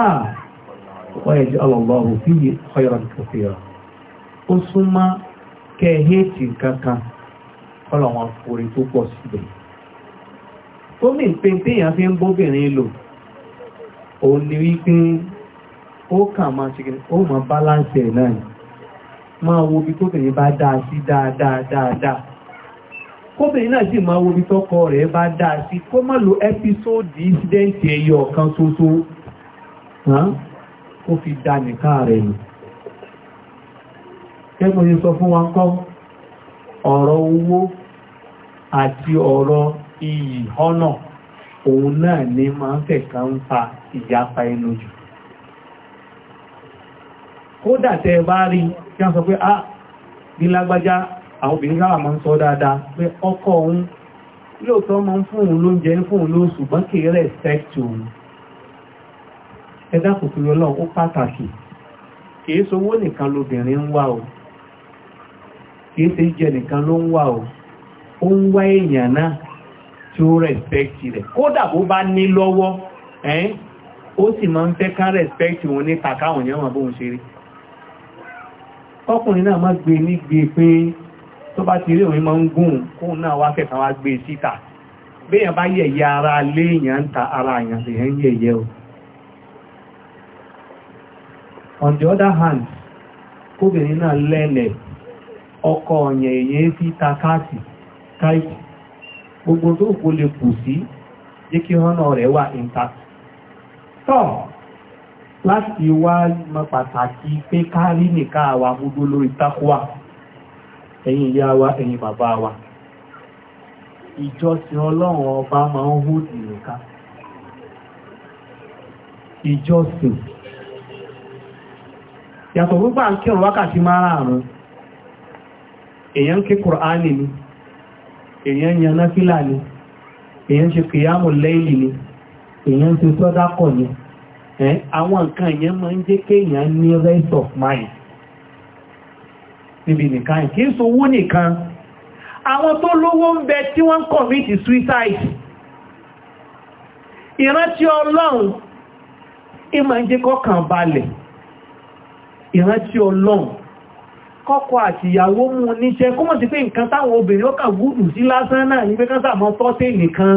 wọ́n yẹ jẹ́ ọlọ́lọ́hù fi ọyọ̀rọ̀ ó súnmọ́ tó pọ̀ máa ṣe ó máa náà máa wo bí bá dáa sí dáadáa kóbìnrin náà sì máa wòrí tọ́kọ rẹ̀ bá dáa sí kó má lo ẹpísóòdì ìsidẹ́ǹtì ẹyọ kan ṣoṣo kó fi dá nìkan rẹ̀ nù kẹ́mọ̀ yìí sọ fún wa kọ́ ọ̀rọ̀ owó àti ọ̀rọ̀ iyì ọ̀nà òun náà ní máa ń fẹ̀ká ń fa ìyapa ẹnu jù kódà tẹ́ bá rí kí wọ́n sọ pé ah bí lágbájá àwọn obìnrin lára máa ń sọ dáadáa pé ọkọ òun lóòótọ́ máa ń fún òun lóúnjẹ fún òun lóṣù ṣùgbọ́n kì í respect òun ẹ̀dá kò kúrò lọ ó pàtàkì kì sowó nìkan nwa o kì ṣe jẹ nìkan ló ń o ó ń wá èèyàn náà tí ó respect rẹ̀ kódà bó bá ní lọ́wọ́ ó sì máa ń fẹ́ ká òun ní òun yẹn tó bá ti rí òun máa ń gùn kóun náà wá kẹta wá gbé síta béèyàn bá yẹ̀yẹ ara léèyàn ń ta ara àyàn èèyàn yẹ̀yẹ o on the other hand kóbìnrin náà lẹ́lẹ̀ ọkọ ọ̀yàn èèyàn fi ta káàtì káàtì gbogbo tó kó lè kù sí jẹ́ kí ọ̀nà rẹ̀ wà intact tọ́ láti wá mọ pàtàkì pé kárí nìka àwà gbogbo lórí tákùwà ẹ̀yin ìyá wa ẹ̀yin bàbá wa ìjọsìn ọlọ́run ọba máa ń hù ìrìnká. ká ìjọsìn yàtọ̀ gbogbo à ń wákàtí márààrún èèyàn Èyàn ké kùránì ni èèyàn ń yaná fílà ni ń ṣe kìyàmù lẹ́yìn ni ń ṣe ni ní rest níbi nìkan kì í sowó nìkan àwọn tó lówó ń bẹ tí wọ́n commit suicide ìrántí ọlọ́run ìmọ̀ ń jẹ́ kọ́kàn balẹ̀ ìrántí ọlọ́run kọ́kọ́ àti ìyàwó mú níṣẹ́ kó mọ̀ sí pé nǹkan táwọn obìnrin ọkà gúdù sí lásán náà ní pé kánsà mọ́ tọ́tẹ́ nìkan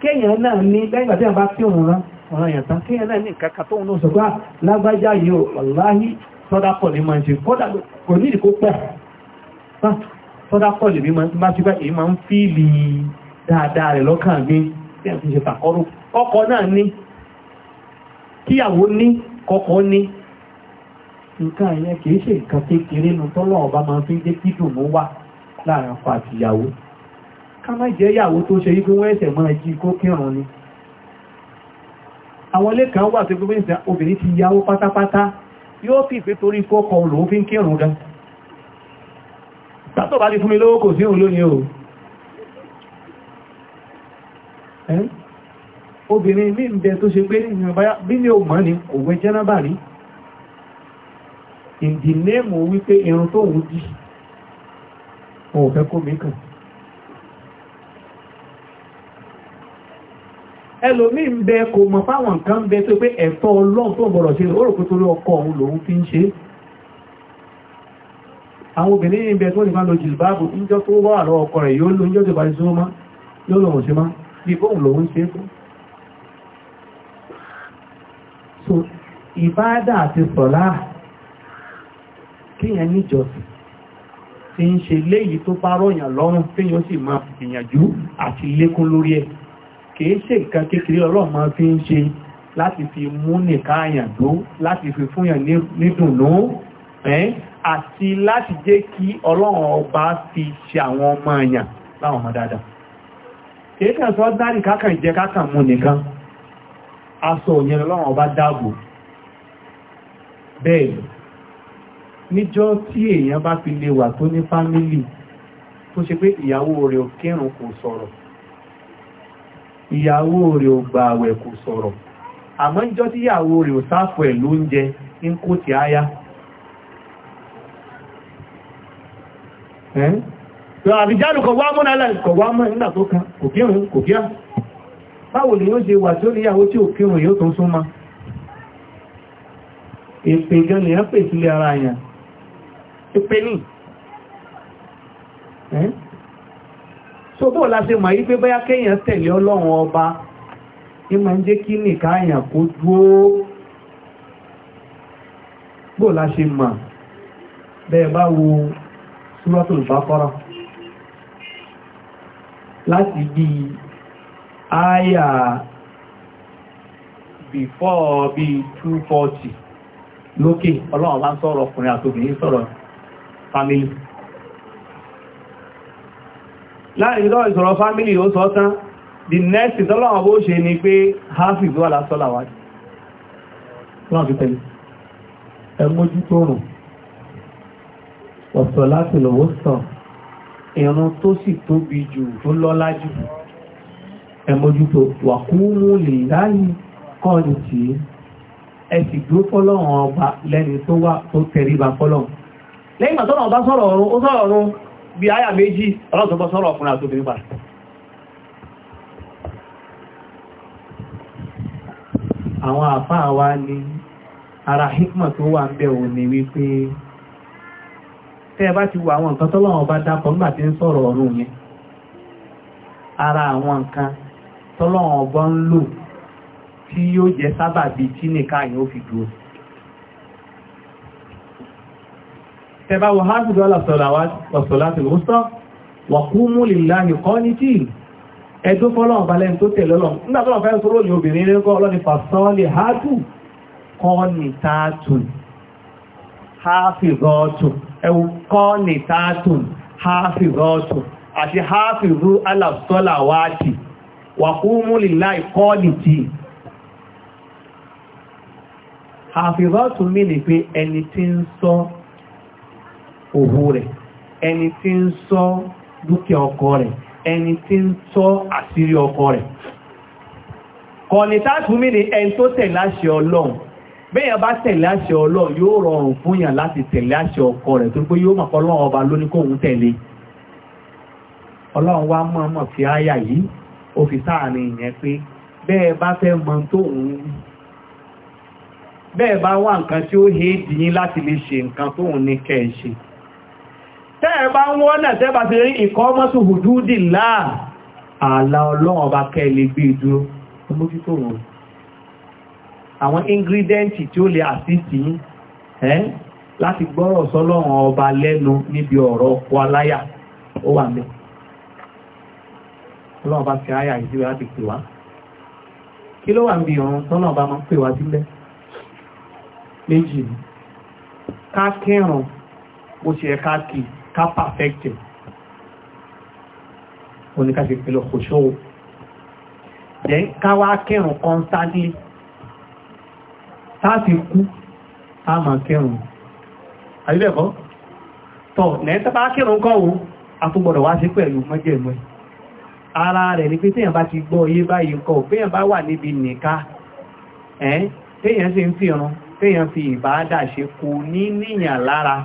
kéèyàn náà ní lẹ́yìn àti àbá tí òun rán ọ̀rọ̀ ìyàtà kí ẹ̀rẹ́ ní kàkà tó ń lọ sọ̀gbá ah, lágbájá yìí wàláhí sọ́dápọ̀ ní máa ṣe kọ́dà kò ní ìdíkó pẹ̀ ah, sọ́dápọ̀ lè bí máa ṣe bá èyí máa ń fíìlì dáadáa rẹ̀ lọ́kàn mi bí a ti ṣe fàkọ́rù ọkọ náà ní kíyàwó ní kọ́kọ́ ní nǹkan ẹ̀yẹ kìí ṣe nǹkan kékeré nu tọ́lọ́ ọba máa fi dé kídùnú wà láàrin ọkọ ká má jẹ́ ìyàwó tó ṣe yí pé wọ́n ẹ̀sẹ̀ kó kírun ni àwọn ilé kan wà tó gbogbo ìsìn obìnrin ti yáwó pátápátá yóò fi ìfẹ́ torí fọ́kọ̀ olóò fi ń kírùn gan tàtọ̀ bá ti fún mi lówó kò sí òun lónìí o obìnrin ní ìbẹ̀ tó ṣe pé bí ní ògbọ́n ni ògbẹ́ jẹ́nàbà rí ìdí nẹ́mù wípé irun tó wù dí òun fẹ́ ẹlòmí ń bẹ kò mọ̀ fáwọn nǹkan ń bẹ tó pé ẹ̀tọ́ ọlọ́run tó gbọ́dọ̀ ṣe ó rò pé torí ọkọ òun lòun fi ń ṣe àwọn obìnrin ń bẹ tó nìkan lo jìlbáàbù níjọ́ tó wà lọ ọkọ rẹ̀ yóò lò níjọ́ tó bá má yóò lòun ṣe má bí bóun lòun ṣe fún so ìbádà àti sọ̀lá kíyàn níjọsìn ti ń ṣe léyìí tó bá rọ̀yàn lọ́rùn kíyàn sì máa gbìyànjú àti lékún lórí ẹ̀ kìí ṣe nǹkan kékeré ọlọ́run máa fi ń ṣe láti fi mú nìkan àyàn tó láti fi fúnyàn nídùnnú àti láti jẹ́ kí ọlọ́run ọba fi ṣe àwọn ọmọ àyàn láwọn ọmọ dáadáa kìí kàn sọ dárì kákàn jẹ kákàn mú nìkan aṣọ òyìn ọlọ́run ọba dáàbò bẹ́ẹ̀ níjọ́ tí èèyàn bá fi lè wà tó ní fámílì tó ṣe pé ìyàwó rẹ̀ ò kírun kò sọ̀rọ̀ ìyàwó rẹ̀ ò gba àwẹ̀ kò sọ̀rọ̀ àmọ́ ìjọ́ tí ìyàwó rẹ̀ ò sáfù ẹ̀ lóúnjẹ ń kó ti áyá wá wá tó kan kò kò báwo ni ó ṣe wà tí ó níyàwó tí ò kírùn yóò tó súnmọ́ èpè gan ni ẹ́ pè sílé ara yẹn èpè ní so bó la ṣe mọ̀ yí pé bóyá kéèyàn tẹ̀lé ọlọ́run ọba ní máa ń jẹ́ kí nìka àyàn kó dúró bó la ṣe bẹ́ẹ̀ bá wo Suratul Baqara láti bí àyà before bí 240 lókè ọlọ́run bá ń sọ̀rọ̀ ọkùnrin àtòbìnrin sọ̀rọ̀ family láàrin lọ ìsọ̀rọ̀ fámílì ó sọ tán the next ìtọ́lọ́wọ́ bó ṣe ni pé hafi tó wà lásọ́là wà ní wọ́n fi tẹ̀lé ẹmójú tó rùn ọ̀sọ̀ láti lọ́wọ́ sọ ìran tó sì tóbi jù tó lọ́lá jù ẹmójú tó wà kúmú lè ráyìn kọ́ọ̀dù tí ẹ sì dúró fọ́lọ́run ọba lẹ́ni tó wà tó tẹríba bí àyà méjì ọlọ́sọ̀gbọ́ sọ́rọ̀ ọkùnrin àti obìnrin àwọn àfáà wa ni ara hikmọ̀ tó wà ń bẹ̀ ò ní wípé tẹ́ bá ti wo àwọn nǹkan tọ́lọ́wọ́n bá dápọ̀ nígbà tí ń sọ̀rọ̀ ọ̀run yẹn ara àwọn nǹkan tọ́lọ́wọ́n bá ń lò tí yóò jẹ́ sábàbí tí nìka ó fi dúró tẹba wọ hajjú dọ́là sọ̀láti lọ́sọ́ wà kú mú lìláyìn kọ́ ní tí ẹjọ́ fọ́lọ́n balẹ̀ tó tẹ̀lé lọ nígbàtọ́lọ̀ fẹ́ sọ́rọ̀ ní obìnrin rẹ̀ kọ́ ọlọ́ni fàṣọ́lẹ̀ hajjú kọ́ ní tààtùn hafizọ́tùn ẹwù kọ́ ní tààtùn hafizọ́tùn àti hafizu alàsọ́làwátì wà kú mú lìláyìn kọ́ ní tí hafizọ́tùn mí ni pé ẹni tí ń sọ òhun rẹ̀ ẹni tí ń sọ dúkìá ọkọ rẹ̀ ẹni tí ń sọ àṣírí ọkọ rẹ̀ kọ̀ọ̀nì mi ni ẹni tó tẹ̀lé àṣẹ ọlọ́run bẹ́yàn bá tẹ̀lé àṣẹ ọlọ́run yóò rọrùn fún yàn láti tẹ̀lé àṣẹ ọkọ rẹ̀ tó pé yóò mọ̀kọ́ lọ́wọ́ ọba lóní kóhun tẹ̀lé ọlọ́run wá mọ̀ mọ̀ fi áyà yìí ó fi sáàrin ìyẹn pé bẹ́ẹ̀ bá fẹ́ mọ tó ń bẹ́ẹ̀ bá wà nǹkan tí ó láti lè ṣe nǹkan ní kẹ́ ṣe tẹ́ẹ̀ bá ń wọ́nà tẹ́ẹ̀ bá ti rí ìkọ́mọ́sù hùdúdì láà ààlà ọlọ́run ọba kẹ́lẹ̀ gbé e dúró ọmójútó wọn àwọn ingredient tí ó lè àsìsì ẹ́ láti gbọ́rọ̀ sọ́lọ́run ọba lẹ́nu níbi ọ̀rọ̀ ọkọ̀ aláyà ó wà mẹ́ ọlọ́run ọba fi àyà ìdíwẹ́ láti pè wá bó ṣe ká kìí ká pàfẹ́kì wọn ni ká ṣe pẹ̀lú kòṣòwò jẹ́ káwá kírùn kan sáàdì sáàfi kú a máa kírùn àríbẹ̀kọ́ tọ̀ lẹ́yìn tàbá kírùn kọ́ wo a tún gbọ́dọ̀ wá sí pẹ̀lú mọ́jẹ̀mọ́ ara rẹ̀ ni pé téèyàn bá ti gbọ́ oyé báyìí kọ́ ni bá wà níbi nìka ẹ́ téèyàn sì ń fi ìrun téèyàn fi ìbáadà ṣe kò ní níyàn lára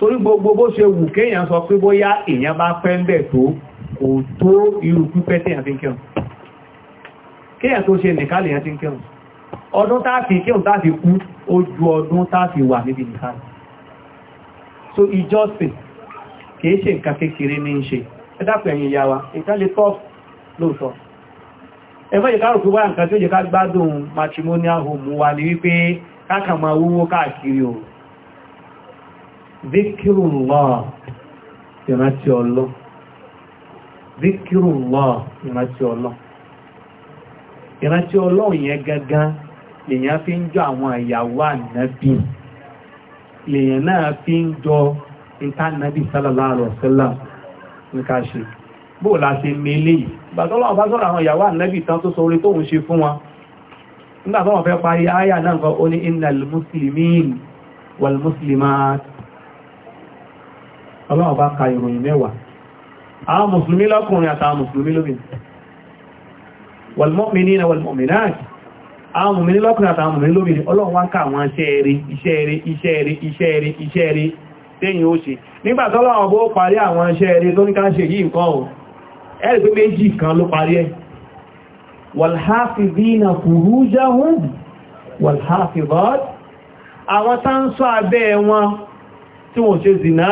torí gbogbo bó ṣe wù kéèyàn sọ pé bóyá èèyàn bá pẹ́ ń bẹ̀ tó kò tó irú pípẹ́ téèyàn fi ń kírun kéèyàn tó ṣe nìkálì yẹn ti ń kírun ọdún táàfi kírun táàfi kú ó ju ọdún táàfi wà níbi nìkálì so ìjọsìn kìí ṣe nǹkan kékeré ní ṣe ẹ̀dàpẹ̀ ẹ̀yìn ìyá wa nǹkan lè tọ́ lóòtọ́ ẹ̀fẹ́ ìkárò pé wá nǹkan tí ó jẹ́ ká gbádùn matrimonial home wa ní wípé káàkà máa wúwo káàkiri òun zikirullah ìrántí ọlọ́ zikirullah ìrántí ọlọ́ ìrántí ọlọ́ yẹn gangan lèyàn fi ń jọ àwọn ìyàwó ànábì lèyàn náà fi ń jọ ìtànàbì sallallahu alaihi wasallam nìka ṣe bóò láti mẹ́lẹ̀ yìí ìgbàtọ́lọ́wọ́ bá sọ́rọ̀ àwọn ìyàwó ànábì tán tó sọ orí tóun ṣe fún wọn nígbàtọ́wọ́ fẹ́ parí áyà náà kan ó ní innal ọlọ́run bá ka ìròyìn mẹ́wàá àwọn mùsùlùmí lọ́kùnrin àtàwọn mùsùlùmí lóbìn wàlmọ́mìnì na wàlmọ́mìnáàt àwọn mùmìnì lọ́kùnrin àtàwọn mùmìnì lóbìn ọlọ́run wá ká àwọn iṣẹ́ rere iṣẹ́ rere iṣẹ́ rere iṣẹ́ rere iṣẹ́ rere tẹ́yìn ó ṣe nígbà tọ́lọ́run bó parí àwọn iṣẹ́ rere tó ní ká ṣe yìí nǹkan ọ̀ ẹ̀rì pé méjì kan ló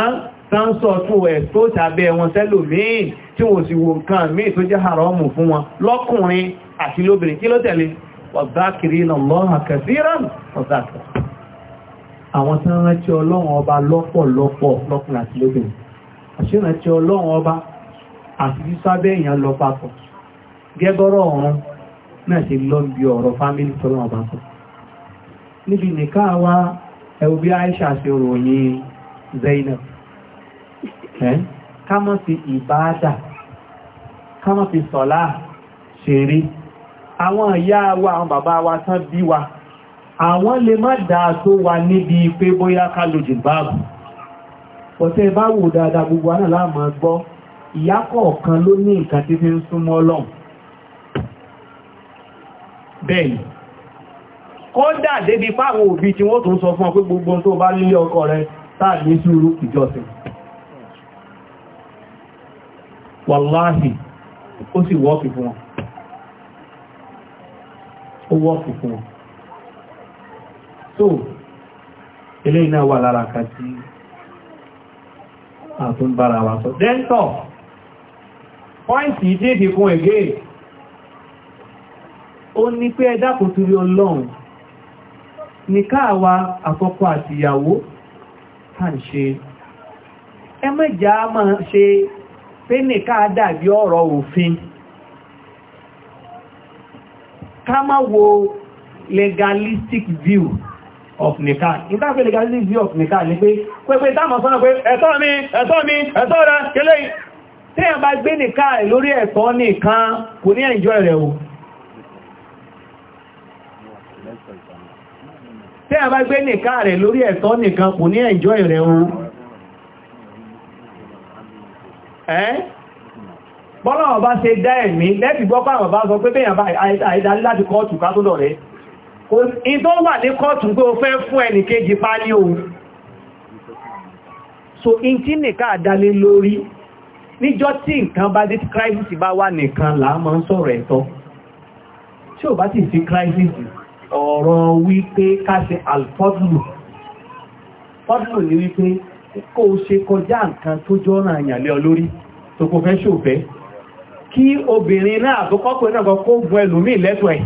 sáńsọ̀ tún ẹ̀ tó tàbẹ́ wọn tẹ́lò míì tí wọ́n sì wo nǹkan míì tó jẹ́ haramu fún wọn lọ́kùnrin àti lóbìnrin kí ló tẹ̀lé wazakirina Allaha kathiran wazakir àwọn tí wọ́n rántí ọlọ́run ọba lọ́pọ̀lọpọ̀ lọ́kùnrin àti lóbìnrin àṣíràntí ọlọ́run ọba àti sísábẹ́ èèyàn níbi nìkan wa ẹ̀wù bí Aisha ṣe ròyìn Zainab ká má fi ìbáadà ká má fi sọ̀lá ṣeré àwọn ìyá wa àwọn bàbá wa tán bí wa àwọn lè má dáa tó wa níbi pé bóyá ká lo jìbáàbù ọ̀tẹ́ bá wò dáadáa gbogbo aná láàmà gbọ́ ìyá kọ̀ọ̀kan ló ní nǹkan tí fi ń súnmọ́ Ọlọ́run bẹ́ẹ̀ni kódà débi fáwọn òbí tí wọ́n tún sọ fún ọ pé gbogbo tó bá nílé ọkọ rẹ sáà ní sùúrù ìjọsìn wàláhì ó sì wọ́ọ̀kì fún wọn ó wọ́ọ̀kì fún wọn so eléyìí náà wà lára kan tí a tún bára wa sọ dẹ́ntọ̀ pọ́ìntì dédé fún ẹ̀gẹ́ ó ní pé ẹ̀dá kò tún ọlọ́run ní káàwa àkọ́kọ́ àti ìyàwó tàn ṣe ẹ máa ṣe pé nìkan dàbí ọ̀rọ̀ òfin ká má wo legalistic view of nìkan nígbà pé legalistic view of nìkan ní pé pẹ́pẹ́ táàmọ̀ sọ́nà pé ẹ̀tọ́ mi ẹ̀tọ́ mi ẹ̀tọ́ rẹ̀ kẹlẹ́ tí a bá gbé nìkan lórí ẹ̀tọ́ nìkan kò ní enjoy rẹ̀ o tí a bá gbé nìkan rẹ̀ lórí ẹ̀tọ́ nìkan kò ní enjoy rẹ̀ o bọ́lá wọn bá ṣe dá ẹ̀mí lẹ́fì gbọ́pá àwọn bá sọ pé bẹ́yàn bá àìdá láti kọ́ọ̀tù ká tó wà ní kọ́ọ̀tù pé o fẹ́ fún ní ohun so in tí nìká àdálé lórí níjọ́ tí nǹkan bá crisis bá wà nìkan là ń sọ̀rọ̀ ẹ̀tọ́ tí ò bá sì fi crisis ọ̀rọ̀ wípé ni wípé kó o ṣe kọjá nǹkan tó jọ́nà àyànlẹ́ olórí tó kò fẹ́ ṣòfẹ́ kí obìnrin náà tó kọ́kùnrin náà kó gun ẹlòmí lẹ́tọ̀ ẹ̀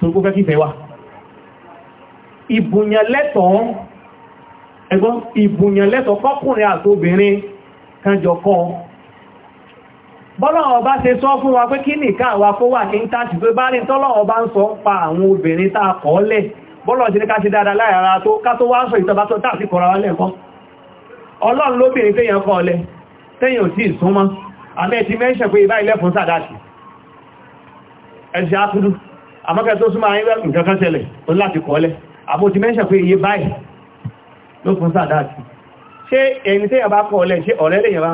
tó kò fẹ́ kífẹ́ wa ìbùnyàn lẹ́tọ̀ọ́ ẹgbọ́n ìbùnyàn lẹ́tọ̀ọ́ kọ́kùnrin àtobìnrin ṣe sọ fún wa pé kí nìkan àwa kó wà kí ń pé bá rí tọ́lọ́wọ́ bá ń sọ pa àwọn obìnrin tá a kọ́ lẹ̀ bọ́lọ̀ ṣe ní ká ṣe dáadáa láyàrá tó ká tó wá ń sọ ìtọ́bátọ́ tàbí kọ̀ra wálẹ̀ kan ọlọ́run lóbìnrin tẹ́yàn fọ́ ọlẹ́ tẹ́yàn ò tí ìsúnmọ́ àmẹ́ ti mẹ́ṣẹ̀ pé ibá ilẹ̀ fún sàdáàtì ẹ̀ṣẹ́ ápùdú àmọ́kẹ́ tó súnmọ́ ayé nǹkan kan ṣẹlẹ̀ tó láti kọ́lẹ̀ àbò ti mẹ́ṣẹ̀ pé iye báyìí ló fún sàdáàtì ṣé ẹni tẹ́yàn bá kọ́ ọlẹ́ ṣe ọ̀rẹ́ lèyàn bá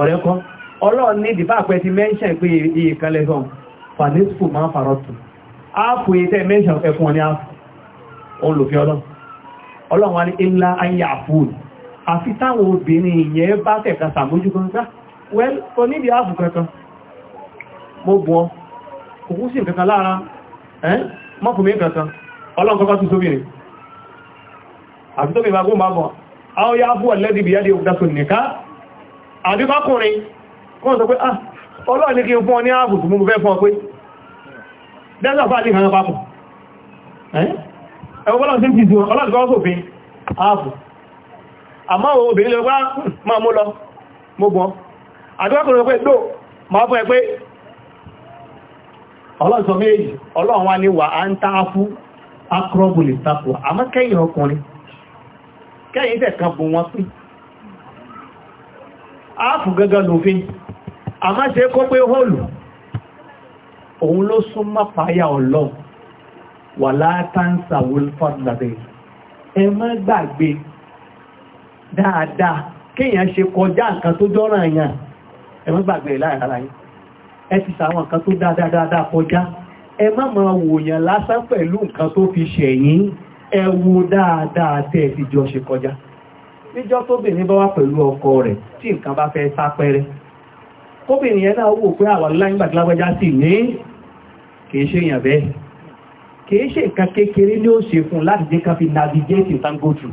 ọ̀rẹ́ kọ́ ọlọ́run ní ìdìbà pẹ́ ti mẹ́ṣẹ̀ pé iye kan lẹ́gàn fàníṣfù máa ń farọ́tù áàpù iye tẹ́ mẹ́ṣẹ̀ ẹkùn ọ ní áàpù àfi táwọn obìnrin ìyẹn bá tẹ̀ka sàmójú kan gbá ah, well o níbi ààbù kankan mo bọ́ òkú sí kankan lára ẹ́n mọ́kùnmí kankan ọlọ́nkọ́kọ́ tún sóbìnrin àti tóbi bá gún bá bọ̀ àwọn ya bú ọ̀lẹ́dì bí yádé òkúta sùn nìká àdíkọ́kùnrin kọ́n sọ pé ah ọlọ́ọ̀ ní kí n fún ọ ní ààbù tó mú fẹ́ fún ọ pé dẹ́sà fà ní kankan papọ̀ ẹ́ ẹgbọ́n àmọ́ obìnrin lọ máa mú lọ mọ́gbọ́n àdúgbàkùnrin pé tó máa fún ẹ pé ọlọ́run sọ méjì ọlọ́run wá ní wà á ń tá fún akrobulis tapo àmọ́ kẹ́yìn ọkùnrin kẹ́yìn tẹ̀ kan bù wọn pín áàfù gẹ́gẹ́ lòfin àmọ́ ṣe kó pé hóòlù òun ló súnmọ́ páyà ọlọ́run wà látàǹsà wolford labẹ́ ẹ má gbàgbé dáadáa kéèyàn ṣe kọjá nǹkan tó jọ́ràn èèyàn ẹ̀mọ́ gbàgbé láàrin ẹ ti sàwọn nǹkan tó dáadáa kọjá ẹ má wò yàn lásán pẹ̀lú nǹkan tó fi ṣẹ̀yìn ẹ dáadáa tẹ́ ti jọ ṣe kọjá níjọ́ bá wá pẹ̀lú ọkọ rẹ̀ tí nǹkan bá fẹ́ kóbìnrin yẹn náà wò pé àwọn sì ní kìí ṣe bẹ́ẹ̀ kìí ṣe nǹkan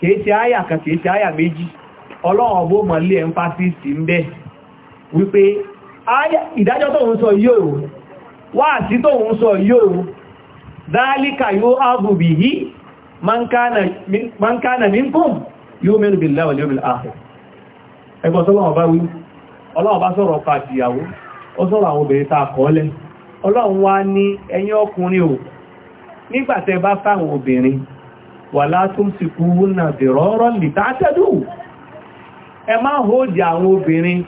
kìí ṣe àyà kan kìí ṣe àyà méjì ọlọ́run ọbó mọ̀lé emphasis ń wípé ìdájọ́ tó sọ yóò wá sí sọ yóò dálíkà yóò ábùbì yí mankana minkum yóò mẹ́rù bí láwọ̀ lẹ́rù ààrẹ ẹgbọ́n tó bá wí wá ní wàlá tumsikuhunna diraran lita'tadu ẹ má hóòdì àwọn obìnrin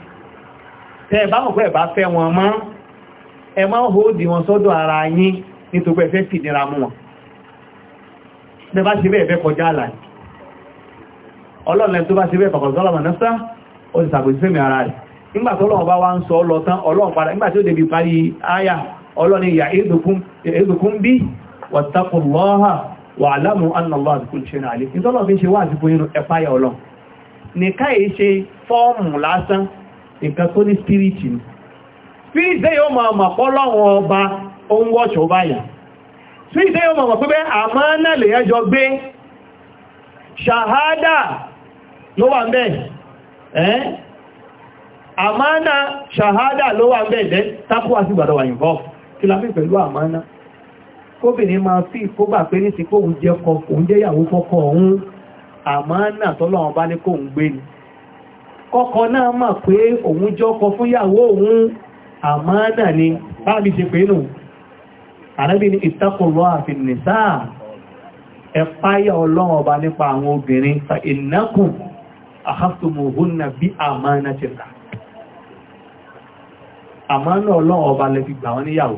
tẹ́ ẹ bá mọ̀ pé ẹ bá fẹ́ wọn mọ́ ẹ má hóòdì wọn sọ́dọ̀ ara yín nítorí ẹfẹ́ fìdíra mú wọn bẹ bá ṣe bẹ́ẹ̀ fẹ́ kọjá àlàyé ọlọ́run tó bá ṣe bẹ́ẹ̀ fàkọ̀sọ́lọ́mà náà ó ti sàbòsífẹ́mì ara rẹ̀ nígbàtí ọlọ́run bá wá wà lámù annàlọ́ àti kùn ṣẹ́nà àlè ìtọ́lọ̀ fi ń ṣe wà àti fún ẹ̀fáyà ọlọ́n nìká èé ṣe fọ́ọ̀mù lásán nǹkan tó ní spiriti ni spiriti yóò máa mọ̀ pọ́lọ́wọ́ ọba ohun wọ́ṣọ̀ báyà spiriti yóò máa mọ̀ pé àmánà lè ẹjọ gbé ṣàhádà ló wà ńbẹ̀ ẹ́ àmánà ṣàhádà ló wà ńbẹ̀ kóbìnrin máa fi ìfógbà pé ní ti kóhun jẹ́ kọ òun jẹ́ ìyàwó fọ́kọ òun àmánà tọ́lọ́run bá ní kóhun gbé ni kọ́kọ́ náà mà pé òun jọ́kọ fún ìyàwó òun àmánà ni báàbí ṣe pé nù ànábì ní ìtàkùnrọ̀ àfi nìsá ẹ̀páyà ọlọ́run ọba nípa àwọn obìnrin fa ìnákù àháftòmòhúnnà bí àmánà ti ta àmánà ọlọ́run ọba lè fi gbà wọ́n níyàwó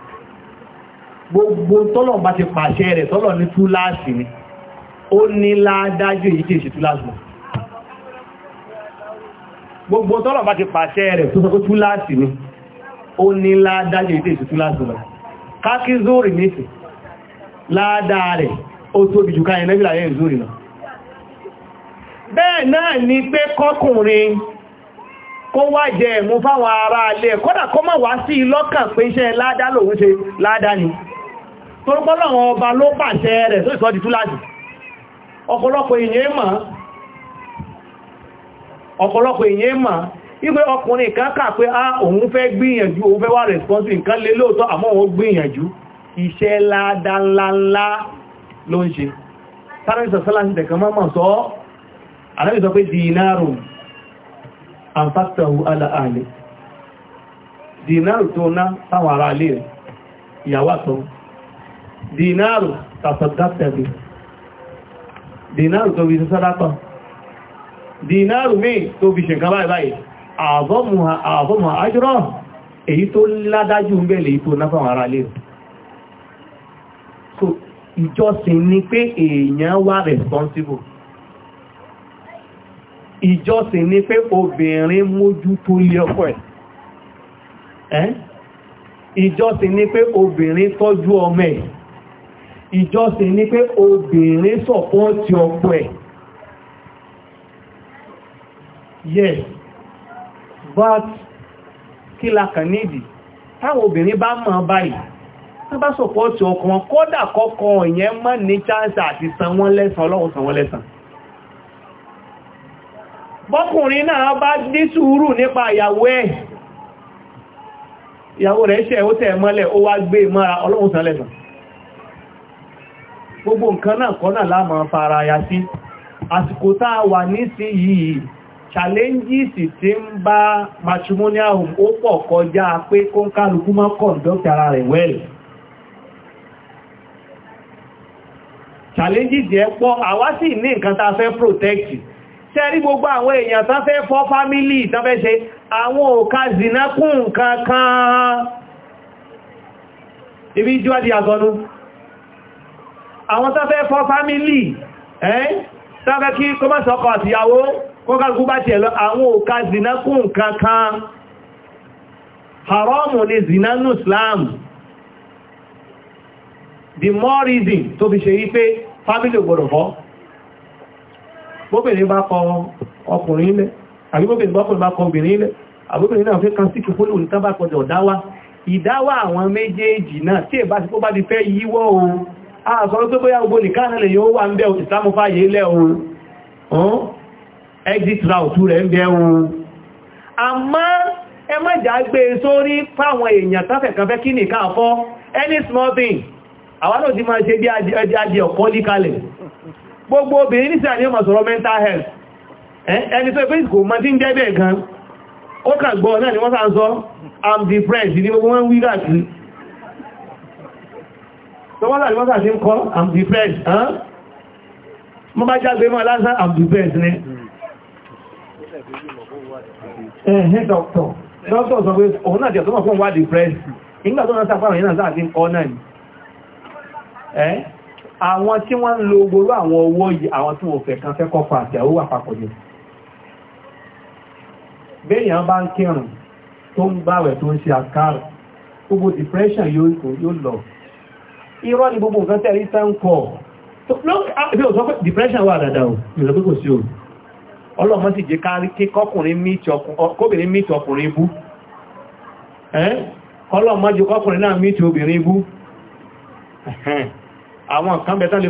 gbogbo tọ́lọ̀ bá ti pàṣẹ rẹ̀ tọ́lọ̀ ní túláàsì ni ó ní ládájú èyí tí èṣì túláàsì mọ̀ gbogbo tọ́lọ̀ bá ti pàṣẹ rẹ̀ tó sọ túláàsì ni ó ní ládájú èyí tí èṣì túláàsì mọ̀ káàkiri zóòrì nìsì ládáa rẹ̀ ó tóbi jù kó wá jẹ ẹ̀mú fáwọn ará alẹ́ kọ́dà kọ́ mọ̀ wá sí lọ́kàn pé iṣẹ́ ládá lòun ṣe ládá ni tó ọba ló pàṣẹ rẹ̀ tó ìsọ́dì túláàdì ọ̀pọ̀lọpọ̀ èèyàn mọ̀ ọ̀pọ̀lọpọ̀ ọkùnrin kan pé a ah, òun fẹ́ gbìyànjú òun fẹ́ wà responsible nǹkan lé lóòótọ́ àmọ́ òun gbìyànjú iṣẹ́ ládá ló ń ṣe dìnáàrù tàfàdátẹ̀bì dìnáàrù tó fi ṣe sàdákà dìnáàrù mí tó fi ṣe nǹkan báyìí àbọ́mù àjọ́rọ̀ èyí tó ládájú ń bẹ̀lẹ̀ èyí tó náfà ara lè so ìjọsìn ni pé èèyàn ni pé obìnrin mójú tó lé ọkọ ẹ̀ ìjọsìn ni pé obìnrin tọ́jú ọmọ ẹ̀ ìjọsìn ní pé obìnrin sọ̀pọ̀tì ọkọ ẹ̀ yes but kí la kàn nídi táwọn obìnrin bá mọ̀ báyìí tó bá sọ̀pọ̀tì ọkọ wọn kódà kọ́kọ́ ìyẹn mọ́ ní chance àti san wọ́n lẹ́san ọlọ́run san wọ́n lẹ́san bọ́kùnrin náà bá ní sùúrù nípa ìyàwó ẹ̀ ìyàwó rẹ̀ ṣẹ̀ ó tẹ̀ mọ́lẹ̀ ó wá gbé e mọ́ra ọlọ́run san lẹ́san gbogbo nǹkan náà kọ́ náà láàmà fara ya sí àsìkò tá a wà nísìnyìí challenges tí ń bá matrimonial home ó pọ̀ kọjá pé kó ń kálukú mọ́ conduct ara rẹ̀ well challenges yẹ pọ̀ àwa sì ní nǹkan tá fẹ́ protect tẹ́rí gbogbo àwọn èèyàn tán fẹ́ fọ́ fámílì tán fẹ́ ṣe àwọn òka zìnákùn kankan ibi jíwádìí àgọ́nú àwọn tọ́fẹ́ fọ́ fámílì ẹ́n tọ́fẹ́ kí kó mọ́ sọ́kọ̀ àtìyàwó kó kálukú bá tiẹ̀ lọ àwọn òka zina kún kankan haramu ni zina nù Islam the more reason tó fi ṣe wípé fámílì ògbọ̀dọ̀ fọ́ bóbìnrin bá kọ ọkùnrin ilẹ̀ àbí bóbìnrin bá kọ obìnrin ilẹ̀ àbúbìnrin náà fẹ́ kan sí kí fólò nìkan bá kọjọ dáwà ìdáwà àwọn méjèèjì náà tí èbá sí kó bá di fẹ́ yíwọ́ ohun a sọ pé bóyá gbogbo nìkan lè yóò wà ń bẹ́ ìsìlámù fàyè lẹ́ ohun exit route rẹ̀ ń bẹ́ ohun àmọ́ ẹ má jà gbé e sórí fáwọn èèyàn tafẹ̀kan fẹ́ kí nìkan fọ́ any small thing àwọn náà ti máa ṣe bí adì ọ̀kọ́ líkalẹ̀ gbogbo obìnrin ní sí àníyàn masoro mental health ẹni tó ìpínlẹ̀ kò mọ́ tí ń jẹ́ bẹ́ẹ̀ gan ó kàn gbọ́ tọwọ́lá ìwọ́sà sí ń kọ́ i'm depressed hàn mọ́ bá jágbé mọ́ lásán i'm depressed ní ẹ̀hẹ́ dọ́kítọ̀ dọ́kítọ̀ sọ pé òun náà jẹ́ tó mọ̀ fún wà depressed nígbà tó náà sáfàràn yìí náà sáà sí ń kọ́ náà ẹ́ àwọn tí wọ́n ń lo gbogbo àwọn owó yìí àwọn tí wọ́n fẹ́ kan fẹ́ kọ́kọ́ àti àwọ́ àpapọ̀ jù béèyàn bá ń kírun tó ń gbàwẹ̀ tó ń ṣe àkárù gbogbo depression yóò lọ irọ́ ni gbogbo nǹkan tẹ́rí sáńkọ̀ bí o sọ pé depression wà dáadáa o ìrọ̀ pé kò sí o ọlọ́mọ sì jẹ́ kárí kí kọkùnrin mítì ọkùnrin ibú ọlọ́mọ jẹ́ kọkùnrin náà mítì obìnrin ibú àwọn nǹkan bẹ̀tọ́ lè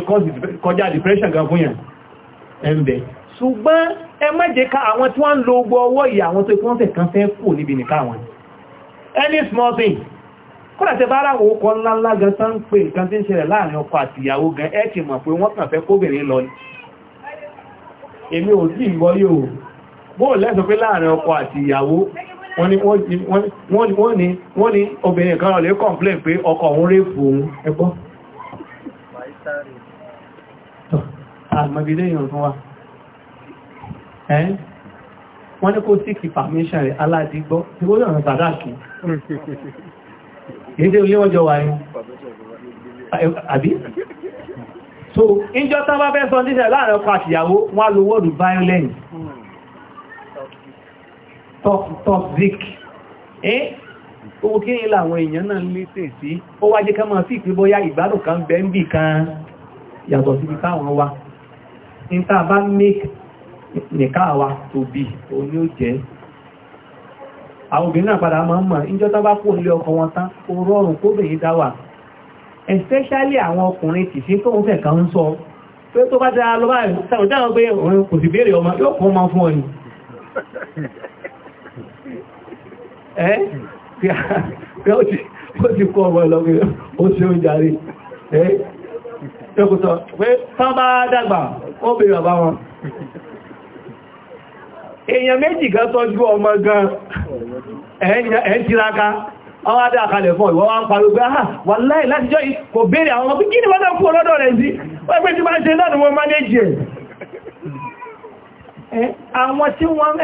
kọjá depression gan fún yàn ẹ̀m̀bẹ̀ ṣùgbọ́n ẹ má jẹ́ ká àwọn tí wọ́n ń lo ogbọ ọwọ́ yìí àwọn tó ìpọ́nsẹ̀ kan fẹ́ kù níbi nìkan àwọn any small thing kódà tẹ bá ráwọ̀ ọkọ̀ ńláńlá gan tán ń pè nǹkan tí ń ṣẹlẹ̀ láàrin ọkọ àti ìyàwó gan ẹ ti mọ̀ pé wọ́n kàn fẹ́ kóbìnrin lọ ni èmi ò sí ìgbọ́ yóò bóò lẹ́sọ pé láàrin ọkọ àti ìyàwó wọ́n ní obìnrin kan lè complain pé ọkọ òun rẹ̀ fún ẹgbọ́ àmọ́bílé èèyàn fún wa ẹ́ wọ́n ní kó sí kí rẹ̀ aládìgbọ́ tí ó yọ̀nà sàdáàkì ìdí ilé wọ́n jọ wà ní àbí so ìjọ tán bá fẹ́ sọ níṣẹ́ láàrin ọkọ àtìyàwó wọ́n lo wọ́ọ̀dù violence toxic eh ohun kí ní làwọn èèyàn náà lítẹ̀ sí ó wá jẹ́ ká máa sí ìpín bóyá ìgbádùn kan bẹ́ ń bì kan yàtọ̀ síbi táwọn wa àwọn obìnrin náà padà máa ń mọ̀ níjọ́ tán bá kú ilé ọkọ wọn tán ó rọrùn kó bèyí dá wà especially àwọn ọkùnrin tìṣí tó ń fẹ̀ kan ń sọ pé tó bá dára lọ báyìí sáwọn dára pé òun kò sì béèrè ọmọ yóò kún ọmọ fún ọ ni ẹ́ pé ó ti kọ́ ọmọ ìlọ́gbé ó ṣe ń jàrí ẹ́ tó kùtọ̀ pé tán bá dàgbà ó béèrè bàbá wọn èèyàn méjì gan tọ́jú ọmọ gan ẹ̀ẹ́n tiraka ọwọ́ adé àkàlẹ̀ fún ìwọ́n ń parí wà láì láti jọ kò béèrè àwọn ọmọ kí ni wọ́n náà kú ọlọ́dọ̀ rẹ̀ sí wọ́n pé tí máa ṣe ẹ̀ àwọn tí wọ́n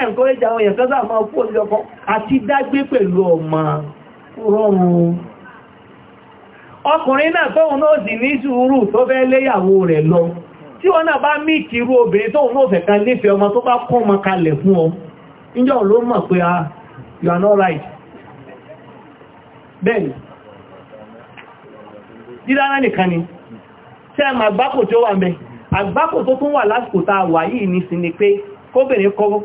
náà tí wọ́n náà bá mìtì irú obìnrin tóun náà fẹ̀ kan nífẹ̀ẹ́ ọmọ tó bá kún ọmọ kalẹ̀ fún ọ níjọ́ ló mọ̀ pé a ah, you are not right bẹ́ẹ̀ni dídára nìkan ni tí a máa gbákò tí ó wà mẹ́ tó tún wà lásìkò tá a wà yìí ní sí ni pé kóbìnrin kọ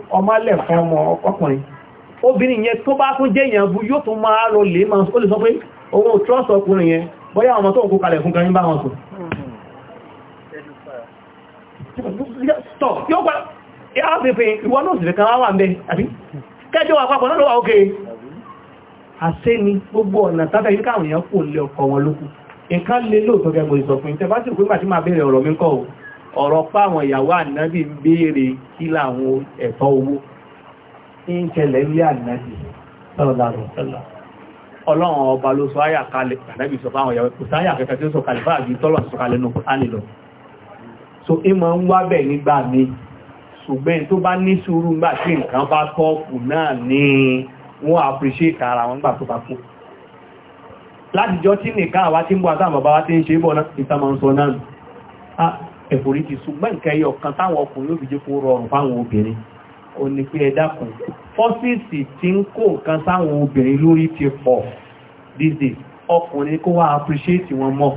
tọ̀ yóò pa ápẹ́pẹ́ ìwọ náà sì fẹ́kan wà mẹ́ àbí kẹjọ wà papọ̀ lọ́wọ́ òkè àṣẹ ni gbogbo ọ̀nà tátà yìí káwọn èèyàn kò lé ọkọ̀ wọn lókù nǹkan lè lóòtọ́ gẹgbò ìsọ̀fún tẹ bá sì pé màtí máa béèrè ọ̀rọ̀ mi kọ́ ọ̀rọ̀ páwọn ìyàwó ànábì ń béèrè kí láwọn ẹ̀tọ́ owó so ìmọ̀ ń wá bẹ̀ nígbà mi ṣùgbẹ́ tó bá ní sùúrù ńgbà tí nǹkan bá tọ́ọ̀pù náà ni wọ́n appreciate ara wọn gbà tó bá kú látijọ́ tí nìkan àwá tí ń bọ́ àtàwọn bàbá wa tí ń ṣe bọ̀ náà ìta máa ń sọ náà ẹ̀fòrí ti ṣùgbọ́n nǹkan ẹyọ kan táwọn ọkùnrin ló fi jẹ́ kó rọrùn fáwọn obìnrin ó ní pé ẹ dákun fọ́síìsì tí ń kó nǹkan sáwọn obìnrin lórí ti pọ̀ dídè ọkùnrin kó wá appreciate wọn mọ́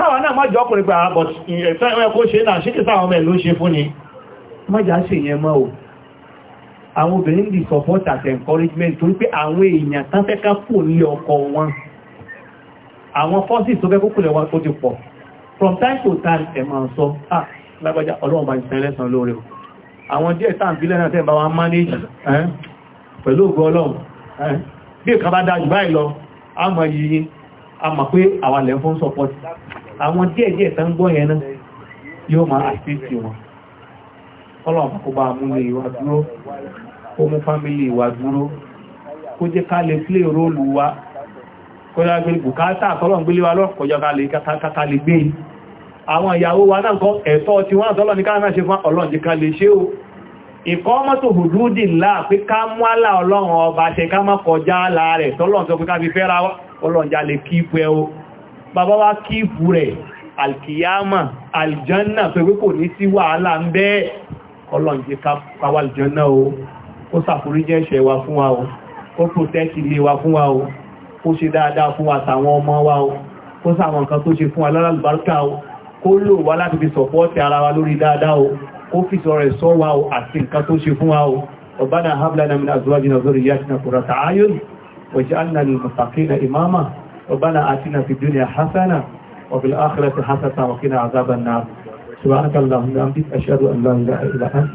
káwọn náà má jọ ọkùnrin pé àbọ̀ ẹ̀kọ́ ṣe náà ṣíkì sáwọn ọmọ ẹ̀ ló ṣe fún ni mọ́já ṣe yẹn mọ́ o àwọn obìnrin di support as encouragement torí pé àwọn èèyàn tán fẹ́ ká kù ní ọkọ wọn àwọn forces tó fẹ́ kókùnlẹ̀ wọn tó ti pọ̀ from time to time ẹ̀ máa sọ ah lágbàjá ọlọ́run bá ìsìn ẹlẹ́sàn lóore o àwọn díẹ̀ tàn bílẹ̀ náà tẹ́ bá wọn manage eh, pẹ̀lú ògbọ́ ọlọ́run eh, bí ìkan bá dájú báyìí lọ a mọ̀ yìí a mọ̀ pé àwa lẹ́ fún àwọn díẹ̀díẹ̀ tán gbọ́ yẹn náà yóò máa àfíìsì wọn ọlọ́run kó bá mú lè wà dúró kó mú fámílì wà dúró kó jẹ́ ká lè plé róòlù wa kó jẹ́ pé bùkátà tọ́lọ̀n gbélé wa lọ́kọ̀ọ́jọ́ ká lè gbé e. àwọn ìyàwó wa náà kọ́ ẹ̀tọ́ tí wọ́n tọ́lọ̀ ní káàkiri ṣe fún ọlọ́run jẹ́ ká lè ṣe o ìkọ́ mọ́tò hùdúdì ńlá pé ká mú àlà ọlọ́run ọba ṣe ká mọ́ kọjá àlà rẹ̀ tọ́lọ̀ sọ pé ká fi fẹ́ra ọlọ́run jà lè kí ipò ẹ̀ o bàbá wa kíìpù rẹ̀ alkiyama aljanna pẹ̀lú kò ní sí wàhálà ń bẹ́ ọlọ́njẹ́ káwà aljanna o ó ṣàforíjẹ́ ẹ̀ṣẹ̀ wa fún wa o ó protect ilé wa fún wa o ó ṣe dáadáa fún wa tàwọn ọmọ wa o ó sàwọn nǹkan tó ṣe fún wa lálàlùbáríkà o kó lò wá láti ربنا آتنا في الدنيا حسنة وفي الآخرة حسنة وقنا عذاب النار سبحانك اللهم وبحمدك أشهد أن لا إله إلا أنت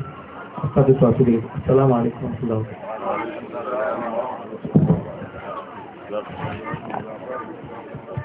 أستغفرك وأتوب إليك السلام عليكم ورحمة الله وبركاته